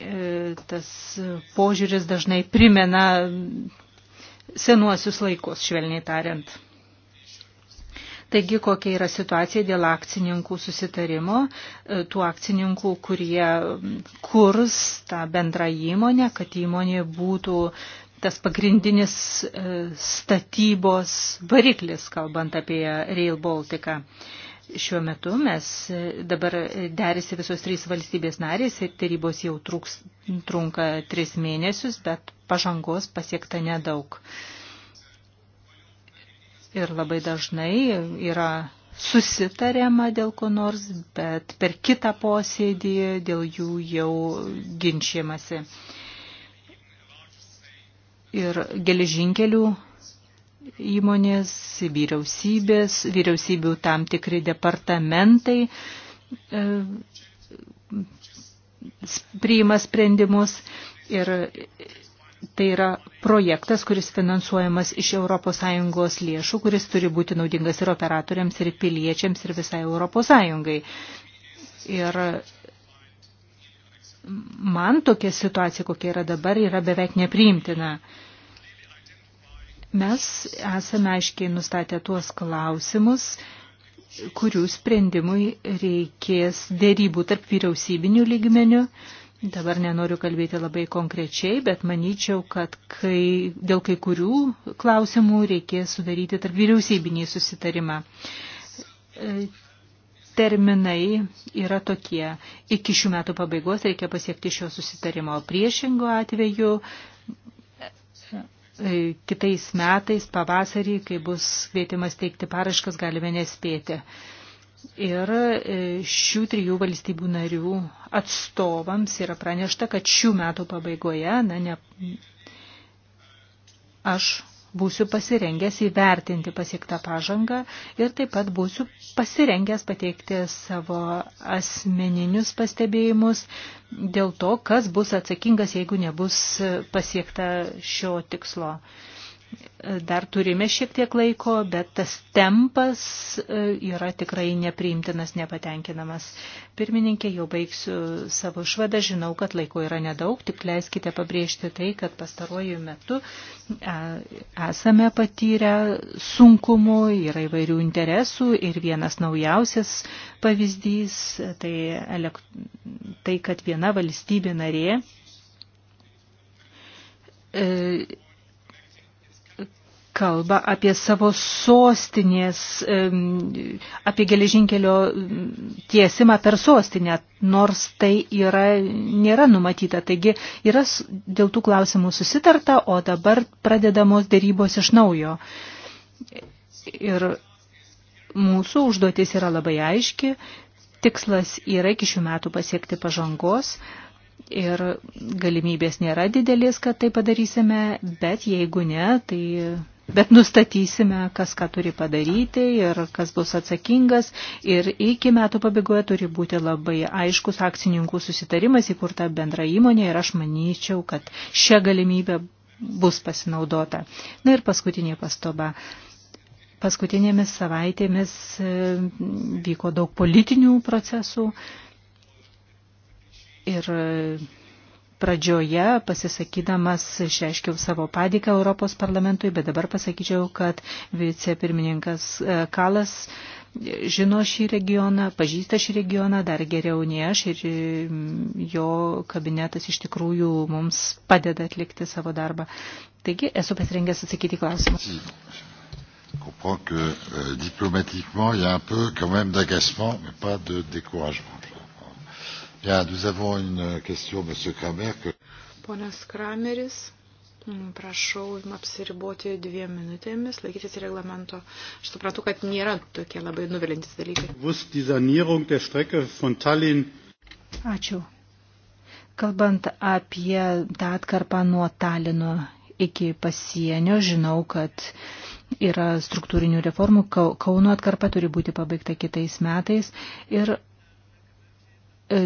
E, tas požiūris dažnai primena senuosius laikus, švelniai tariant. Taigi, kokia yra situacija dėl akcininkų susitarimo, e, tų akcininkų, kurie kurs tą bendrą įmonę, kad įmonė būtų tas pagrindinis e, statybos variklis, kalbant apie Rail Baltica. Šiuo metu mes e, dabar e, derisi visos trys valstybės narės ir tarybos jau truks, trunka tris mėnesius, bet pažangos pasiekta nedaug. Ir labai dažnai yra susitariama dėl ko nors, bet per kitą posėdį dėl jų jau ginčiamasi. Ir geležinkelių įmonės, vyriausybės, vyriausybių tam tikri departamentai e, priima sprendimus ir tai yra projektas, kuris finansuojamas iš ES lėšų, kuris turi būti naudingas ir operatoriams, ir piliečiams, ir visai ES. Ir man tokia situacija, kokia yra dabar, yra beveik nepriimtina. Mes esame aiškiai nustatę tuos klausimus, kurių sprendimui reikės dėrybų tarp vyriausybinių lygmenių. Dabar nenoriu kalbėti labai konkrečiai, bet manyčiau, kad kai, dėl kai kurių klausimų reikės sudaryti tarp vyriausybinį susitarimą. E, terminai yra tokie. Iki šių metų pabaigos reikia pasiekti šio susitarimo. Priešingo atveju E, kitais metais, pavasarį, kai bus kvietimas teikti paraškas, galime nespėti. Ir e, šių trijų valstybių narių atstovams yra pranešta, kad šių metų pabaigoje, na, ne, aš būsiu pasirengęs įvertinti pasiektą pažangą ir taip pat būsiu pasirengęs pateikti savo asmeninius pastebėjimus dėl to, kas bus atsakingas, jeigu nebus pasiekta šio tikslo. Dar turime šiek tiek laiko, bet tas tempas e, yra tikrai nepriimtinas, nepatenkinamas. Pirmininkė, jau baigsiu savo išvadą, žinau, kad laiko yra nedaug, tik leiskite pabrėžti tai, kad pastaruoju metu e, esame patyrę sunkumų, yra įvairių interesų ir vienas naujausias pavyzdys, e, tai, tai kad viena valstybė narė kalba apie savo sostinės, apie geležinkelio tiesimą per sostinę, nors tai yra, nėra numatyta. Taigi yra dėl tų klausimų susitarta, o dabar pradedamos dėrybos iš naujo. Ir mūsų užduotis yra labai aiški, tikslas yra iki šių metų pasiekti pažangos, ir galimybės nėra didelės, kad tai padarysime, bet jeigu ne, tai Bet nustatysime, kas ką turi padaryti ir kas bus atsakingas. Ir iki metų pabaigoje turi būti labai aiškus akcininkų susitarimas įkurta bendra įmonė ir aš manyčiau, kad šią galimybę bus pasinaudota. Na ir paskutinė pastoba. Paskutinėmis savaitėmis e, vyko daug politinių procesų ir pradžioje pasisakydamas išreiškiau savo padėką Europos parlamentui, bet dabar pasakyčiau, kad vicepirmininkas e, Kalas žino šį regioną, pažįsta šį regioną dar geriau nei aš ir e, jo kabinetas iš tikrųjų mums padeda atlikti savo darbą. Taigi esu pasirengęs atsakyti klausimus. Mm. comprends que euh, diplomatiquement, il y a un peu quand même d'agacement, mais pas de découragement. Ja, nous avons une question, monsieur Kramer. Que... Ponas Krameris. Prašau apsiriboti dviem minutėmis, laikytis reglamento. Aš suprantu, kad nėra tokie labai nuvilintis dalykai. Ačiū. Kalbant apie tą atkarpą nuo Talino iki pasienio, žinau, kad yra struktūrinių reformų. Kauno atkarpa turi būti pabaigta kitais metais ir E,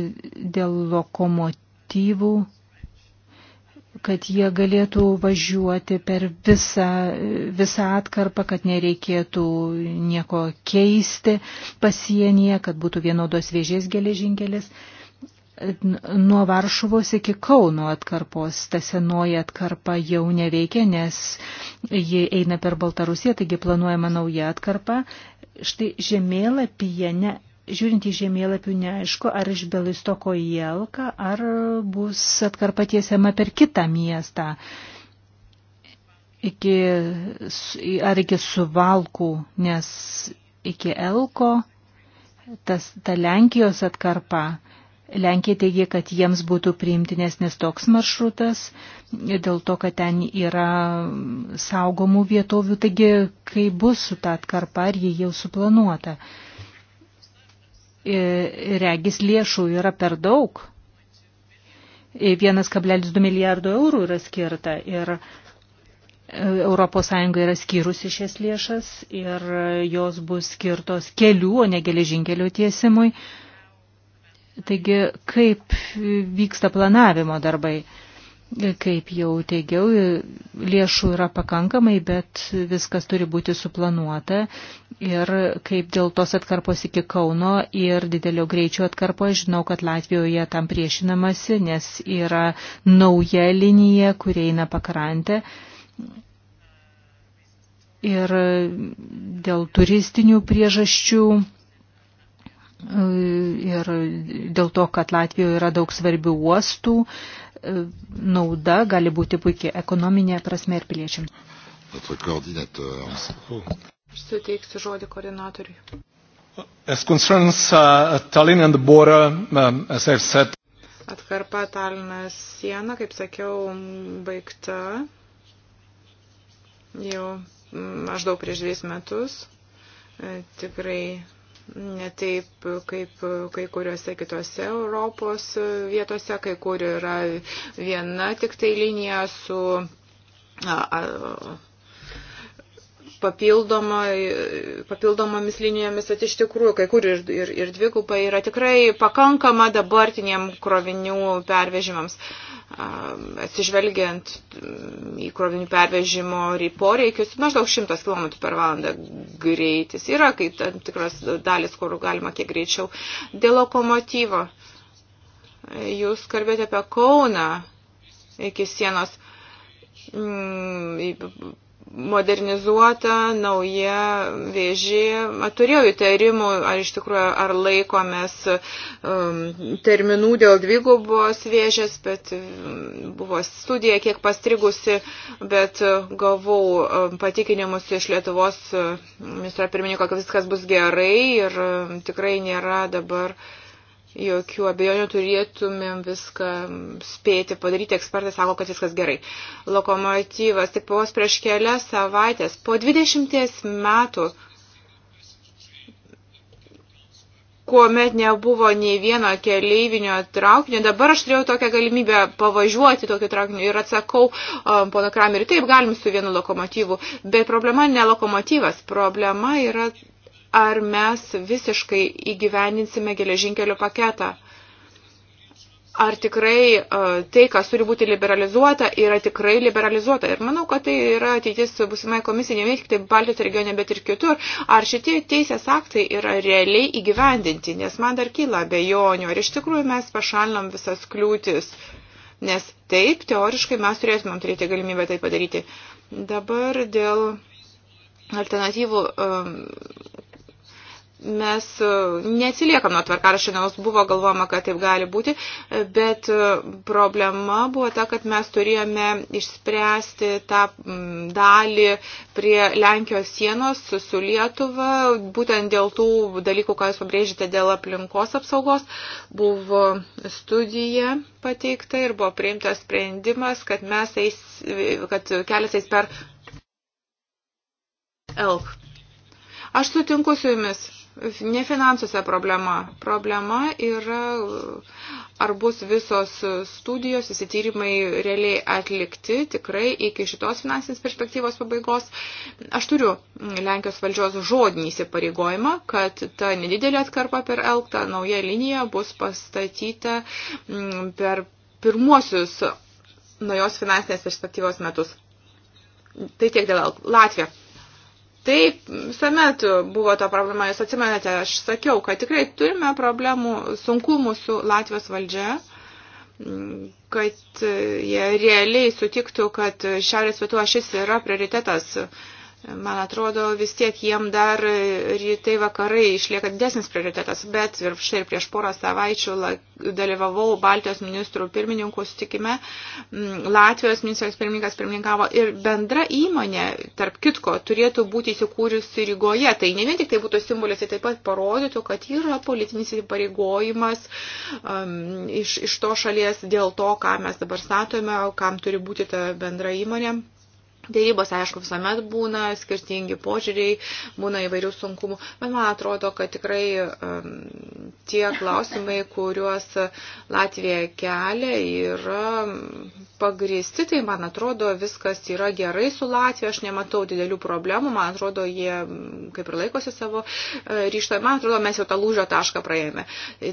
dėl lokomotyvų, kad jie galėtų važiuoti per visą, visą atkarpą, kad nereikėtų nieko keisti pasienyje, kad būtų vienodos vėžės geležinkelis. Nuo Varšuvos iki Kauno atkarpos ta senoji atkarpa jau neveikia, nes ji eina per Baltarusiją, taigi planuojama nauja atkarpa. Štai žemėlapyje ne, žiūrint į žemėlapių neaišku, ar iš Belistoko į Elką, ar bus atkarpa tiesiama per kitą miestą, iki, ar iki Suvalkų, nes iki Elko tas, ta Lenkijos atkarpa. Lenkija teigia, kad jiems būtų priimtinesnis toks maršrutas, dėl to, kad ten yra saugomų vietovių, taigi kai bus su ta atkarpa, ar jie jau suplanuota. Uh, E, regis lėšų yra per daug. 1,2 e, milijardo eurų yra skirta ir ES yra skyrusi šias lėšas ir e, jos bus skirtos kelių, o ne geležinkelio tiesimui. Taigi, kaip vyksta planavimo darbai? Kaip jau teigiau, lėšų yra pakankamai, bet viskas turi būti suplanuota. Ir kaip dėl tos atkarpos iki Kauno ir didelio greičio atkarpo, žinau, kad Latvijoje tam priešinamasi, nes yra nauja linija, kurie eina pakrantę. Ir dėl turistinių priežasčių ir dėl to, kad Latvijoje yra daug svarbių uostų, nauda gali būti puikiai ekonominė prasme ir piliečiams. Aš suteiksiu žodį koordinatoriui. As concerns uh, Tallinn and the border, um, as I've said. Atkarpa Tallinas siena, kaip sakiau, baigta jau mm, maždaug prieš dvies metus. E, tikrai taip kaip kai kuriuose kitose Europos vietose, kai kur yra viena tik tai linija su. A, a, papildomomis linijomis, bet iš tikrųjų kai kur ir, ir, ir dvigubai yra tikrai pakankama dabartiniam krovinių pervežimams, atsižvelgiant į krovinių pervežimo poreikius, maždaug 100 km per valandą greitis yra, kai tam tikras dalis, kur galima kiek greičiau, dėl lokomotyvo. Jūs kalbėjote apie Kauną iki sienos mm, modernizuota, nauja vėžė. Turėjau įtarimų, ar iš tikrųjų, ar laikomės um, terminų dėl dvigubos vėžės, bet um, buvo studija kiek pastrigusi, bet uh, gavau um, patikinimus iš Lietuvos uh, ministro pirmininko, kad viskas bus gerai ir um, tikrai nėra dabar uh, jokių abejonių turėtumėm viską spėti padaryti. Ekspertai sako, kad viskas gerai. Lokomotyvas tik vos prieš kelias savaitės, po 20 metų kuomet nebuvo nei vieno keleivinio traukinio. Dabar aš turėjau tokią galimybę pavažiuoti tokiu traukiniu ir atsakau, um, pono Kramerį, taip galim su vienu lokomotyvu, bet problema ne lokomotyvas, problema yra ar mes visiškai įgyveninsime geležinkelio paketą. Ar tikrai e, tai, kas turi būti liberalizuota, yra tikrai liberalizuota. Ir manau, kad tai yra ateitis būsimai komisija, ne vien tik tai Baltijos regione, bet ir kitur. Ar šitie teisės aktai yra realiai įgyvendinti, nes man dar kyla abejonių, ar iš tikrųjų mes pašalinam visas kliūtis. Nes taip, teoriškai mes turėtumėm turėti galimybę tai padaryti. Dabar dėl alternatyvų um, mes e, neatsiliekam nuo tvarkaraščio, nors buvo galvoma, kad taip gali būti, e, bet e, problema buvo ta, kad mes turėjome išspręsti tą dalį prie Lenkijos sienos su Lietuva, būtent dėl tų dalykų, ką jūs pabrėžite dėl aplinkos apsaugos, buvo studija pateikta ir buvo priimtas sprendimas, kad, mes eis, kad kelias eis per Elk. Aš sutinku su jumis. Ne finansuose problema. Problema yra, ar bus visos studijos, visi tyrimai realiai atlikti tikrai iki šitos finansinės perspektyvos pabaigos. Aš turiu Lenkijos valdžios žodinį įsipareigojimą, kad ta nedidelė atkarpa per Elktą nauja linija bus pastatyta mm, per pirmuosius naujos finansinės perspektyvos metus. Tai tiek dėl Latvijos. Taip, visuomet buvo ta problema, jūs atsimenate, aš sakiau, kad tikrai turime problemų, sunkumų su Latvijos valdžia kad jie realiai sutiktų, kad šiaurės pietų ašis yra prioritetas Man atrodo, vis tiek jiem dar rytai vakarai išlieka didesnis prioritetas, bet ir štai ir prieš porą savaičių dalyvavau Baltijos ministrų pirmininkų sutikime, mm, Latvijos ministras pirmininkas pirmininkavo ir bendra įmonė, tarp kitko, turėtų būti įsikūrusi Rygoje. Tai ne vien tik tai būtų simbolis, tai taip pat parodytų, kad yra politinis įpareigojimas um, iš, iš to šalies dėl to, ką mes dabar statome, kam turi būti ta bendra įmonė. Dėrybos, aišku, visuomet būna skirtingi požiūriai, būna įvairių sunkumų, bet man atrodo, kad tikrai um, tie klausimai, kuriuos Latvija kelia, yra pagristi, tai man atrodo, viskas yra gerai su Latvija, aš nematau didelių problemų, man atrodo, jie mm, kaip ir laikosi savo e, ryštą, man atrodo, mes jau tą lūžio tašką praėjome.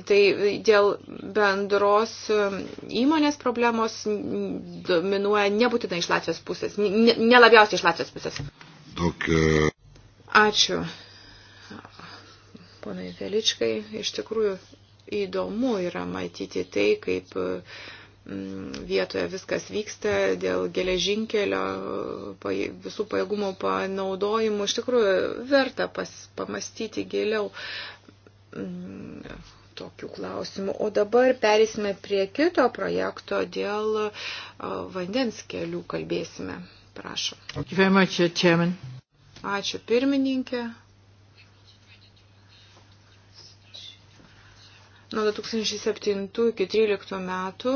Tai dėl bendros mm, įmonės problemos dominuoja nebūtinai iš Latvijos pusės. Ne, nelabiausiai iš Latvijos pusės. Tokia. Ačiū. Ponai Veličkai, iš tikrųjų įdomu yra matyti tai, kaip mm, vietoje viskas vyksta dėl geležinkelio visų pajėgumų panaudojimų. Iš tikrųjų, verta pas, pamastyti giliau mm, tokių klausimų. O dabar perėsime prie kito projekto dėl vandens kelių kalbėsime. Prašom. Uh, Ačiū pirmininkė. Nuo 2007 iki 2013 metų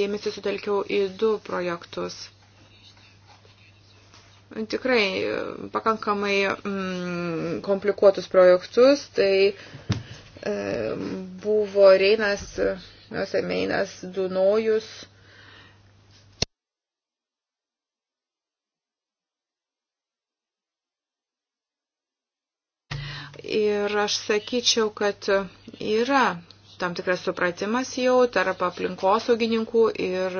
dėmesį sutelkiau į du projektus. Tikrai uh, pakankamai mm, komplikuotus projektus. Tai e, buvo Reinas, Semeinas, Dunojus Ir aš sakyčiau, kad yra tam tikras supratimas jau tarp aplinkosaugininkų ir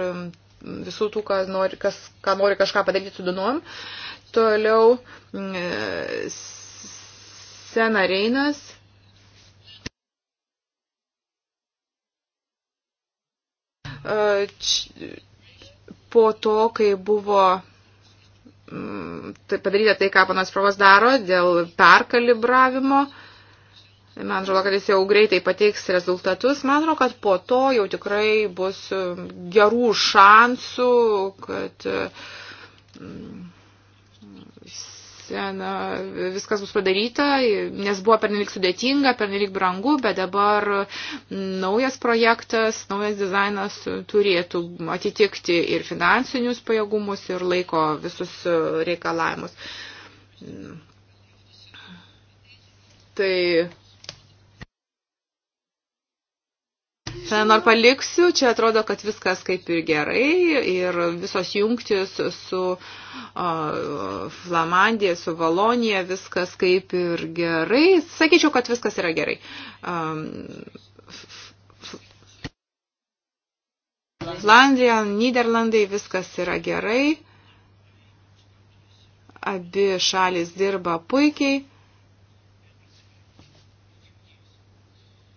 visų tų, kas nori, kas, ką nori kažką padaryti su Dunom. Toliau mm, Sena Reinas. Po to, kai buvo Tai padaryta tai, ką panas Provas daro dėl perkalibravimo. Man atrodo, kad jis jau greitai pateiks rezultatus. Man atrodo, kad po to jau tikrai bus um, gerų šansų, kad um, na, viskas bus padaryta, nes buvo pernelik sudėtinga, pernelik brangu, bet dabar naujas projektas, naujas dizainas turėtų atitikti ir finansinius pajėgumus, ir laiko visus e, reikalavimus. Mm. Tai Nor paliksiu, čia atrodo, kad viskas kaip ir gerai ir visos jungtis su uh, Flamandija, su Valonija, viskas kaip ir gerai. Sakyčiau, kad viskas yra gerai. Um, Flandrija, Niderlandai, viskas yra gerai. Abi šalis dirba puikiai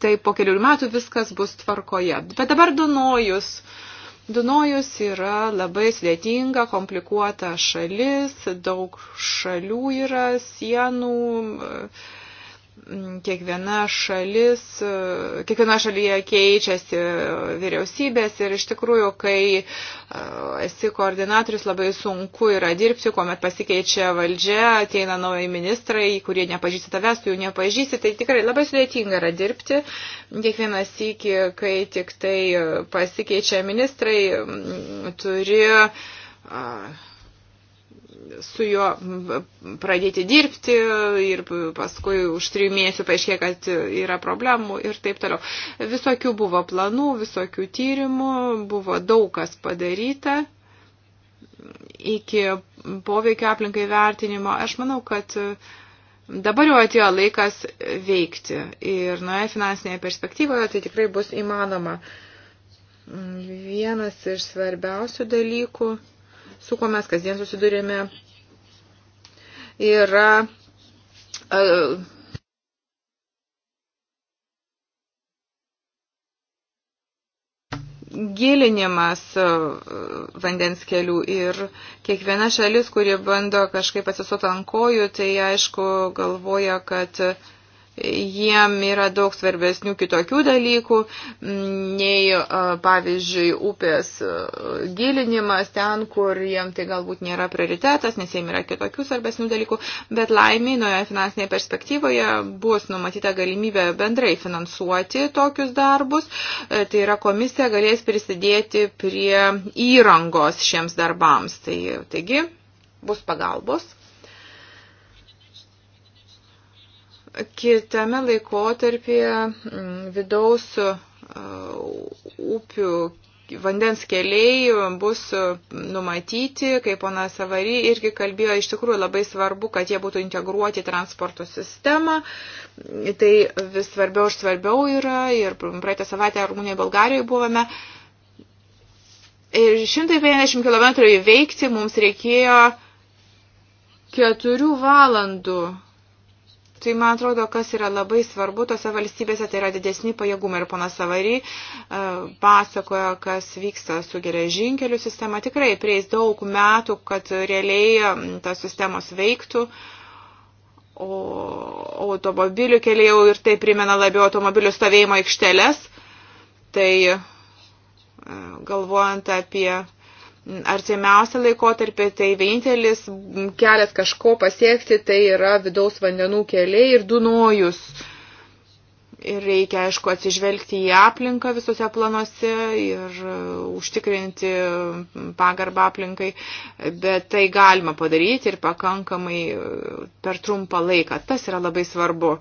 tai po kelių metų viskas bus tvarkoje. Bet dabar Dunojus. Dunojus yra labai sudėtinga, komplikuota šalis, daug šalių yra, sienų. E, kiekviena šalis, kiekviena šalyje keičiasi vyriausybės ir iš tikrųjų, kai e, esi koordinatorius, labai sunku yra dirbti, kuomet pasikeičia valdžia, ateina naujai ministrai, kurie nepažįsti tavęs, tu jų nepažįsti, tai tikrai labai sudėtinga yra dirbti. Kiekvienas iki, kai tik tai e, pasikeičia ministrai, turi uh, su juo pradėti dirbti ir paskui už trijų mėnesių paaiškė, kad yra problemų ir taip toliau. Visokių buvo planų, visokių tyrimų, buvo daug kas padaryta iki poveikio aplinkai vertinimo. Aš manau, kad dabar jau atėjo laikas veikti ir nuoje finansinėje perspektyvoje tai tikrai bus įmanoma. Vienas iš svarbiausių dalykų su kuo mes kasdien susidurėme, yra uh, gilinimas e, vandens kelių ir kiekviena šalis, kuri bando kažkaip atsisot ant kojų, tai aišku galvoja, kad uh, jiem yra daug svarbesnių kitokių dalykų, nei, pavyzdžiui, upės gilinimas ten, kur jiem tai galbūt nėra prioritetas, nes jiem yra kitokių svarbesnių dalykų, bet laimiai nuoje finansinėje perspektyvoje bus numatyta galimybė bendrai finansuoti tokius darbus, e, tai yra komisija galės prisidėti prie įrangos šiems darbams. Tai, taigi, bus pagalbos kitame laikotarpyje mm, vidaus e, upių vandens keliai bus e, numatyti, kaip ponas Savary irgi kalbėjo, iš tikrųjų labai svarbu, kad jie būtų integruoti į transporto sistemą. Tai vis svarbiau ir svarbiau yra ir praeitą savaitę Rumunijoje, Bulgarijoje buvome. Ir 150 km įveikti mums reikėjo 4 valandų Tai man atrodo, kas yra labai svarbu tose valstybėse, tai yra didesni pajėgumai. Ir ponas Savary e, pasakoja, kas vyksta su geležinkelių sistema. Tikrai prieis daug metų, kad realiai tas sistemos veiktų. O automobilių keliai jau ir tai primena labiau automobilių stovėjimo aikšteles. Tai e, galvojant apie artimiausią laikotarpį, tai vienintelis kelias kažko pasiekti, tai yra vidaus vandenų keliai ir Dunojus. Ir reikia, aišku, atsižvelgti į aplinką visose planuose ir e, užtikrinti pagarbą aplinkai, bet tai galima padaryti ir pakankamai e, per trumpą laiką. Tas yra labai svarbu.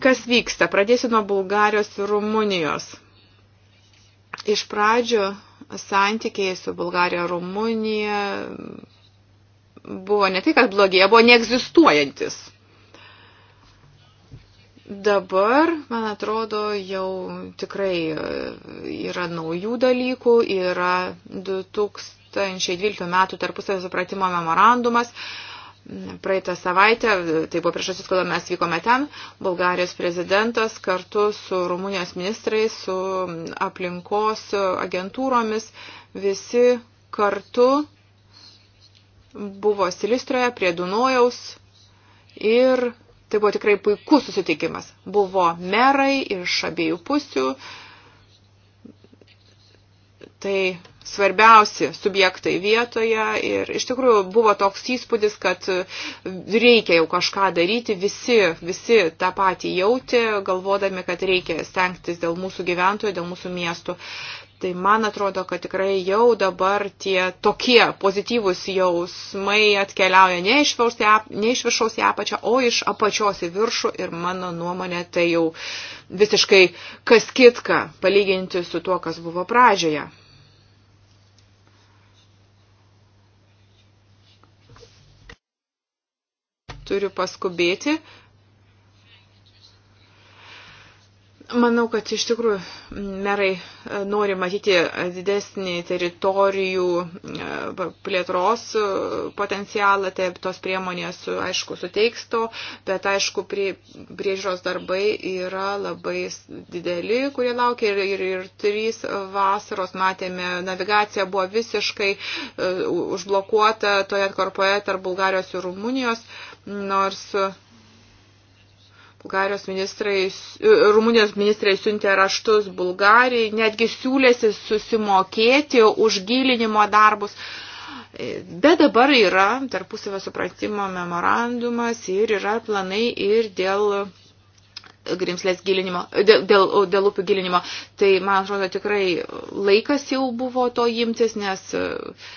Kas vyksta? Pradėsiu nuo Bulgarijos ir Rumunijos. Iš pradžio santykiai su Bulgarija, Rumunija buvo ne tai, kad blogėja, buvo neegzistuojantis. Dabar, man atrodo, jau tikrai yra naujų dalykų, yra 2012 metų tarpusavio supratimo memorandumas, praeitą savaitę, tai buvo priešasis, kodėl mes vykome ten, Bulgarijos prezidentas kartu su Rumunijos ministrais, su aplinkos agentūromis, visi kartu buvo Silistroje prie Dunojaus ir tai buvo tikrai puikus susitikimas. Buvo merai iš abiejų pusių. Tai svarbiausi subjektai vietoje ir iš tikrųjų buvo toks įspūdis, kad reikia jau kažką daryti, visi, visi tą patį jauti, galvodami, kad reikia stengtis dėl mūsų gyventojų, dėl mūsų miestų. Tai man atrodo, kad tikrai jau dabar tie tokie pozityvūs jausmai atkeliauja ne iš, ne iš viršaus į apačią, o iš apačios į viršų ir mano nuomonė tai jau visiškai kas kitka palyginti su tuo, kas buvo pradžioje. turiu paskubėti, Manau, kad iš tikrųjų merai e, nori matyti e, didesnį teritorijų e, plėtros potencialą, tai tos priemonės, aišku, suteiks to, bet, aišku, prie, priežiūros darbai yra labai dideli, kurie laukia ir, ir, ir trys vasaros, matėme, navigacija buvo visiškai užblokuota toje atkorpoje tarp Bulgarijos ir Rumunijos, nors. Uh, Bulgarijos ministrai, e, Rumunijos ministrai siuntė raštus Bulgarijai, netgi siūlėsi susimokėti už gilinimo darbus. E, bet dabar yra tarpusavio supratimo memorandumas ir yra planai ir dėl grimslės gilinimo, e, dėl, dėl, dėl upių gilinimo. Tai, man atrodo, tikrai laikas jau buvo to imtis, nes uh,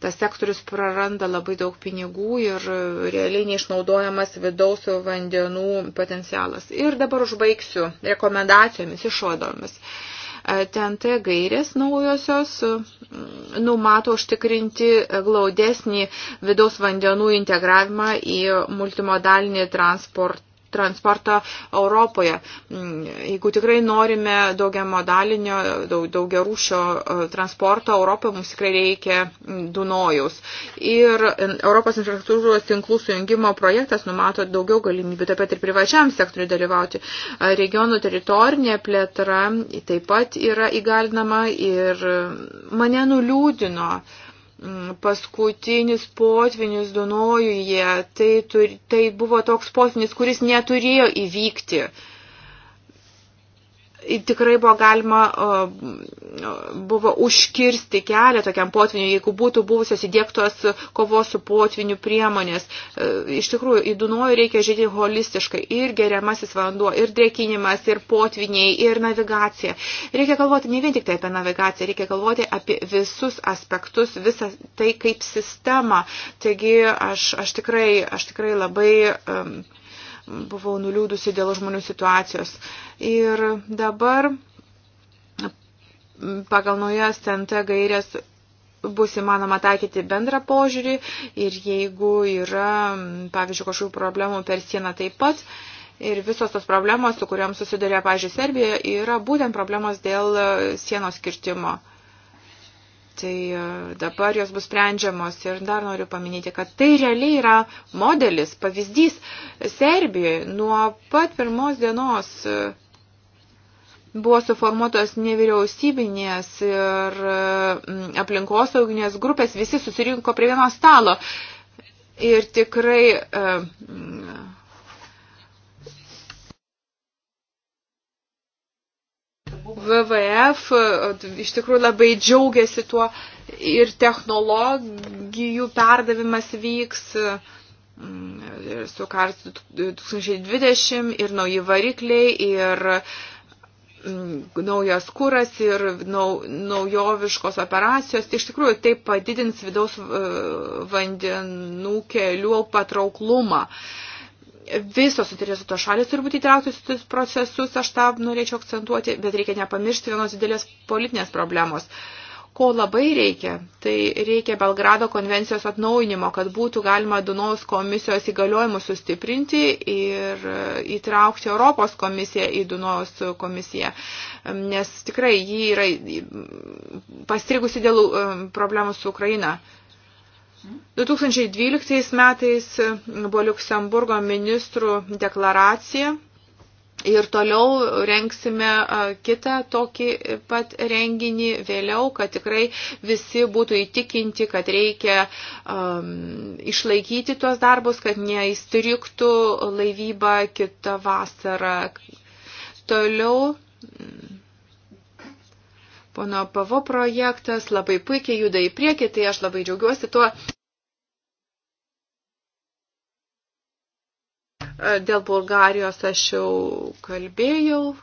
tas sektorius praranda labai daug pinigų ir e, realiai neišnaudojamas vidaus vandenų potencialas. Ir dabar užbaigsiu rekomendacijomis, išvadomis. E, TNT gairės naujosios e, numato užtikrinti glaudesnį vidaus vandenų integravimą į multimodalinį transportą transportą Europoje. Mm, jeigu tikrai norime daugia modalinio, daugia rūšio e, transporto Europoje, mums tikrai reikia mm, Dunojaus. Ir mm, Europos infrastruktūros tinklų sujungimo projektas numato daugiau galimybių, taip pat ir privačiam sektoriui dalyvauti. E, regionų teritorinė plėtra taip pat yra įgalinama ir mane nuliūdino Mm, paskutinis potvinis Dunojuje, tai, tai buvo toks potvinis, kuris neturėjo įvykti. Uh, tikrai buvo galima buvo užkirsti kelią tokiam potviniu, jeigu būtų buvusios įdėktos kovos su potviniu priemonės. E, iš tikrųjų, į Dunojų reikia žiūrėti holistiškai ir geriamasis vanduo, ir drėkinimas, ir potviniai, ir navigacija. Reikia galvoti ne vien tik tai apie navigaciją, reikia galvoti apie visus aspektus, visą tai kaip sistemą. Taigi aš, aš, tikrai, aš tikrai labai um, buvau nuliūdusi dėl žmonių situacijos. Ir dabar pagal naujas TNT gairės bus įmanoma taikyti bendrą požiūrį ir jeigu yra, pavyzdžiui, kažkokių problemų per sieną taip pat, Ir visos tos problemos, su kuriuom susiduria, pažiūrėjau, Serbija, yra būtent problemos dėl sienos kirtimo. Tai e, dabar jos bus sprendžiamos ir dar noriu paminėti, kad tai realiai yra modelis, pavyzdys Serbijoje nuo pat pirmos dienos e, buvo suformuotos nevyriausybinės ir e, aplinkosauginės grupės, visi susirinko prie vieno stalo. Ir tikrai VVF iš tikrųjų labai džiaugiasi tuo ir technologijų perdavimas vyks ir su Kars 2020 ir nauji varikliai ir mm, naujas kuras ir nau, naujoviškos operacijos. Iš tikrųjų, tai padidins vidaus e, vandenų kelių patrauklumą. Uh, visos suinteresuotos šalis turi būti įtrauktos į tuos procesus, aš tą norėčiau akcentuoti, bet reikia nepamiršti vienos didelės politinės problemos. Ko labai reikia, tai reikia Belgrado konvencijos atnaujinimo, kad būtų galima Dunaus komisijos įgaliojimus sustiprinti ir įtraukti Europos komisiją į Dunaus komisiją, nes tikrai ji yra pastrigusi dėl problemų su Ukraina. 2012 metais e, buvo Luksemburgo ministrų deklaracija ir toliau renksime e, kitą tokį pat renginį vėliau, kad tikrai visi būtų įtikinti, kad reikia um, išlaikyti tuos darbus, kad neįstriktų laivybą kitą vasarą. Toliau. Pono Pavo projektas labai puikiai juda į priekį, tai aš labai džiaugiuosi tuo. E, dėl Bulgarijos aš jau kalbėjau.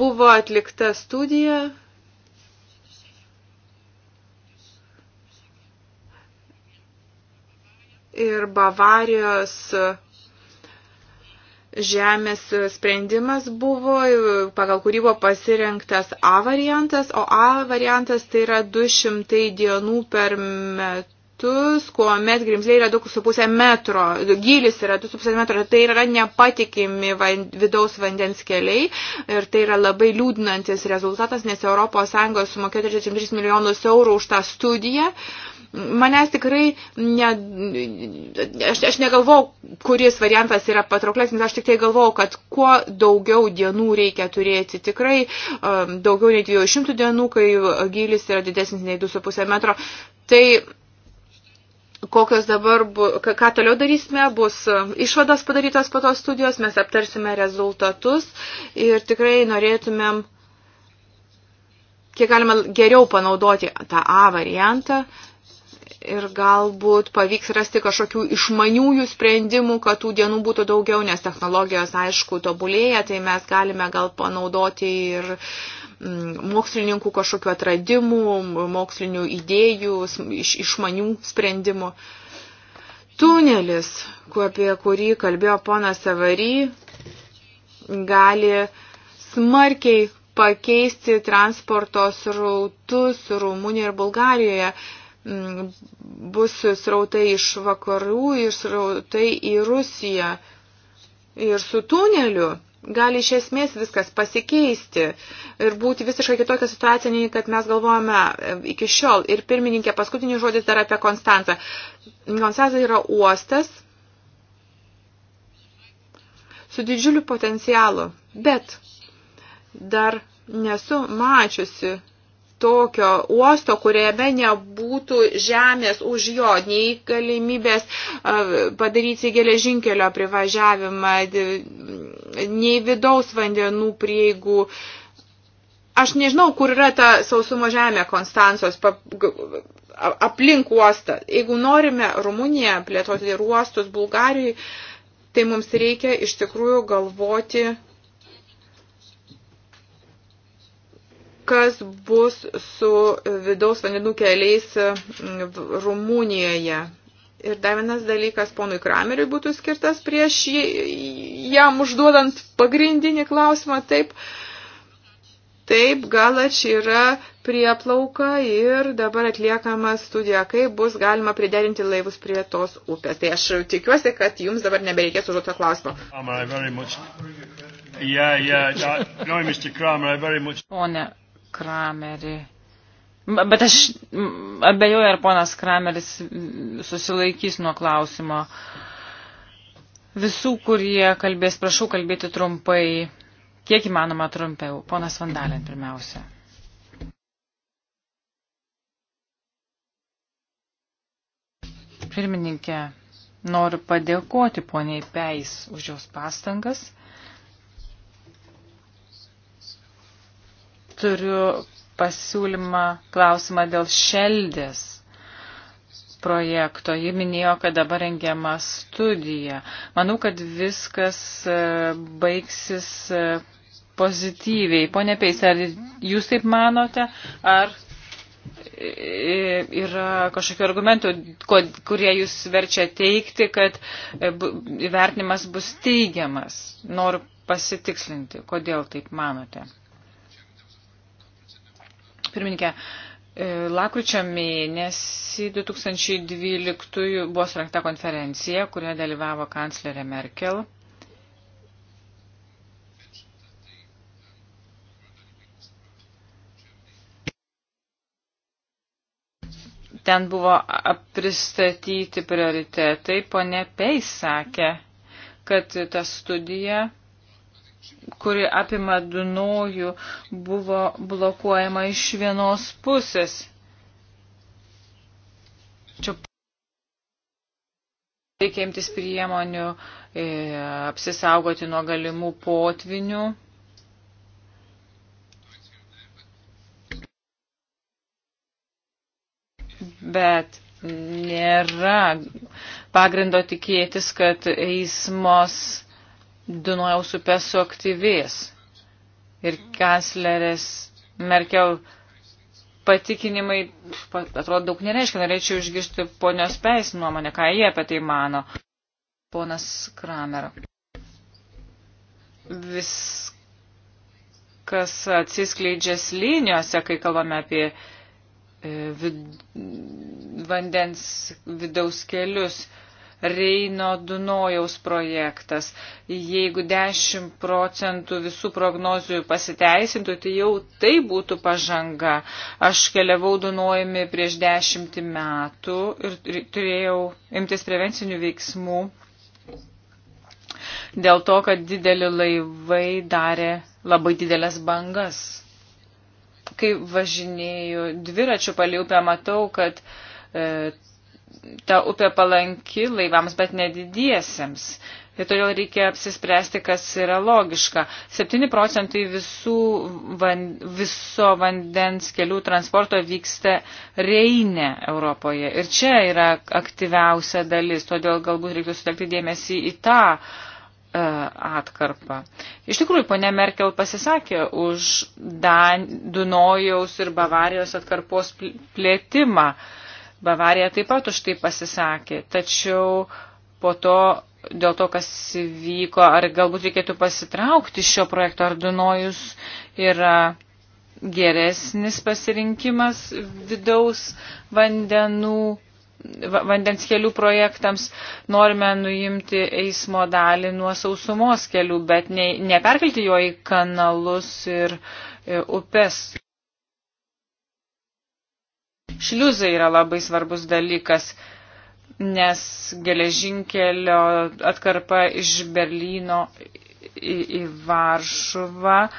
Buvo atlikta studija ir Bavarijos žemės sprendimas buvo, pagal kurį buvo pasirinktas A variantas, o A variantas tai yra 200 dienų per metus metus, kuomet grimzliai yra 2,5 metro, gylis yra 2,5 metro, tai yra nepatikimi van, vidaus vandens keliai ir tai yra labai liūdinantis rezultatas, nes ES sumokėjo 33 milijonus eurų už tą studiją. Manęs tikrai, ne, aš, aš negalvau, kuris variantas yra patrauklesnis, aš tik tai galvau, kad kuo daugiau dienų reikia turėti, tikrai um, daugiau nei 200 dienų, kai gylis yra didesnis nei 2,5 metro. Tai kokios dabar, bu, ką toliau darysime, bus e, išvados padarytos po tos studijos, mes aptarsime rezultatus ir tikrai norėtumėm kiek galima geriau panaudoti tą A variantą ir galbūt pavyks rasti kažkokių išmaniųjų sprendimų, kad tų dienų būtų daugiau, nes technologijos, aišku, tobulėja, tai mes galime gal panaudoti ir Mm, mokslininkų kažkokiu atradimu, mokslinių idėjų, iš, išmanių sprendimų. Tunelis, apie kurį kalbėjo ponas Savary, gali smarkiai pakeisti transporto srautus Rumunijoje ir Bulgarijoje mm, bus srautai iš vakarų ir srautai į Rusiją. Ir su tuneliu gali iš esmės viskas pasikeisti ir būti visiškai kitokia situacija, nei kad mes galvojame e, iki šiol. Ir pirmininkė, paskutinis žodis dar apie Konstantą. Konstantas yra uostas su didžiuliu potencialu, bet dar nesu mačiusi tokio uosto, kuriame nebūtų žemės už jo, nei galimybės padaryti geležinkelio privažiavimą, nei vidaus vandenų prieigų. Aš nežinau, kur yra ta sausumo žemė Konstancijos aplink uostą. Jeigu norime Rumuniją plėtoti ir uostus Bulgarijai, tai mums reikia iš tikrųjų galvoti kas bus su vidaus vandenų keliais Rumunijoje. Ir dar vienas dalykas ponui Krameriui būtų skirtas prieš jam užduodant pagrindinį klausimą. Taip, taip galač yra prieplauka ir dabar atliekama studija, kaip bus galima priderinti laivus prie tos upės. Tai aš tikiuosi, kad jums dabar nebereikės užduoto klausimo. Pone Kramerį. Bet aš abejoju, ar ponas Krameris susilaikys nuo klausimo. Visų, kurie kalbės, prašau kalbėti trumpai, kiek įmanoma trumpiau. Ponas Vandalin pirmiausia. Pirmininkė, noriu padėkoti poniai Peis už jos pastangas. turiu pasiūlymą, klausimą dėl šeldės projekto. Ji minėjo, kad dabar rengiama studija. Manau, kad viskas e, baigsis e, pozityviai. Pone Peis, ar jūs taip manote, ar e, yra kažkokių argumentų, kurie jūs verčia teikti, kad įvertinimas bus teigiamas? Noriu pasitikslinti, kodėl taip manote pirmininkė. E, Lakryčio mėnesį 2012 buvo surinkta konferencija, kurioje dalyvavo kanclerė Merkel. Ten buvo pristatyti prioritetai. Pone Peis sakė, kad ta studija kuri apima Dunojų, buvo blokuojama iš vienos pusės. Čia reikia imtis priemonių e, apsisaugoti nuo galimų potvinių. Bet nėra pagrindo tikėtis, kad eismos Dunojaus upė suaktyvės. Ir kanclerės Merkel patikinimai, atrodo, daug nereiškia. Norėčiau išgirsti ponios Peis nuomonę, ką jie apie tai mano. Ponas Kramer. Viskas atsiskleidžia sliniuose, kai kalbame apie e, vid vandens vidaus kelius. E, Reino Dunojaus projektas. Jeigu 10 procentų visų prognozijų pasiteisintų, tai jau tai būtų pažanga. Aš keliavau Dunojumi prieš 10 metų ir turėjau imtis prevencinių veiksmų dėl to, kad dideli laivai darė labai didelės bangas. Kai važinėjau dviračių paliupę, matau, kad e, ta upė palanki laivams, bet nedidiesiems. Ir todėl reikia apsispręsti, kas yra logiška. 7 procentai visų van, viso vandens kelių transporto vyksta Reine Europoje. Ir čia yra aktyviausia dalis, todėl galbūt reiktų sutelkti dėmesį į tą e, atkarpą. Iš tikrųjų, ponė Merkel pasisakė už Dan, Dunojaus ir Bavarijos atkarpos plėtimą. Uh, Bavarija taip pat už tai pasisakė, tačiau po to dėl to, kas vyko, ar galbūt reikėtų pasitraukti šio projekto, ar Dunojus yra geresnis pasirinkimas vidaus vandenų, vandens kelių projektams. Norime nuimti eismo dalį nuo sausumos kelių, bet ne, neperkelti jo į kanalus ir e, upes. Šliuzai yra labai svarbus dalykas, nes geležinkelio atkarpa iš Berlyno į, į Varšuvą e,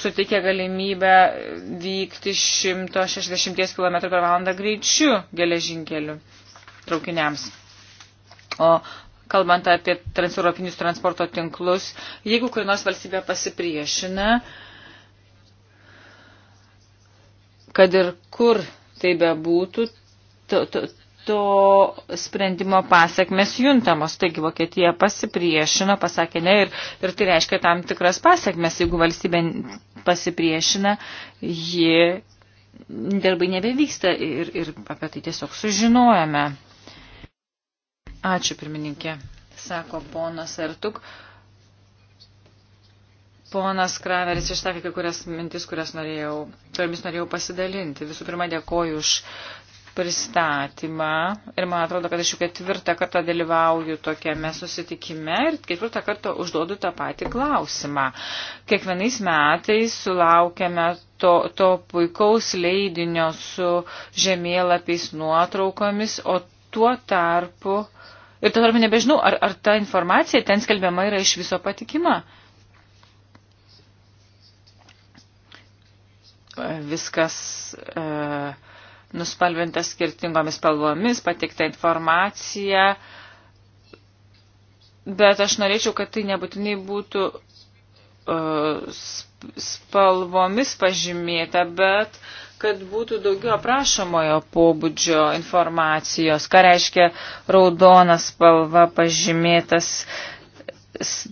sutikė galimybę vykti 160 km per valandą greičiu geležinkeliu traukiniams. O kalbant apie transeuropinius transporto tinklus, jeigu kur nors valstybė pasipriešina, e, kad ir kur tai bebūtų, to, to, to sprendimo pasiekmes juntamos. Taigi Vokietija pasipriešino, pasakė ne ir, ir tai reiškia tam tikras pasiekmes. Jeigu valstybė pasipriešina, ji darbai nebevyksta ir, ir apie tai tiesiog sužinojame. Ačiū pirmininkė, sako ponas Artuk. Uh, Ponas Kraveris išsakė kai kurias mintis, kurias norėjau, kuriomis norėjau pasidalinti. Visų pirma, dėkoju už pristatymą ir man atrodo, kad aš jau ketvirtą kartą dalyvauju tokiame susitikime ir ketvirtą kartą užduodu tą patį klausimą. Kiekvienais metais sulaukiame to, to puikaus leidinio su žemėlapiais nuotraukomis, o tuo tarpu, ir tuo tarpu nebežinau, ar, ar ta informacija ten skelbiama yra iš viso patikima. viskas e, nuspalvinta skirtingomis spalvomis, patikta informacija, bet aš norėčiau, kad tai nebūtinai būtų e, spalvomis pažymėta, bet kad būtų daugiau aprašomojo pobūdžio informacijos, ką reiškia raudona spalva pažymėtas,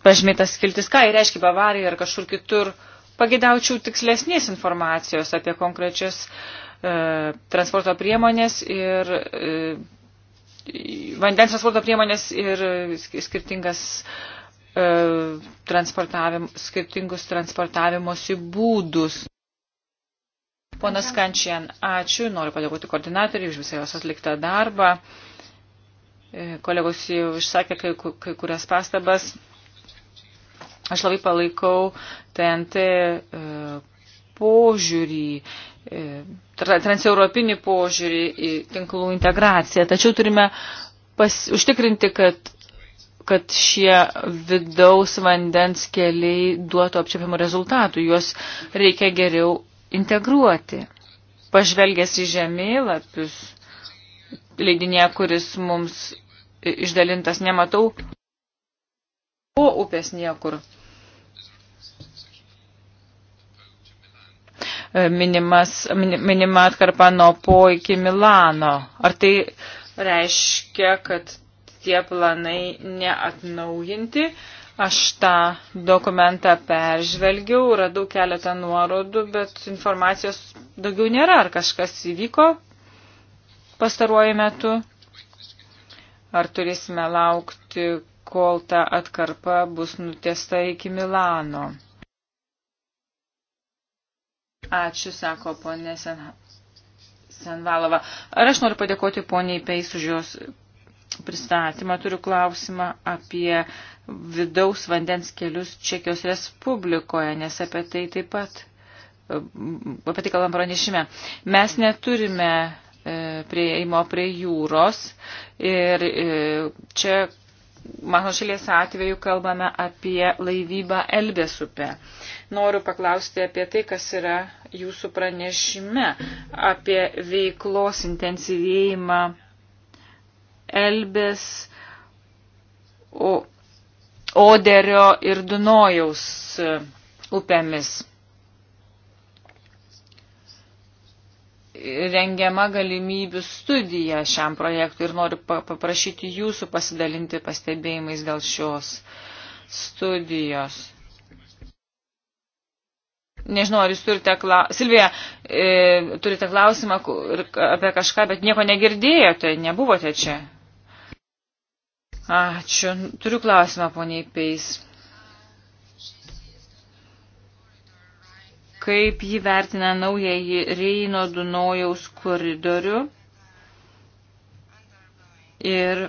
pažymėtas skiltis, ką reiškia Bavarija ar kažkur kitur. E, pagėdaučiau tikslesnės informacijos apie konkrečias e, transporto priemonės ir e, vandens transporto priemonės ir skirtingas e, transportavim, skirtingus transportavimosi būdus. Ponas Kančian, ačiū, noriu padėkoti koordinatoriui už visą jos atliktą darbą. E, kolegos jau išsakė kai, kai kurias pastabas. Aš labai palaikau TNT e, požiūrį, e, transeuropinį požiūrį į tinklų integraciją. Tačiau turime pas, užtikrinti, kad kad šie vidaus vandens keliai duotų apčiapiamų rezultatų, juos reikia geriau integruoti. Pažvelgęs į žemėlapius, leidinė, kuris mums išdalintas, nematau po upės niekur. E, minimas, minima atkarpa nuo po iki Milano. Ar tai reiškia, kad tie planai neatnaujinti? Aš tą dokumentą peržvelgiau, radau keletą nuorodų, bet informacijos daugiau nėra. Ar kažkas įvyko pastaruoju metu? Ar turėsime laukti, kol ta atkarpa bus nutiesta iki Milano. Ačiū, sako ponė Sen... Senvalova. Ar aš noriu padėkoti poniai Peis už jos pristatymą. Turiu klausimą apie vidaus vandens kelius Čekijos Respublikoje, nes apie tai taip pat, apie tai kalbam pranešime. Mes neturime e, prieimo prie jūros ir e, čia mano šalies atveju kalbame apie laivybą Elbės upe. Noriu paklausti apie tai, kas yra jūsų pranešime, apie veiklos intensyvėjimą Elbės, Oderio ir Dunojaus upėmis. rengiama galimybių studija šiam projektui ir noriu paprašyti jūsų pasidalinti pastebėjimais dėl šios studijos. Nežinau, ar jūs turite klausimą. Silvija, e, turite klausimą apie kažką, bet nieko negirdėjote, nebuvote čia. Ačiū. Turiu klausimą, poniai Peis. kaip jį vertina naująjį Reino Dunojaus koridorių. Ir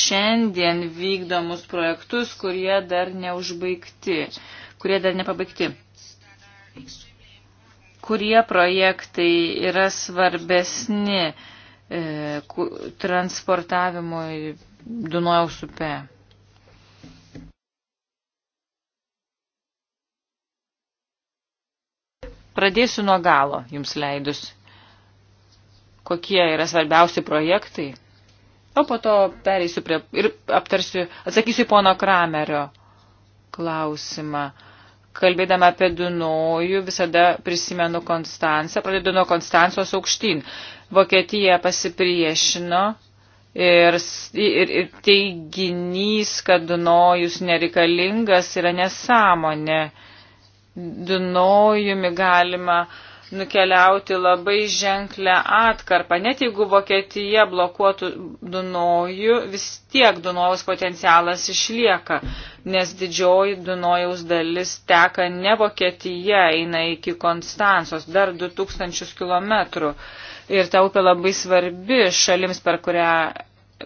šiandien vykdomus projektus, kurie dar neužbaigti, kurie dar nepabaigti. Kurie projektai yra svarbesni e, transportavimui Dunojaus upe? Pradėsiu nuo galo, jums leidus, kokie yra svarbiausi projektai, o po to pereisiu prie ir aptarsiu, atsakysiu pono Kramerio klausimą. Kalbėdama apie Dunojų, visada prisimenu Konstanciją, pradedu nuo Konstancijos aukštyn. Vokietija pasipriešino ir, ir, ir teiginys, kad Dunojus nereikalingas, yra nesąmonė. Ne Dunojumi galima nukeliauti labai ženklę atkarpą. Net jeigu Vokietija blokuotų Dunojų, vis tiek Dunojaus potencialas išlieka, nes didžioji Dunojaus dalis teka ne Vokietija, eina iki Konstancijos, dar 2000 km. Ir ta upė labai svarbi šalims, per, kurią,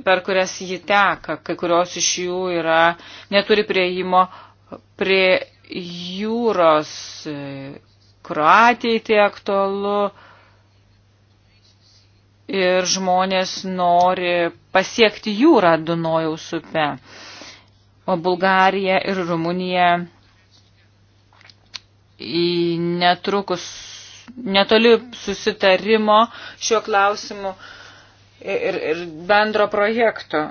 per kurias ji teka, kai kurios iš jų yra, neturi prieimo prie jūros, e, Kroatijai tai aktualu ir žmonės nori pasiekti jūrą Dunojaus upe. O Bulgarija ir Rumunija netrukus netoli susitarimo šiuo klausimu ir, ir bendro projekto.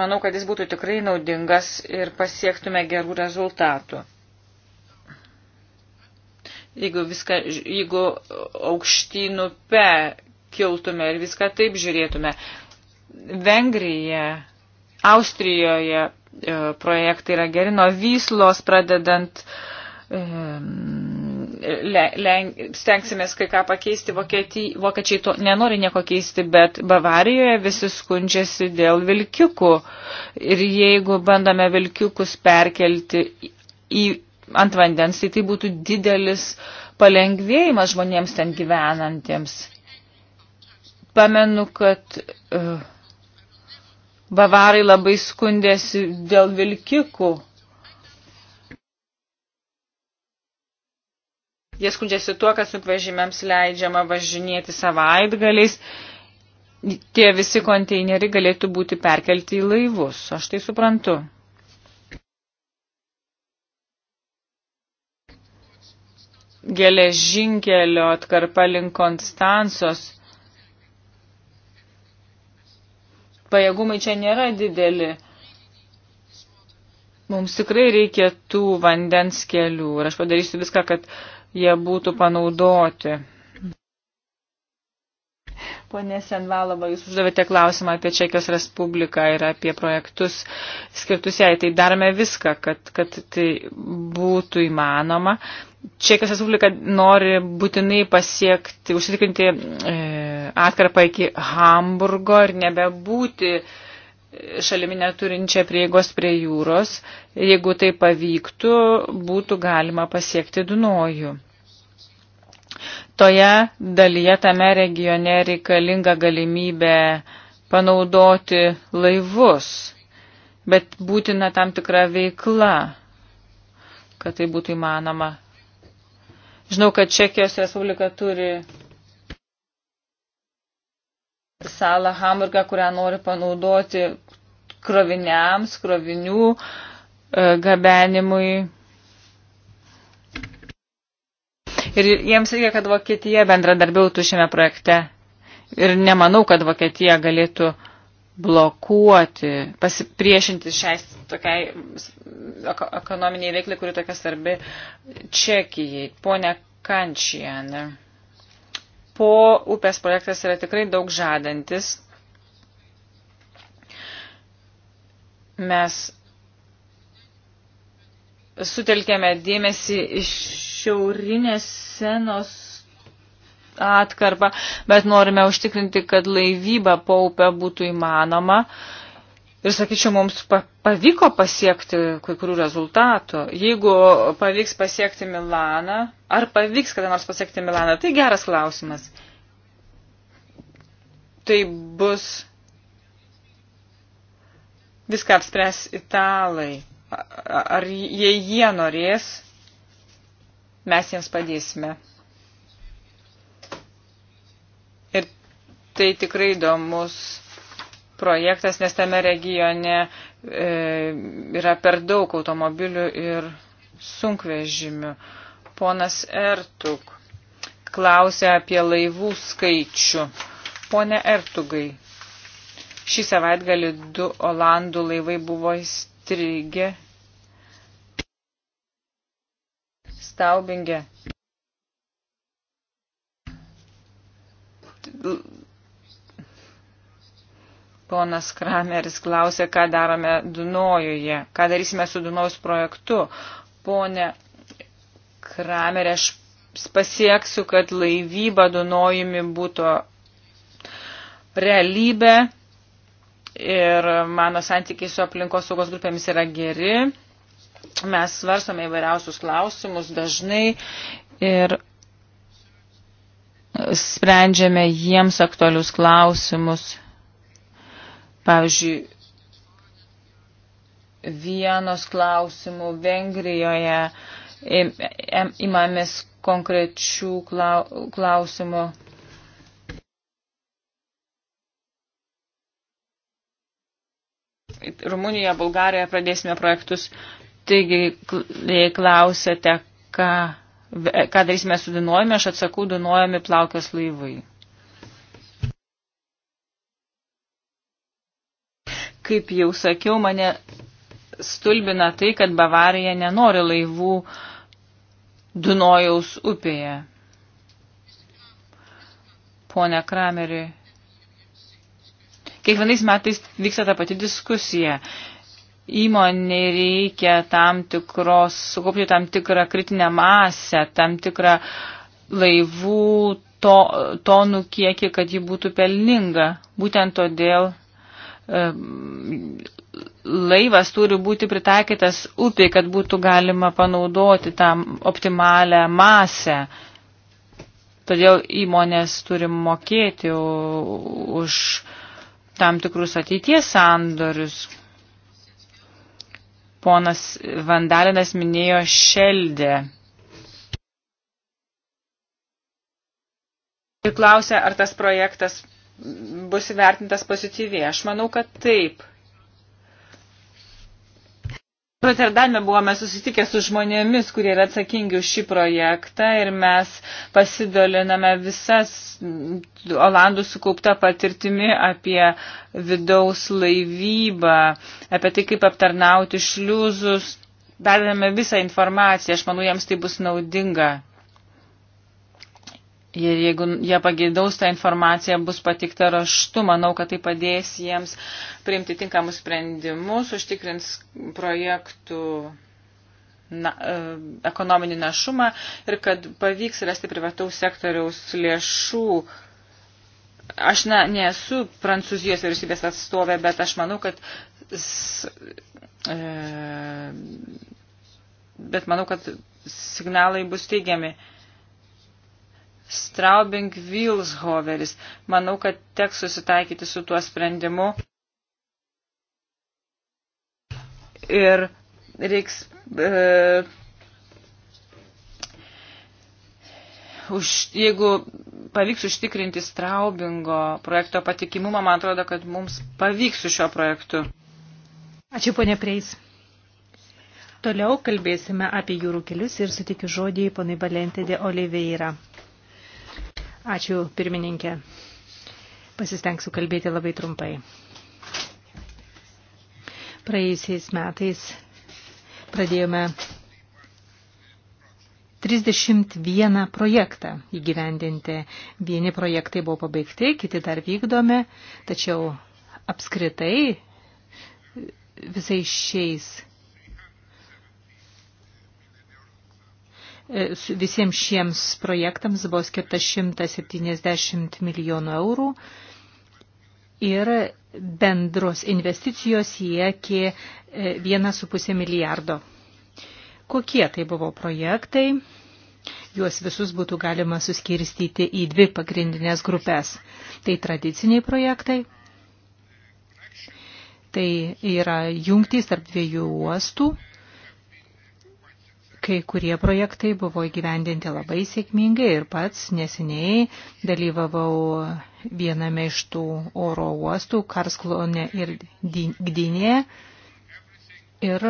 Manau, kad jis būtų tikrai naudingas ir pasiektume gerų rezultatų jeigu, viską, jeigu aukštynų pe kiltume ir viską taip žiūrėtume. Vengrija, Austrijoje e, projektai yra geri, nuo Vyslos pradedant e, le, le, stengsimės kai ką pakeisti, Vokietijai, vokiečiai to nenori nieko keisti, bet Bavarijoje visi skundžiasi dėl vilkiukų. Ir jeigu bandome vilkiukus perkelti į ant vandens, tai tai būtų didelis palengvėjimas žmonėms ten gyvenantiems. Pamenu, kad uh, bavarai labai skundėsi dėl vilkikų. Jie skundžiasi tuo, kad sunkvežimiams leidžiama važinėti savaitgaliais. Tie visi konteineriai galėtų būti perkelti į laivus. Aš tai suprantu. geležinkelio atkarpa link Konstancos. Pajėgumai čia nėra dideli. Mums tikrai reikia tų vandens kelių ir aš padarysiu viską, kad jie būtų panaudoti. Pone Senvalova, jūs uždavėte klausimą apie Čekijos Respubliką ir apie projektus skirtus jai. Tai darome viską, kad, kad tai būtų įmanoma. Čekijos Respublika nori būtinai pasiekti, užsitikrinti e, atkarpą iki Hamburgo ir nebebūti e, šalimi neturinčia prieigos prie jūros. Jeigu tai pavyktų, būtų galima pasiekti Dunojų. Toje dalyje tame regione reikalinga galimybė panaudoti laivus, bet būtina tam tikra veikla, kad tai būtų įmanoma. Žinau, kad Čekijos Respublika turi salą Hamburgą, kurią nori panaudoti kroviniams, krovinių e, gabenimui Ir jiems reikia, kad Vokietija bendradarbiautų šiame projekte. Ir nemanau, kad Vokietija galėtų blokuoti, pasipriešinti šiai tokiai ekonominiai veiklai, kuri tokia svarbi Čekijai. Pone Kančianė, po upės projektas yra tikrai daug žadantis. Mes sutelkėme dėmesį iš šiaurinės senos atkarpą, bet norime užtikrinti, kad laivyba po upę būtų įmanoma. Ir sakyčiau, mums pavyko pasiekti kai kurių rezultatų. Jeigu pavyks pasiekti Milaną, ar pavyks kada nors pasiekti Milaną, tai geras klausimas. Tai bus viską apspręs italai ar jei jie norės, mes jiems padėsime. Ir tai tikrai įdomus projektas, nes tame regione e, yra per daug automobilių ir sunkvežimių. Ponas Ertuk klausė apie laivų skaičių. Pone Ertugai, šį savaitgalį du Olandų laivai buvo įsteigti Strygė, Staubingė. Ponas Krameris klausė, ką darome Dunojuje, ką darysime su Dunojus projektu. Pone Kramerė, aš pasieksiu, kad laivyba Dunojumi būtų realybė ir mano santykiai su aplinkos saugos grupėmis yra geri. Mes svarstome įvairiausius klausimus dažnai ir sprendžiame jiems aktualius klausimus. Pavyzdžiui, vienos klausimų Vengrijoje imamės konkrečių klausimų Rumunija, Bulgarija pradėsime projektus. Taigi klausėte, ką, ką darysime su Dunojumi, aš atsakau Dunojumi plaukios laivai. Kaip jau sakiau, mane stulbina tai, kad Bavarija nenori laivų Dunojaus upėje. Pone Krameri, Kiekvienais metais vyksta ta pati diskusija. Įmonė reikia tam tikros, sukaupti tam tikrą kritinę masę, tam tikrą laivų to, tonų kiekį, kad ji būtų pelninga. Būtent todėl laivas turi būti pritaikytas upiai, kad būtų galima panaudoti tą optimalią masę. Todėl įmonės turi mokėti už tam tikrus ateities sandorius. Ponas Vandalinas minėjo šeldę. Ir klausia, ar tas projektas bus įvertintas pozityviai. Aš manau, kad taip. Rotterdame buvome susitikę su žmonėmis, kurie yra atsakingi už šį projektą ir mes pasidaliname visas Olandų sukaupta patirtimi apie vidaus laivybą, apie tai, kaip aptarnauti šliuzus. Davėme visą informaciją, aš manau, jiems tai bus naudinga. Ir jeigu jie pageidaus, ta informacija bus patikta raštu. Manau, kad tai padės jiems priimti tinkamus sprendimus, užtikrins projektų na, e, ekonominį našumą ir kad pavyks rasti privataus sektoriaus lėšų. Aš na, nesu Prancūzijos vyriausybės atstovė, bet aš manau, kad. S, e, bet manau, kad signalai bus teigiami. E, Straubing Vilshoveris. Manau, kad teks susitaikyti su tuo sprendimu. Ir reiks e, už, jeigu pavyks užtikrinti Straubingo projekto patikimumą, man atrodo, kad mums pavyks su šiuo projektu. Ačiū, ponė Preis. Toliau kalbėsime apie jūrų kelius ir sutikiu žodį ponai Valentė de Oliveira. Ačiū, pirmininkė. Pasistengsiu kalbėti labai trumpai. Praėjusiais metais pradėjome 31 projektą įgyvendinti. Vieni projektai buvo pabaigti, kiti dar vykdomi, tačiau apskritai visais šiais E, visiems šiems projektams buvo skirta 170 milijonų eurų ir bendros investicijos siekė 1,5 e, milijardo. Kokie tai buvo projektai? Juos visus būtų galima suskirstyti į dvi pagrindinės grupės. Tai tradiciniai projektai. Tai yra jungtys tarp dviejų uostų Kai kurie projektai buvo įgyvendinti labai sėkmingai ir pats neseniai dalyvavau viename iš tų oro uostų, Karsklone ir Gdynėje. Ir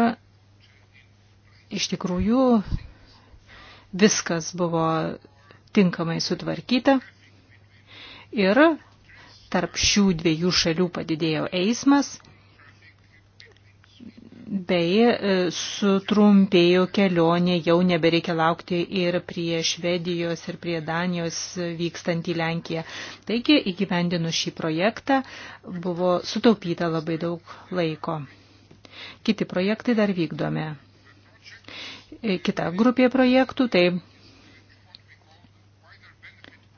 iš tikrųjų viskas buvo tinkamai sutvarkyta. Ir tarp šių dviejų šalių padidėjo eismas bei e, sutrumpėjo kelionė, jau nebereikia laukti ir prie Švedijos, ir prie Danijos vykstant į Lenkiją. Taigi, įgyvendinus šį projektą, buvo sutaupyta labai daug laiko. Kiti projektai dar vykdome. Kita grupė projektų, tai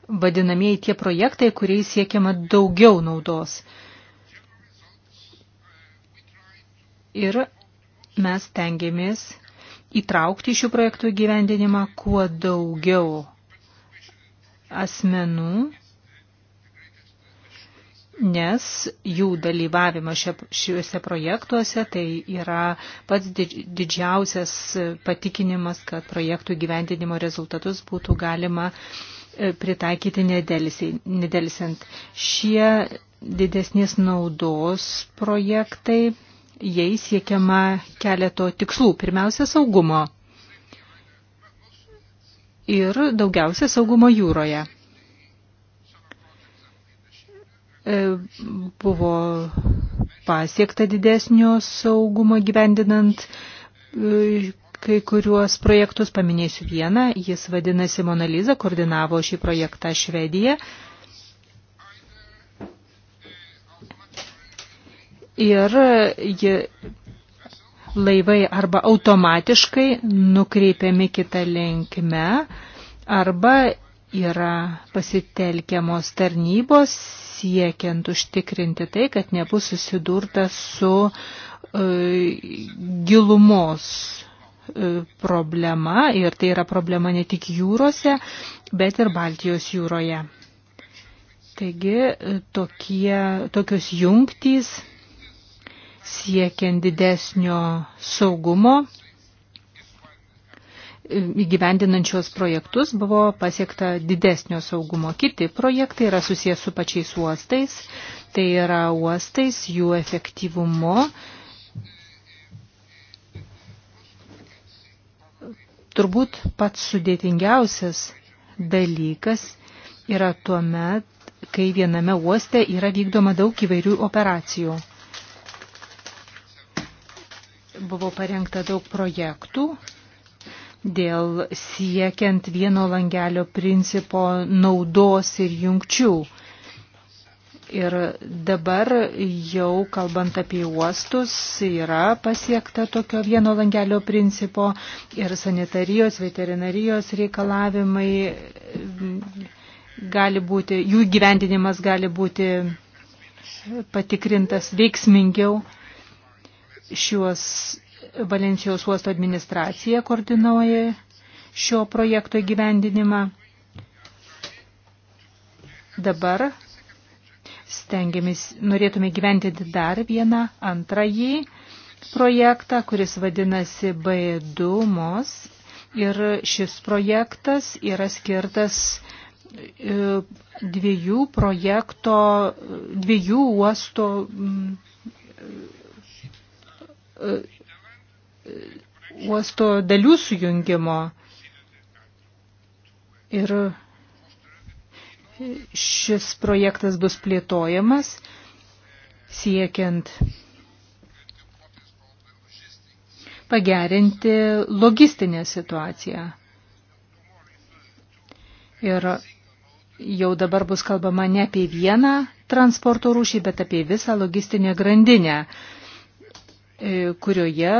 vadinamieji tie projektai, kuriais siekiama daugiau naudos. Ir mes tengiamės įtraukti šių projektų gyvendinimą kuo daugiau asmenų, nes jų dalyvavimas šiuose projektuose tai yra pats didžiausias patikinimas, kad projektų gyvendinimo rezultatus būtų galima e, pritaikyti nedelsiant. Šie didesnės naudos projektai jais siekiama keleto tikslų. Pirmiausia, saugumo. Ir daugiausia saugumo jūroje. E, buvo pasiekta didesnio saugumo gyvendinant e, kai kuriuos projektus, paminėsiu vieną, jis vadinasi Monaliza, koordinavo šį projektą Švedija ir ji laivai arba automatiškai nukreipiami kitą linkme, arba yra pasitelkiamos tarnybos siekiant užtikrinti tai, kad nebus susidurta su e, gilumos e, problema ir tai yra problema ne tik jūrose, bet ir Baltijos jūroje. Taigi e, tokie, tokios jungtys siekiant didesnio saugumo įgyvendinančios projektus buvo pasiekta didesnio saugumo. Kiti projektai yra susijęs su pačiais uostais, tai yra uostais, jų efektyvumu. Turbūt pats sudėtingiausias dalykas yra tuo met, kai viename uoste yra vykdoma daug įvairių operacijų buvo parengta daug projektų dėl siekiant vieno langelio principo naudos ir jungčių. Ir dabar jau kalbant apie uostus yra pasiekta tokio vieno langelio principo ir sanitarijos, veterinarijos reikalavimai mm, gali būti, jų gyvendinimas gali būti patikrintas veiksmingiau šiuos Valencijos uosto administracija koordinuoja šio projekto įgyvendinimą. Dabar stengiamės, norėtume gyventinti dar vieną antrąjį projektą, kuris vadinasi B2 MOS. Ir šis projektas yra skirtas e, dviejų projekto, dviejų uosto E, uosto dalių sujungimo. Ir šis projektas bus plėtojamas siekiant pagerinti logistinę situaciją. Ir jau dabar bus kalbama ne apie vieną transporto rūšį, bet apie visą logistinę grandinę. E, kurioje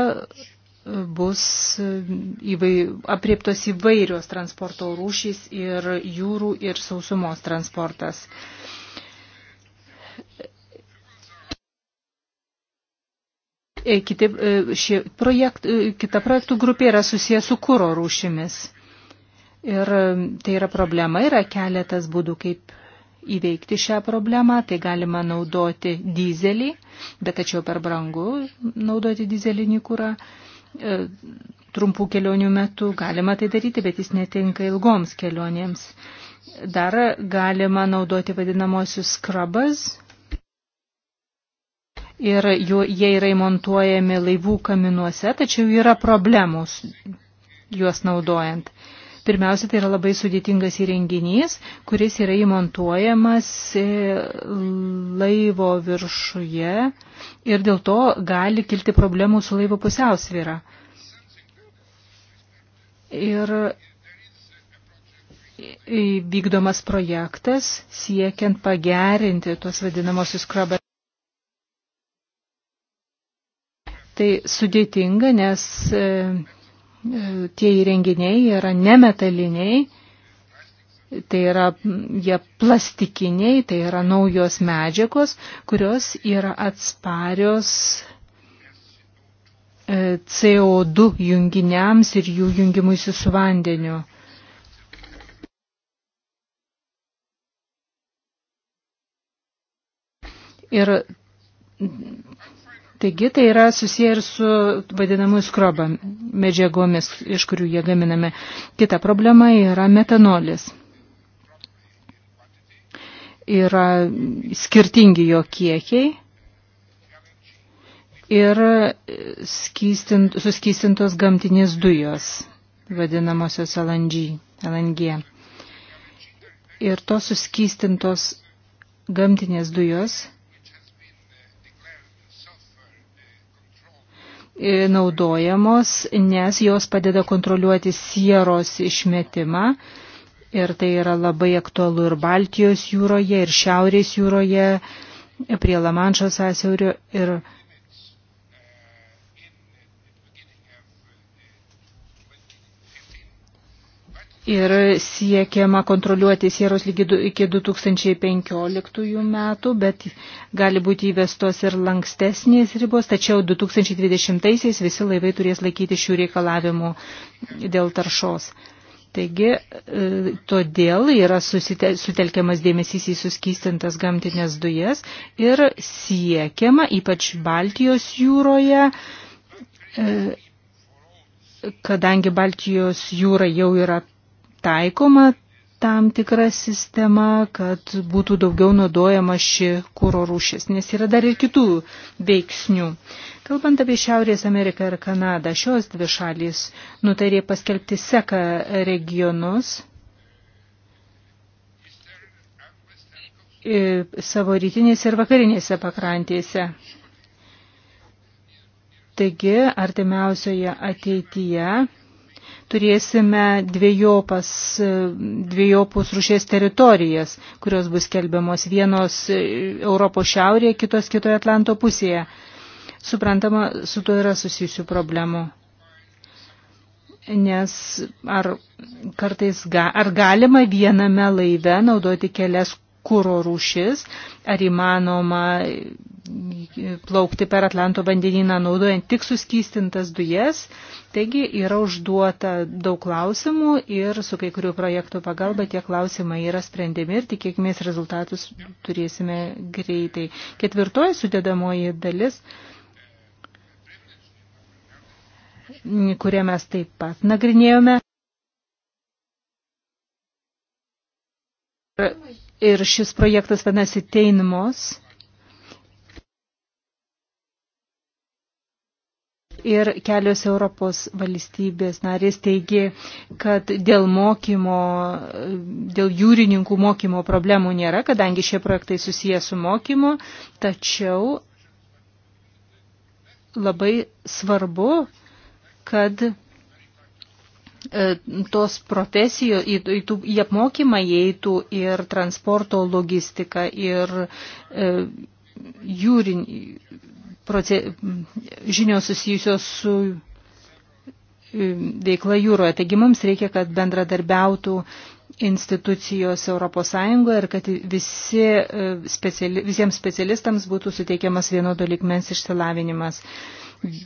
bus įvai, apriektos įvairios transporto rūšys ir jūrų ir sausumos transportas. E, kiti, e, šie projekt, kita projektų grupė yra susijęs su kūro rūšimis. Ir tai yra problema, yra keletas būdų, kaip įveikti šią problemą, tai galima naudoti dizelį, bet tačiau per brangu naudoti dizelinį kūrą e, trumpų kelionių metu. Galima tai daryti, bet jis netinka ilgoms kelionėms. Dar galima naudoti vadinamosius skrabas. Ir jų, jie yra įmontuojami laivų kaminuose, tačiau yra problemos juos naudojant. Pirmiausia, tai yra labai sudėtingas įrenginys, kuris yra įmontuojamas e, laivo viršuje ir dėl to gali kilti problemų su laivo pusiausvyra. Ir vykdomas projektas siekiant pagerinti tuos vadinamosius skrubą. Tai sudėtinga, nes e, tie įrenginiai yra nemetaliniai, tai yra jie plastikiniai, tai yra naujos medžiagos, kurios yra atsparios e, CO2 junginiams ir jų jungimuisi su vandeniu. Ir Taigi tai yra susiję ir su vadinamų skrobą medžiagomis, iš kurių jie gaminame. Kita problema yra metanolis. Yra skirtingi jo kiekiai ir skystint, suskystintos gamtinės dujos, vadinamosios LNG. LNG. Ir tos suskystintos gamtinės dujos E, naudojamos, nes jos padeda kontroliuoti sieros išmetimą. Ir tai yra labai aktualu ir Baltijos jūroje, ir Šiaurės jūroje, prie Lamanšo sąsiaurio. Ir ir siekiama kontroliuoti sieros iki 2015 metų, bet gali būti įvestos ir lankstesnės ribos, tačiau 2020-aisiais visi laivai turės laikyti šių reikalavimų dėl taršos. Taigi, e, todėl yra sutelkiamas dėmesys į suskystintas gamtinės dujas ir siekiama, ypač Baltijos jūroje, e, kadangi Baltijos jūra jau yra taikoma tam tikra sistema, kad būtų daugiau naudojama ši kūro rūšis, nes yra dar ir kitų veiksnių. Kalbant apie Šiaurės Ameriką ir Kanadą, šios dvi šalys nutarė paskelbti seką regionus savo rytinėse ir vakarinėse pakrantėse. Taigi, artimiausioje ateityje turėsime dviejopas, e, dviejopus rušės teritorijas, kurios bus kelbiamos vienos e, Europos šiaurėje, kitos kitoje Atlanto pusėje. Suprantama, su tuo yra susijusių problemų nes ar kartais ga, ar galima viename laive naudoti kelias kūro rūšis, ar įmanoma plaukti per Atlanto vandenyną naudojant tik suskystintas dujas. Taigi yra užduota daug klausimų ir su kai kurių projektų pagalba tie klausimai yra sprendimi ir tikėkimės rezultatus turėsime greitai. Ketvirtoji sudėdamoji dalis kurią mes taip pat nagrinėjome. Ir šis projektas vadinasi Teinmos ir kelios Europos valstybės narės teigi, kad dėl mokymo, dėl jūrininkų mokymo problemų nėra, kadangi šie projektai susiję su mokymu, tačiau labai svarbu, kad e, tos profesijos, į, į, į apmokymą įeitų ir transporto logistika, ir e, jūrin, žinios susijusios su um, veikla jūroje. Taigi mums reikia, kad bendradarbiautų institucijos ES ir kad visi uh, speciali, visiems specialistams būtų suteikiamas vienodo likmens išsilavinimas.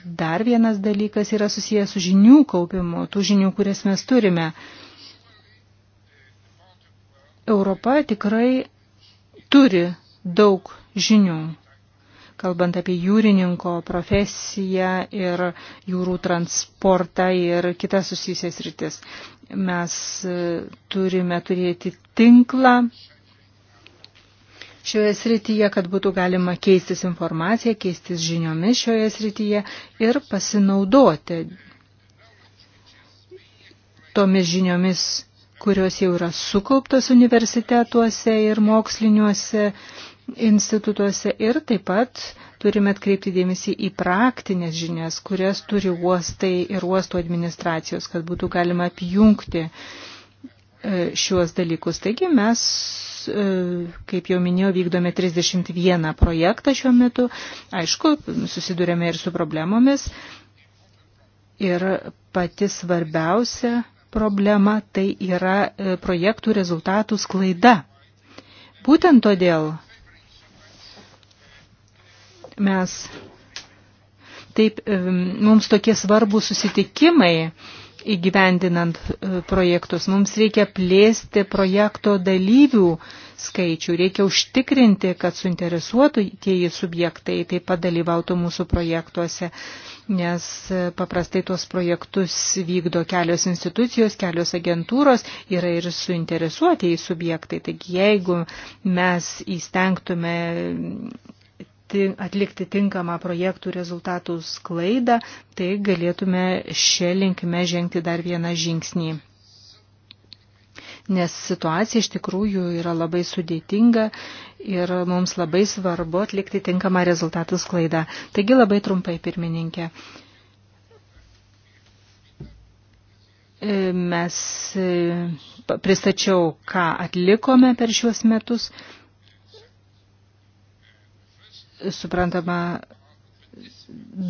Dar vienas dalykas yra susijęs su žinių kaupimu, tų žinių, kurias mes turime. Europa tikrai turi daug žinių kalbant apie jūrininko profesiją ir jūrų transportą ir kitas susijusias rytis. Mes e, turime turėti tinklą šioje srityje, kad būtų galima keistis informaciją, keistis žiniomis šioje srityje ir pasinaudoti tomis žiniomis kurios jau yra sukauptos universitetuose ir moksliniuose uh, institutuose ir taip pat turime atkreipti dėmesį į praktinės žinias, kurias turi uostai ir uosto administracijos, kad būtų galima apjungti e, šiuos dalykus. Taigi mes, e, kaip jau minėjau, vykdome 31 projektą šiuo metu. Aišku, susidurėme ir su problemomis. Ir pati svarbiausia problema tai yra e, projektų rezultatų sklaida. Būtent todėl mes taip, mums tokie svarbus susitikimai įgyvendinant e, projektus. Mums reikia plėsti projekto dalyvių skaičių, reikia užtikrinti, kad suinteresuotų tieji subjektai taip pat dalyvautų mūsų projektuose, nes e, paprastai tuos projektus vykdo kelios institucijos, kelios agentūros, yra ir suinteresuotieji subjektai. Taigi jeigu mes įstengtume atlikti tinkamą projektų rezultatų sklaidą, tai galėtume šią linkme žengti dar vieną žingsnį. Nes situacija iš tikrųjų yra labai sudėtinga ir mums labai svarbu atlikti tinkamą rezultatų sklaidą. Taigi labai trumpai, pirmininkė. E, mes e, pristačiau, ką atlikome per šiuos metus suprantama,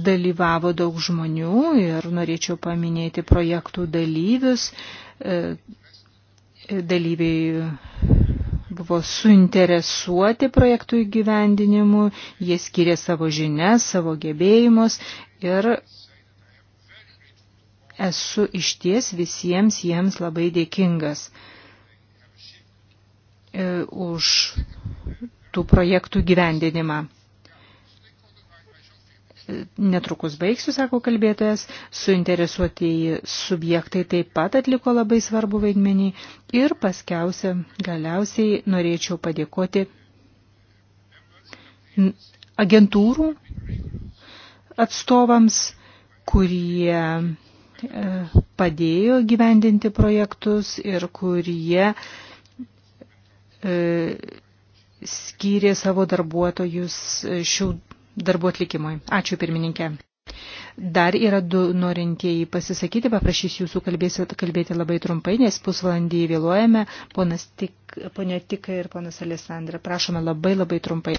dalyvavo daug žmonių ir norėčiau paminėti projektų dalyvius. E, dalyviai buvo suinteresuoti projektų įgyvendinimu, jie skiria savo žinias, savo gebėjimus ir esu iš ties visiems jiems labai dėkingas e, už tų projektų gyvendinimą netrukus baigsiu, sako kalbėtojas, suinteresuotieji subjektai taip pat atliko labai svarbu vaidmenį ir paskiausia, galiausiai norėčiau padėkoti agentūrų atstovams, kurie e, padėjo gyvendinti projektus ir kurie e, skyrė savo darbuotojus šių darbu atlikimui. Ačiū pirmininkė. Dar yra du norintieji pasisakyti, paprašysiu jūsų kalbėsi, kalbėti labai trumpai, nes pusvalandį vėluojame. Ponas Tik, ponio Tika ir ponas Alessandra, prašome labai labai trumpai.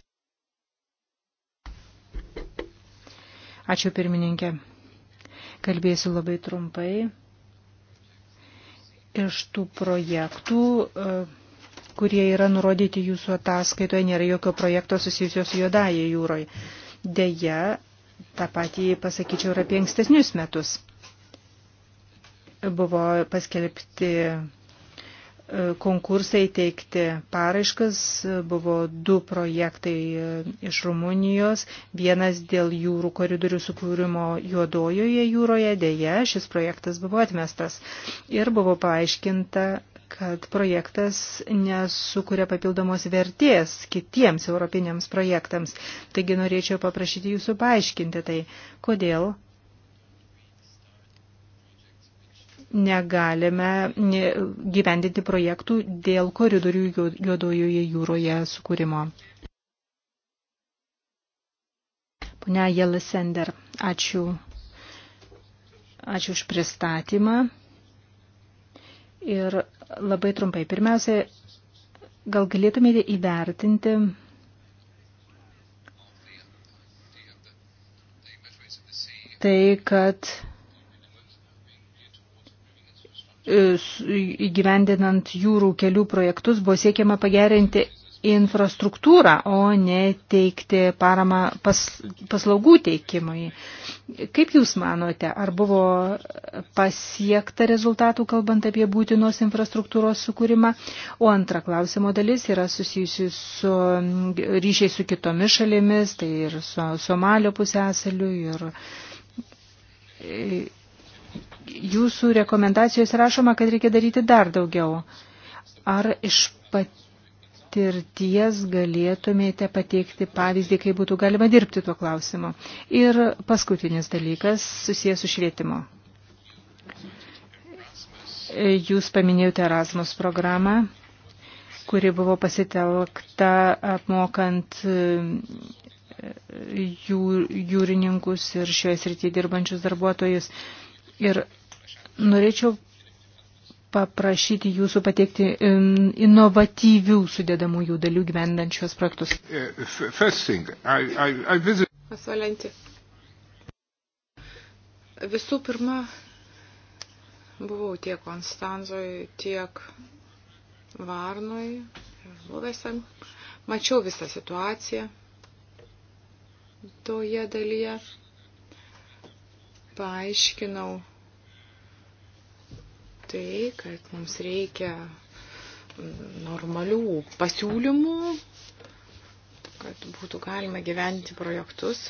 Ačiū pirmininkė. Kalbėsiu labai trumpai. Iš tų projektų. Uh, kurie yra nurodyti jūsų ataskaitoje, nėra jokio projekto susijusio su juodaje jūroje. Deja, tą patį pasakyčiau ir apie ankstesnius metus. Buvo paskelbti e, konkursai teikti paraiškas, buvo du projektai e, iš Rumunijos, vienas dėl jūrų koridorių sukūrimo juodojoje jūroje, dėje šis projektas buvo atmestas ir buvo paaiškinta, kad projektas nesukuria papildomos vertės kitiems europiniams projektams. Taigi norėčiau paprašyti jūsų paaiškinti tai, kodėl negalime gyvendinti projektų dėl koridorių juodojoje jūroje sukūrimo. Pone Jelisender, ačiū. Ačiū už pristatymą. Ir labai trumpai. Pirmiausia, gal galėtumėte įvertinti tai, kad e, įgyvendinant jūrų kelių projektus buvo siekiama pagerinti infrastruktūrą, o ne teikti paramą pas, paslaugų teikimui. Kaip Jūs manote, ar buvo pasiekta rezultatų, kalbant apie būtinos infrastruktūros sukūrimą? O antra klausimo dalis yra susijusi su ryšiai su kitomis šalimis, tai ir su Somalio pusėsaliu ir e, jūsų rekomendacijos rašoma, kad reikia daryti dar daugiau. Ar iš pat patirties galėtumėte pateikti pavyzdį, kaip būtų galima dirbti tuo klausimu. Ir paskutinis dalykas susijęs su švietimu. Jūs paminėjote Erasmus programą, kuri buvo pasitelkta apmokant e, jū, jūrininkus ir šioje srityje dirbančius darbuotojus. Ir norėčiau paprašyti jūsų pateikti inovatyvių sudėdamųjų dalių gyvendant šios projektus. Uh, Pasvalenti. Visų pirma, buvau tiek Konstanzoje, tiek Varnoje, buvęsam. Mačiau visą situaciją toje dalyje. Paaiškinau tai, kad mums reikia normalių pasiūlymų, kad būtų galima gyventi projektus.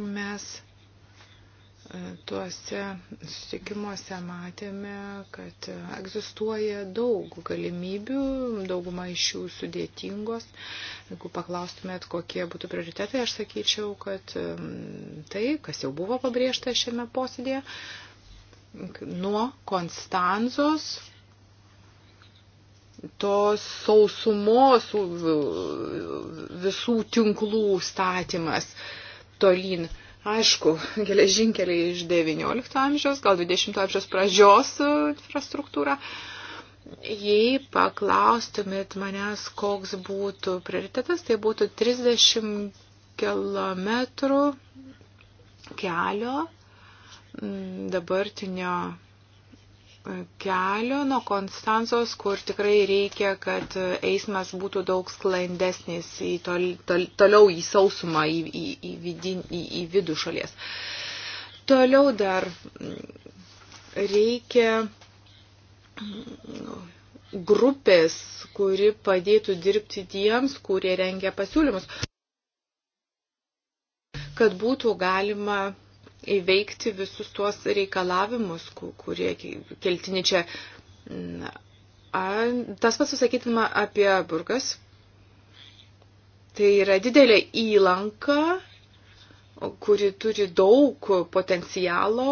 Mes e, tuose susitikimuose matėme, kad egzistuoja daug galimybių, dauguma iš jų sudėtingos. Jeigu paklaustumėt, kokie būtų prioritetai, aš sakyčiau, kad tai, kas jau buvo pabrėžta šiame posėdėje, nuo Konstanzos tos sausumos visų tinklų statymas tolyn. Aišku, geležinkeliai iš XIX amžiaus, gal XX amžiaus pradžios e, infrastruktūra. Jei paklaustumėt manęs, koks būtų prioritetas, tai būtų 30 km kelio dabartinio e, kelio nuo Konstanzos, kur tikrai reikia, kad e, eismas būtų daug sklandesnis į tol, tol, toliau į sausumą, į, į, į, vidin, į, į vidų šalies. Toliau dar mm, reikia mm, grupės, kuri padėtų dirbti tiems, kurie rengia pasiūlymus, kad būtų galima įveikti visus tuos reikalavimus, kurie keltini čia. Tas pats susakytume apie burgas. Tai yra didelė įlanka, kuri turi daug potencialo.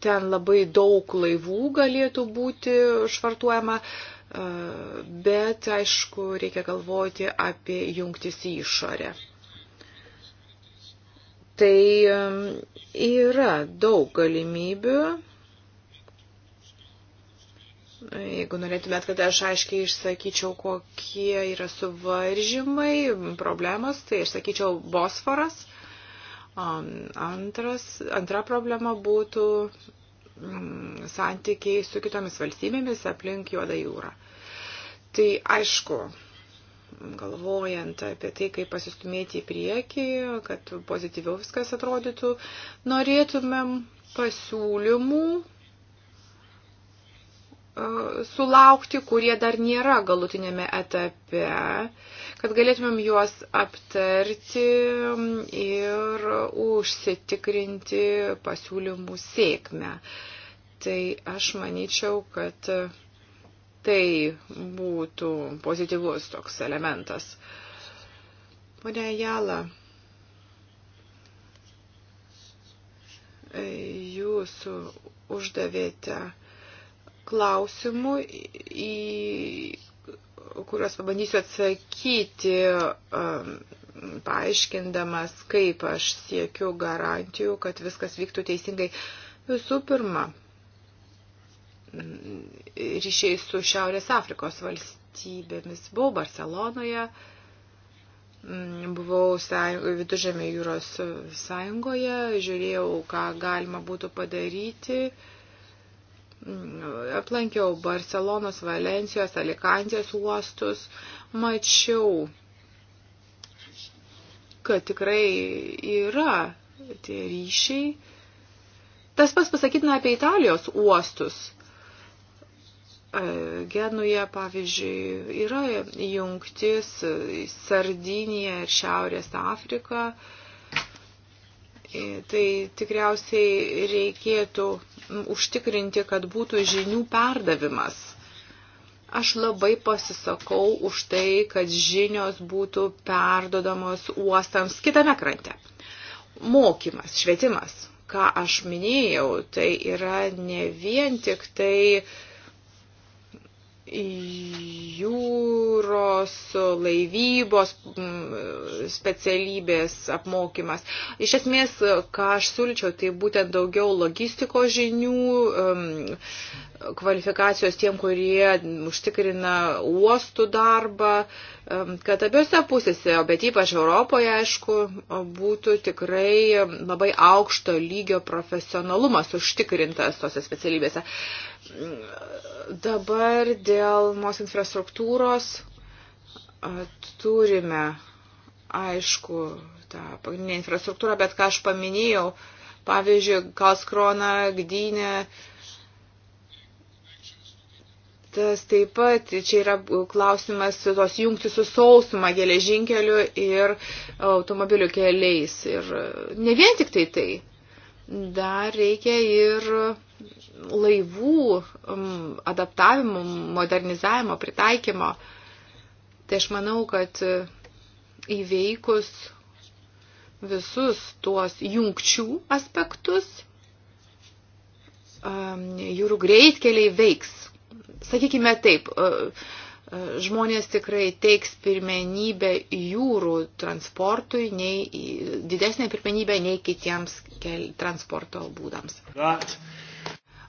Ten labai daug laivų galėtų būti švartuojama, bet aišku, reikia galvoti apie jungtis į išorę. Tai yra daug galimybių. Jeigu norėtumėt, kad aš aiškiai išsakyčiau, kokie yra suvaržymai, problemos, tai aš sakyčiau Bosforas. Antras, antra problema būtų mm, santykiai su kitomis valstybėmis aplink Juodą jūrą. Tai aišku, galvojant apie tai, kaip pasistumėti į priekį, kad pozityviau viskas atrodytų, norėtumėm pasiūlymų e, sulaukti, kurie dar nėra galutinėme etape, kad galėtumėm juos aptarti ir užsitikrinti pasiūlymų sėkmę. Tai aš manyčiau, kad tai būtų pozityvus toks elementas. Pone Jala, jūs uždavėte klausimų, į kuriuos pabandysiu atsakyti, um, paaiškindamas, kaip aš siekiu garantijų, kad viskas vyktų teisingai. Visų pirma, ryšiai su Šiaurės Afrikos valstybėmis. Buvau Barcelonoje, mm, buvau Vidužėmė jūros sąjungoje, žiūrėjau, ką galima būtų padaryti. Mm, aplankiau Barcelonos, Valencijos, Alikantės uostus, mačiau, kad tikrai yra tie ryšiai. Tas pas pasakytina apie Italijos uostus E, Genuje, pavyzdžiui, yra jungtis į Sardiniją ir Šiaurės Afriką. E, tai tikriausiai reikėtų užtikrinti, kad būtų žinių perdavimas. Aš labai pasisakau už tai, kad žinios būtų perdodamos uostams kitame krante. Mokymas, švietimas, ką aš minėjau, tai yra ne vien tik tai uh, jūros laivybos mm, specialybės apmokymas. Iš esmės, ką aš siūlyčiau, tai būtent daugiau logistikos žinių, mm, kvalifikacijos tiem, kurie užtikrina uostų darbą, kad abiejose pusėse, bet ypač Europoje, aišku, būtų tikrai labai aukšto lygio profesionalumas užtikrintas tose specialybėse. Dabar dėl mūsų infrastruktūros turime, aišku, tą pagrindinę infrastruktūrą, bet ką aš paminėjau, pavyzdžiui, Kalskrona, Gdynė, Tas taip pat, čia yra klausimas tos jungti su sausuma geležinkeliu ir automobilių keliais. Ir ne vien tik tai tai. Dar reikia ir laivų mm, adaptavimo, modernizavimo, pritaikymo. Tai aš manau, kad įveikus visus tuos jungčių aspektus, jūrų greitkeliai veiks sakykime taip, e, e, žmonės tikrai teiks pirmenybę jūrų transportui, nei, didesnė pirmenybė nei kitiems transporto būdams. That.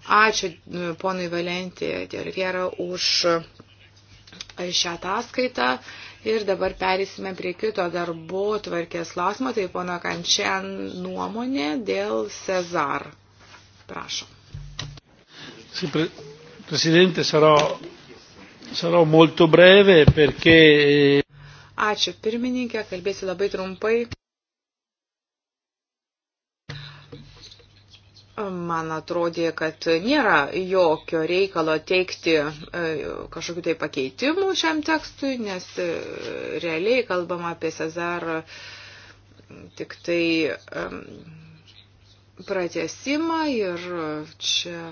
Ačiū e, ponui Valentį Tervierą už šią ataskaitą. Ir dabar perėsime prie kito darbo tvarkės klausimo, tai pono Kančian nuomonė dėl Cezar. Prašom. Sipre. Presidente, sarò, sarò molto breve perché. Eh, Ačiū pirmininkė, kalbėsiu labai trumpai. Man atrodė, kad nėra jokio reikalo teikti e, kažkokiu tai pakeitimu šiam tekstui, nes e, realiai kalbama apie Cezarą tik tai pratesimą ir čia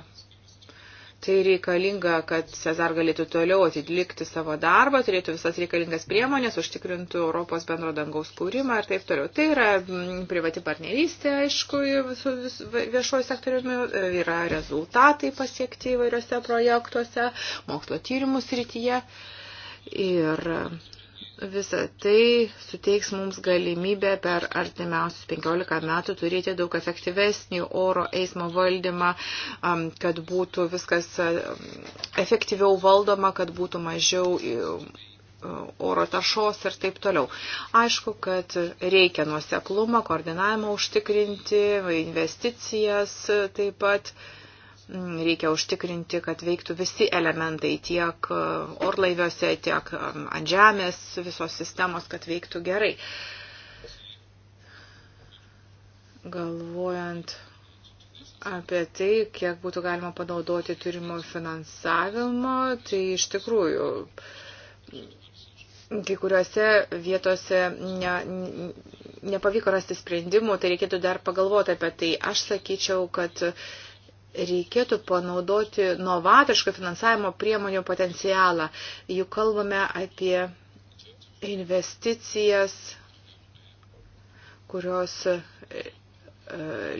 Tai reikalinga, kad Cezar galėtų toliau atlikti savo darbą, turėtų visas reikalingas priemonės, užtikrintų Europos bendro dangaus kūrimą ir taip toliau. Tai yra mm, privati partnerystė, aišku, su viešoju sektoriumi, e, yra rezultatai pasiekti įvairiose projektuose, mokslo tyrimų srityje. Ir Visą tai suteiks mums galimybę per artimiausius 15 metų turėti daug efektyvesnį oro eismo valdymą, kad būtų viskas efektyviau valdoma, kad būtų mažiau oro taršos ir taip toliau. Aišku, kad reikia nuoseklumą, koordinavimą užtikrinti, investicijas taip pat. Reikia užtikrinti, kad veiktų visi elementai tiek e, orlaiviuose, tiek e, ant žemės, visos sistemos, kad veiktų gerai. Galvojant apie tai, kiek būtų galima panaudoti turimų finansavimo, tai iš tikrųjų kai kuriuose vietose ne, nepavyko rasti sprendimų, tai reikėtų dar pagalvoti apie tai. Aš sakyčiau, kad uh, reikėtų panaudoti novatorišką finansavimo priemonių potencialą. Juk kalbame apie investicijas, kurios e, e,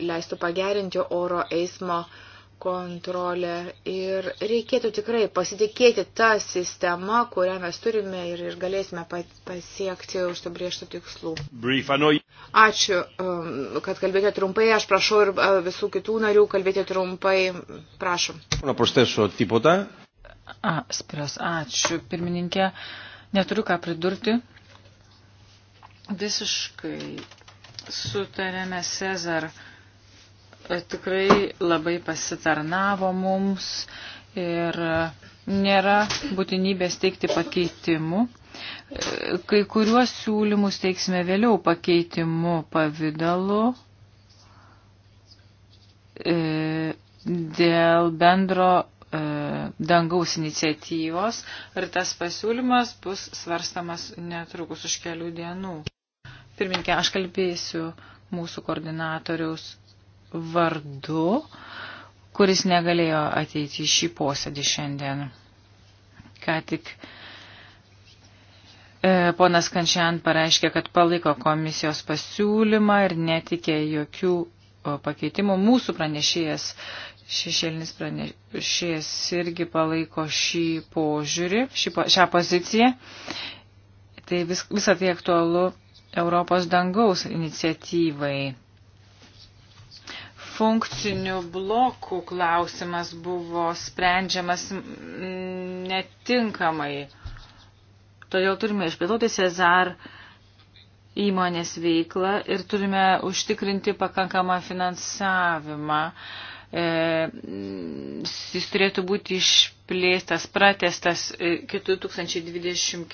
leistų pagerinti oro eismo uh, kontrolę ir reikėtų tikrai pasitikėti tą sistemą, kurią mes turime ir, ir galėsime pasiekti užsibriežtų tikslų. Brief, Ačiū, um, kad kalbėjote trumpai. Aš prašau ir uh, visų kitų narių kalbėti trumpai. Prašom. Aspiras, ačiū. Pirmininkė, neturiu ką pridurti. Visiškai sutarėme Cezar tikrai labai pasitarnavo mums ir nėra būtinybės teikti pakeitimų. Kai kuriuos siūlymus teiksime vėliau pakeitimu pavydalu e, dėl bendro e, dangaus iniciatyvos ir tas pasiūlymas bus svarstamas netrukus už kelių dienų. Pirminkė, aš kalbėsiu mūsų koordinatoriaus vardu, kuris negalėjo ateiti į šį posėdį šiandien. Ką tik e, ponas Kančian pareiškė, kad palaiko komisijos pasiūlymą ir netikė jokių pakeitimų. Mūsų pranešėjas, šešėlinis pranešėjas irgi palaiko šį požiūrį, šį, šią poziciją. Tai vis, visą tai aktualu Europos dangaus iniciatyvai funkcinių blokų klausimas buvo sprendžiamas netinkamai. Todėl turime išplėtoti Cezar įmonės veiklą ir turime užtikrinti pakankamą finansavimą. E, jis turėtų būti išplėstas, pratestas 2024 e,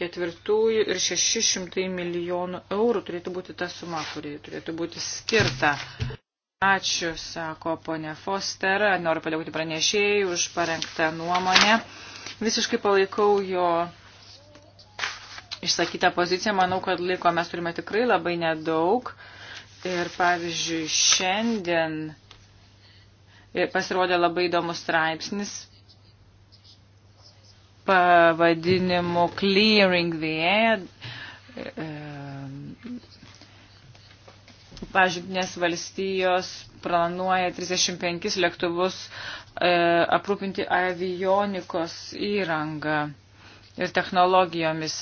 ir 600 milijonų eurų turėtų būti ta suma, kuri turėtų būti skirta. Ačiū, sako ponė Foster. Noriu padėkoti pranešėjai už parengtą nuomonę. Visiškai palaikau jo išsakytą poziciją. Manau, kad laiko mes turime tikrai labai nedaug. Ir pavyzdžiui, šiandien pasirodė labai įdomus straipsnis pavadinimu Clearing the Air Pavyzdžiui, nes valstijos planuoja 35 lėktuvus e, aprūpinti avionikos įrangą ir technologijomis.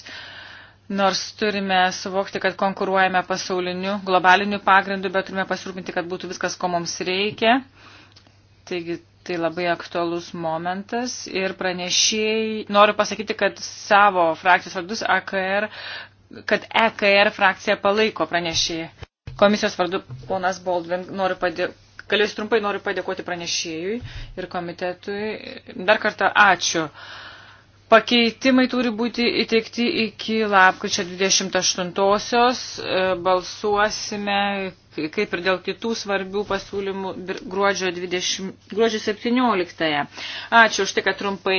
Nors turime suvokti, kad konkuruojame pasauliniu, globaliniu pagrindu, bet turime pasirūpinti, kad būtų viskas, ko mums reikia. Taigi tai labai aktualus momentas ir pranešėjai, noriu pasakyti, kad savo frakcijos vardus AKR, kad EKR frakcija palaiko pranešėjai. Komisijos vardu ponas Baldwin, noriu padėkoti. Galėjus trumpai noriu padėkoti pranešėjui ir komitetui. Dar kartą ačiū. Pakeitimai turi būti įteikti iki lapkričio 28-osios. E, balsuosime, kaip ir dėl kitų svarbių pasiūlymų, gruodžio, 20, gruodžio 17-ąją. Ačiū už tai, kad trumpai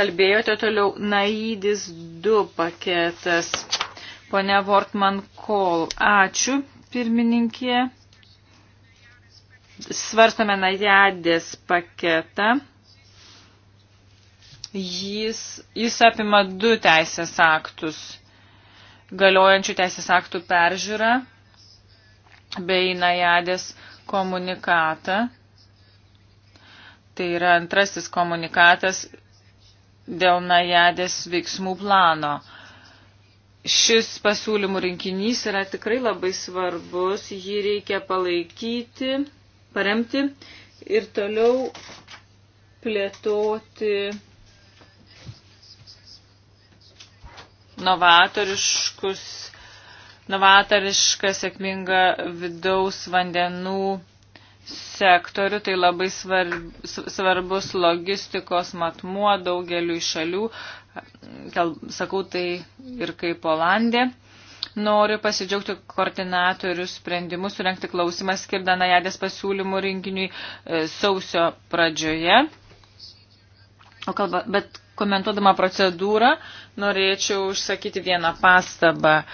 kalbėjote. Toliau Naidis 2 paketas. Pone Vortman Kol. Ačiū pirmininkė. Svarstame Najadės paketą. Jis, jis apima du teisės aktus. Galiojančių teisės aktų peržiūrą bei Najadės komunikatą. Tai yra antrasis komunikatas dėl Najadės veiksmų plano. Šis pasiūlymų rinkinys yra tikrai labai svarbus, jį reikia palaikyti, paremti ir toliau plėtoti novatoriškus, novatorišką sėkmingą vidaus vandenų sektorių, tai labai svarb, svarbus logistikos matmuo daugeliu šalių, gal sakau tai ir kaip Olandė. Noriu pasidžiaugti koordinatorių sprendimus, surenkti klausimą skirtą Najadės pasiūlymų rinkiniui e, sausio pradžioje. O kalba, bet komentuodama procedūrą, norėčiau užsakyti vieną pastabą. E,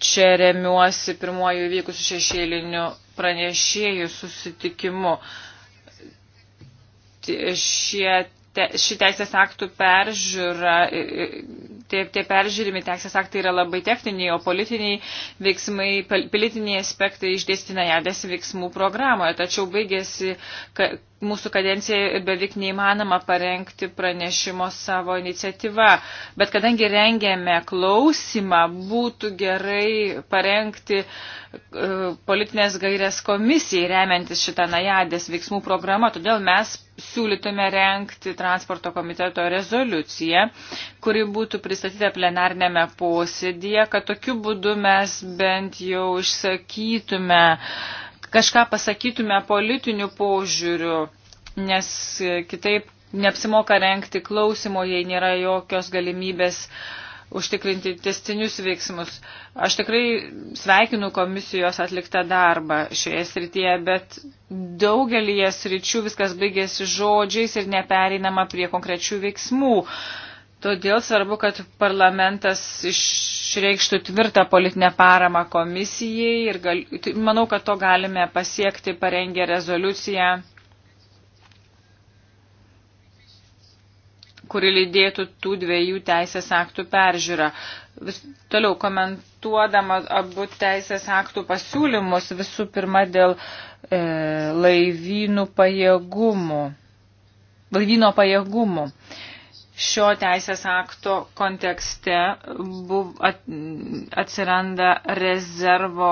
čia remiuosi pirmuoju vykusiu šešėliniu pranešėjų susitikimu. Šie te, ši teisės aktų peržiūra, tie, tie peržiūrimi teisės aktai yra labai techniniai, o politiniai veiksmai, politiniai aspektai išdėstina jadės veiksmų programoje. Tačiau baigėsi mūsų kadencijoje beveik neįmanoma parengti pranešimo savo iniciatyva. Bet kadangi rengėme klausimą, būtų gerai parengti uh, politinės gairės komisijai remiantis šitą najadės veiksmų programą. Todėl mes siūlytume renkti transporto komiteto rezoliuciją, kuri būtų pristatyta plenarnėme posėdėje, kad tokiu būdu mes bent jau išsakytume uh, kažką pasakytume politiniu požiūriu, nes kitaip neapsimoka renkti klausimo, jei nėra jokios galimybės užtikrinti testinius veiksmus. Aš tikrai sveikinu komisijos atliktą darbą šioje srityje, bet daugelį sričių viskas baigėsi žodžiais ir neperinama prie konkrečių veiksmų. Uh, Todėl svarbu, kad parlamentas išreikštų tvirtą politinę paramą komisijai ir gal, manau, kad to galime pasiekti parengę rezoliuciją, kuri lydėtų tų dviejų teisės aktų peržiūrą. Vis, toliau komentuodama abu teisės aktų pasiūlymus, visų pirma dėl e, laivynų pajėgumų, laivyno pajėgumų. E, šio teisės akto kontekste buv, at, atsiranda rezervo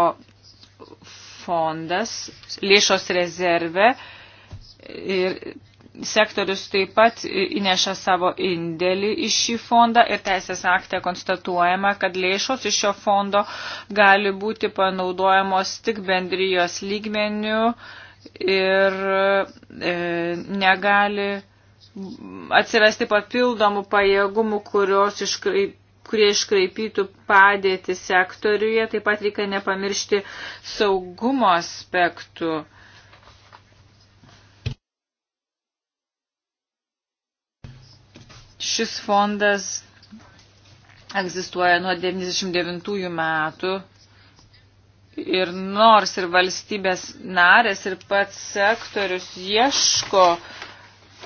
fondas, lėšos rezerve ir sektorius taip pat įneša savo indėlį į šį fondą ir teisės akte konstatuojama, kad lėšos iš šio fondo gali būti panaudojamos tik bendrijos lygmenių ir e, negali atsirasti papildomų pajėgumų, kurios iškraip, kurie iškraipytų padėti sektoriuje. Taip pat reikia nepamiršti saugumo aspektų. Šis fondas egzistuoja nuo 99 metų ir nors ir valstybės narės ir pats sektorius ieško uh,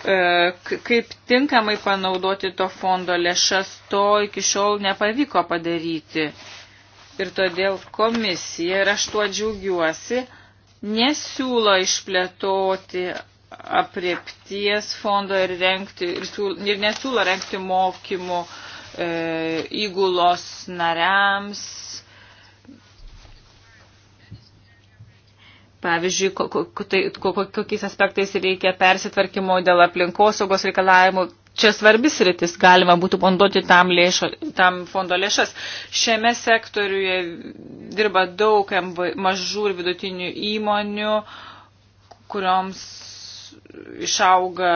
E, kaip tinkamai panaudoti to fondo lėšas, to iki šiol nepavyko padaryti. Ir todėl komisija, ir aš tuo džiaugiuosi, nesiūlo išplėtoti apriepties fondo ir, renkti, ir, siūlo, ir nesiūlo renkti mokymų e, įgulos nariams, Pavyzdžiui, tai, kokiais aspektais reikia persitvarkymo dėl aplinkosaugos reikalavimų. Čia svarbis rytis galima būtų fonduoti tam, lėšo, tam fondo lėšas. Šiame sektoriuje dirba daug MV, mažų ir vidutinių įmonių, kurioms išauga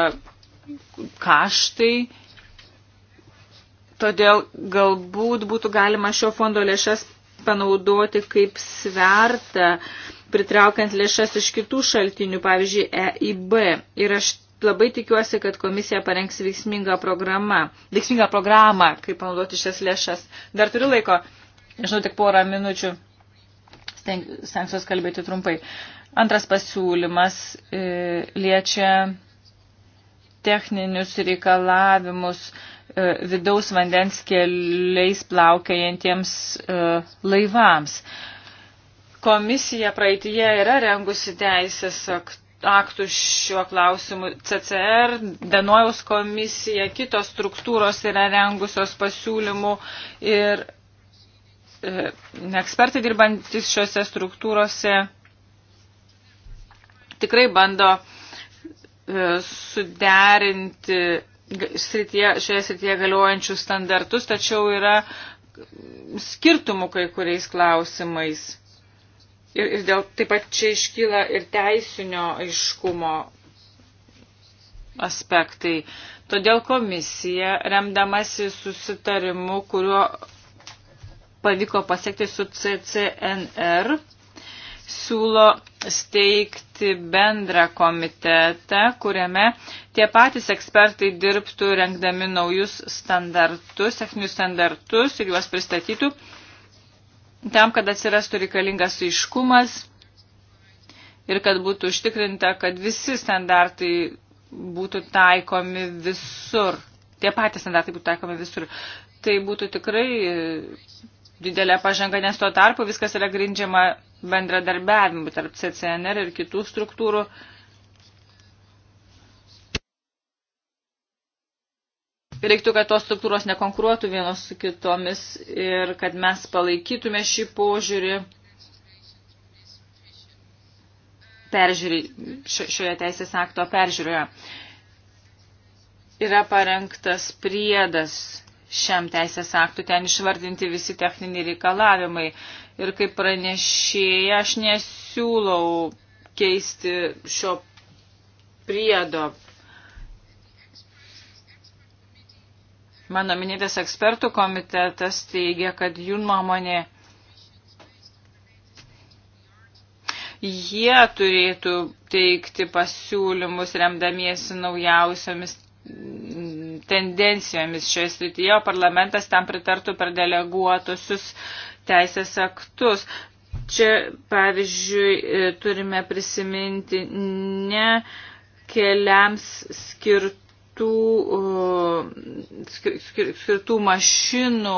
kaštai. Todėl galbūt būtų galima šio fondo lėšas panaudoti kaip svertą, pritraukiant lėšas iš kitų šaltinių, pavyzdžiui, EIB. Ir aš labai tikiuosi, kad komisija parengs veiksmingą programą, veiksmingą programą, kaip panaudoti šias lėšas. Dar turiu laiko, žinau, tik porą minučių, stengsiuos kalbėti trumpai. Antras pasiūlymas e, liečia techninius reikalavimus, e, E, vidaus vandens keliais plaukiajantiems e, laivams. Komisija praeitie yra rengusi teisės aktų šiuo klausimu. CCR, Danojaus komisija, kitos struktūros yra rengusios pasiūlymų ir e, ekspertai dirbantis šiuose struktūrose tikrai bando suderinti srityje, šioje srityje galiojančius standartus, tačiau yra skirtumų kai kuriais klausimais. Ir, ir dėl taip pat čia iškyla ir teisinio aiškumo aspektai. Todėl komisija, remdamasi susitarimu, kuriuo pavyko pasiekti su CCNR, siūlo steigti bendrą komitetą, kuriame tie patys ekspertai dirbtų rengdami naujus standartus, techninius standartus ir juos pristatytų tam, kad atsirastų reikalingas aiškumas ir kad būtų užtikrinta, kad visi standartai būtų taikomi visur. Tie patys standartai būtų taikomi visur. Tai būtų tikrai e, didelė pažanga, nes tuo tarpu viskas yra grindžiama bendradarbiavimu tarp CCNR ir kitų struktūrų. Uh, reiktų, kad tos struktūros nekonkuruotų vienos su kitomis ir kad mes palaikytume šį požiūrį peržiūrį, šioje teisės akto peržiūroje. Yra parengtas priedas šiam teisės aktų, ten išvardinti visi techniniai reikalavimai. Ir kaip pranešėja, aš nesiūlau keisti šio priedo Mano minėtas ekspertų komitetas teigia, kad jų nuomonė jie turėtų teikti pasiūlymus remdamiesi naujausiamis tendencijomis šioje srityje, o parlamentas tam pritartų per deleguotusius teisės aktus. Čia, pavyzdžiui, turime prisiminti ne keliams skirt skirtų, skirtų mašinų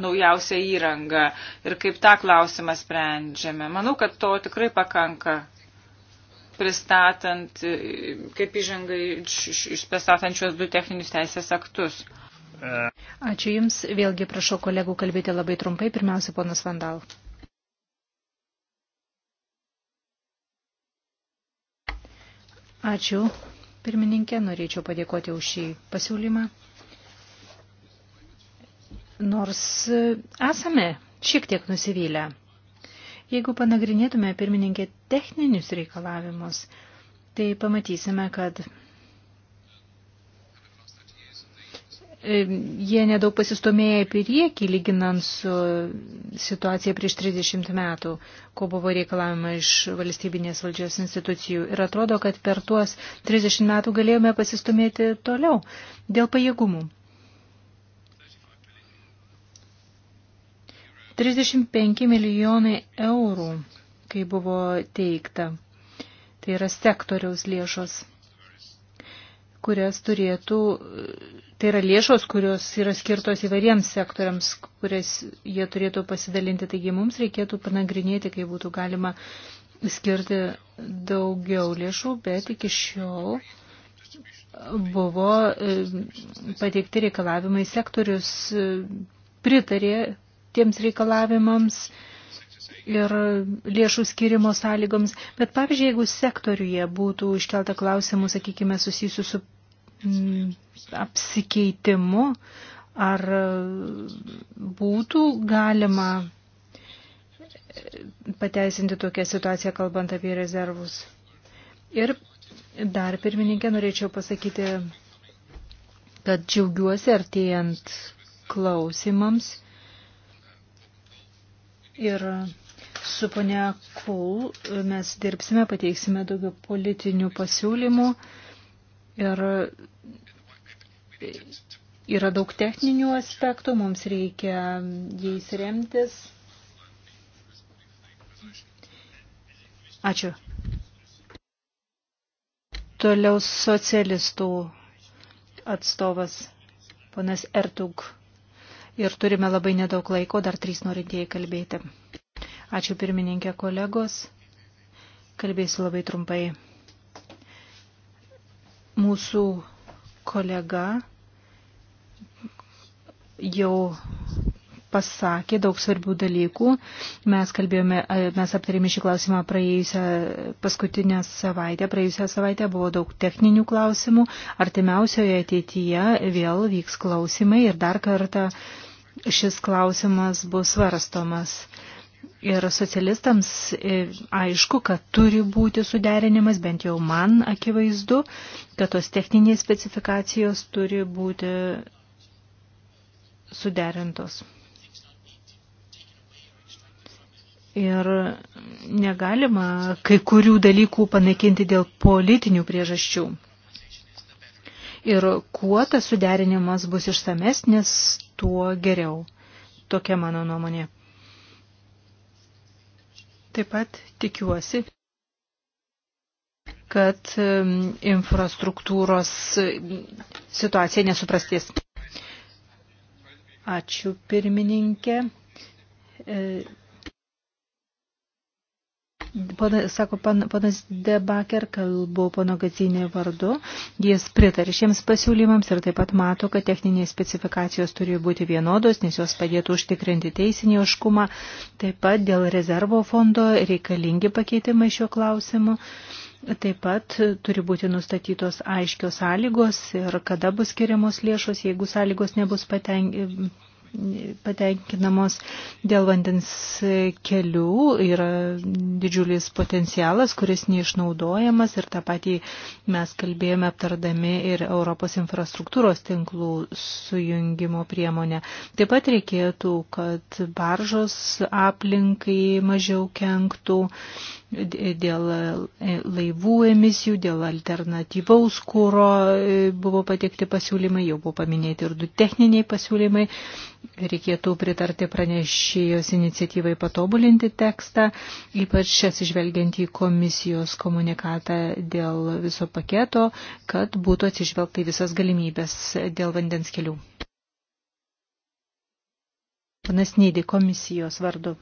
naujausią įrangą ir kaip tą klausimą sprendžiame. Manau, kad to tikrai pakanka pristatant, e, kaip įžengai, pristatant šios du techninius teisės aktus. Ačiū Jums. Vėlgi prašau kolegų kalbėti labai trumpai. Pirmiausia, ponas Vandal. Ačiū. Pirmininkė, norėčiau padėkoti už šį pasiūlymą. Nors esame šiek tiek nusivylę. Jeigu panagrinėtume pirmininkė techninius reikalavimus, tai pamatysime, kad jie nedaug pasistumėjo į priekį, lyginant su situacija prieš 30 metų, ko buvo reikalavima iš valstybinės valdžios institucijų. Ir atrodo, kad per tuos 30 metų galėjome pasistumėti toliau dėl pajėgumų. 35 milijonai eurų, kai buvo teikta. Tai yra sektoriaus lėšos, kurias turėtų Tai yra lėšos, kurios yra skirtos įvairiems sektoriams, kurias jie turėtų pasidalinti. Taigi mums reikėtų panagrinėti, kaip būtų galima skirti daugiau lėšų, bet iki šiol buvo e, pateikti reikalavimai. Sektorius e, pritarė tiems reikalavimams ir lėšų skirimo sąlygoms. Bet pavyzdžiui, jeigu sektoriuje būtų iškelta klausimų, sakykime, susijusių su apsikeitimu, ar būtų galima pateisinti tokią situaciją, kalbant apie rezervus. Ir dar, pirmininkė, norėčiau pasakyti, kad džiaugiuosi artėjant klausimams. Ir su ponia Kul mes dirbsime, pateiksime daugiau politinių pasiūlymų ir yra daug techninių aspektų, mums reikia jais remtis. Ačiū. Toliau socialistų atstovas, ponas Ertug. Ir turime labai nedaug laiko, dar trys norintieji kalbėti. Ačiū pirmininkė kolegos. Kalbėsiu labai trumpai. Mūsų kolega jau pasakė daug svarbių dalykų. Mes kalbėjome, e, mes aptarėme šį klausimą praėjusią paskutinę savaitę. Praėjusią savaitę buvo daug techninių klausimų. Artimiausioje ateityje vėl vyks klausimai ir dar kartą šis klausimas bus svarstomas ir socialistams e, aišku, kad turi būti suderinimas, bent jau man akivaizdu, kad tos techninės specifikacijos turi būti suderintos. Ir negalima kai kurių dalykų panaikinti dėl politinių priežasčių. Ir kuo tas suderinimas bus išsamesnis, tuo geriau. Tokia mano nuomonė. Taip pat tikiuosi, kad infrastruktūros situacija nesuprastės. Ačiū pirmininkė. E, Pana, sako pan, panas Debaker, kalbu pono Gazinė vardu, jis pritarė šiems pasiūlymams ir taip pat mato, kad techninės specifikacijos turi būti vienodos, nes jos padėtų užtikrinti teisinį oškumą. Taip pat dėl rezervo fondo reikalingi pakeitimai šiuo klausimu. Taip pat turi būti nustatytos aiškios sąlygos ir kada bus skiriamos lėšos, jeigu sąlygos nebus patenkinti patenkinamos dėl vandens kelių. Yra didžiulis potencialas, kuris neišnaudojamas ir tą patį mes kalbėjome aptardami ir Europos infrastruktūros tinklų sujungimo priemonę. Taip pat reikėtų, kad baržos aplinkai mažiau kenktų dėl laivų emisijų, dėl alternatyvaus kūro buvo patikti pasiūlymai, jau buvo paminėti ir du techniniai pasiūlymai reikėtų pritarti pranešėjos iniciatyvai patobulinti tekstą, ypač šias išvelgiant į komisijos komunikatą dėl viso paketo, kad būtų atsižvelgta į visas galimybės dėl vandens kelių. Panas Neidė komisijos vardu.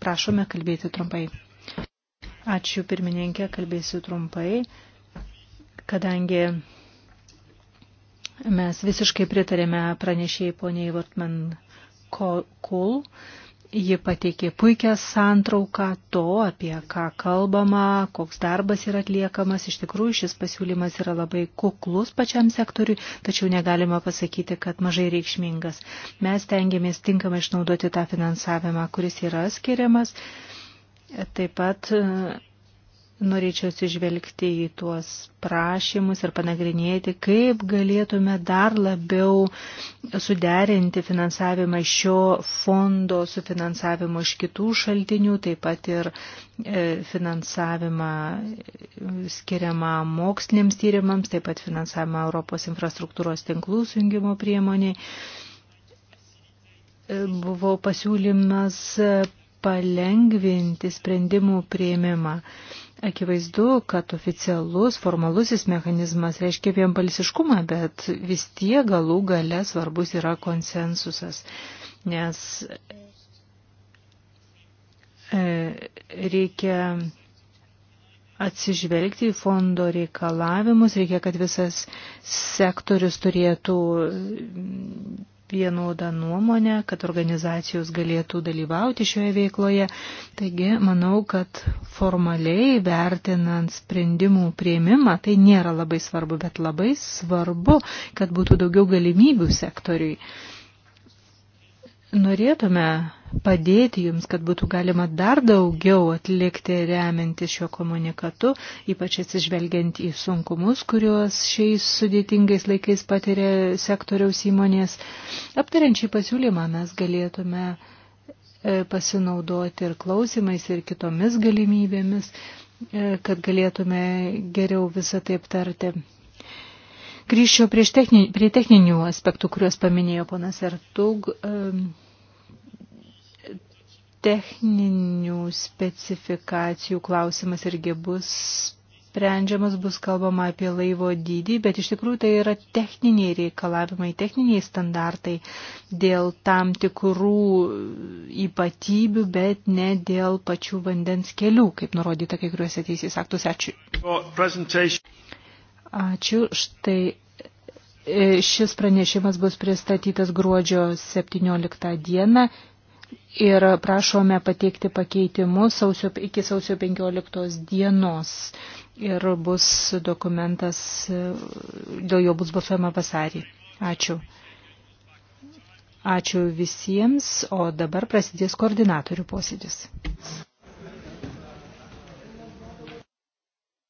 Prašome kalbėti trumpai. Ačiū pirmininkė, kalbėsiu trumpai, kadangi mes visiškai pritarėme pranešėjai poniai Vortman kol ji pateikė puikią santrauką to, apie ką kalbama, koks darbas yra atliekamas. Iš tikrųjų, šis pasiūlymas yra labai kuklus pačiam sektoriui, tačiau negalima pasakyti, kad mažai reikšmingas. Mes tengiamės tinkamai išnaudoti tą finansavimą, kuris yra skiriamas. Taip pat norėčiau atsižvelgti į tuos prašymus ir panagrinėti, kaip galėtume dar labiau suderinti finansavimą šio fondo su finansavimu iš kitų šaltinių, taip pat ir e, finansavimą e, skiriamą moksliniams tyrimams, taip pat finansavimą Europos infrastruktūros tinklų sujungimo priemonė. E, buvo pasiūlymas palengvinti sprendimų prieimimą. Akivaizdu, kad oficialus, formalusis mechanizmas reiškia vienbalsiškumą, bet vis tiek galų gale svarbus yra konsensusas, nes e, reikia atsižvelgti į fondo reikalavimus, reikia, kad visas sektorius turėtų vienodą nuomonę, kad organizacijos galėtų dalyvauti šioje veikloje. Taigi, manau, kad formaliai vertinant sprendimų prieimimą, tai nėra labai svarbu, bet labai svarbu, kad būtų daugiau galimybių sektoriui norėtume padėti jums, kad būtų galima dar daugiau atlikti remiantis šiuo komunikatu, ypač atsižvelgiant į sunkumus, kuriuos šiais sudėtingais laikais patiria sektoriaus įmonės. Aptariant šį pasiūlymą mes galėtume e, pasinaudoti ir klausimais, ir kitomis galimybėmis, e, kad galėtume geriau visą tai aptarti. Grįžčiau techni, prie techninių aspektų, kuriuos paminėjo ponas Ertug. Techninių specifikacijų klausimas irgi bus sprendžiamas, bus kalbama apie laivo dydį, bet iš tikrųjų tai yra techniniai reikalavimai, techniniai standartai dėl tam tikrų ypatybių, bet ne dėl pačių vandens kelių, kaip nurodyta kai kuriuose teisės aktuose. Ačiū. Ačiū. Štai e, šis pranešimas bus pristatytas gruodžio 17 dieną ir prašome pateikti pakeitimus sausio, iki sausio 15 dienos ir bus dokumentas, e, dėl jo bus balsuojama vasarį. Ačiū. Ačiū visiems, o dabar prasidės koordinatorių posėdis.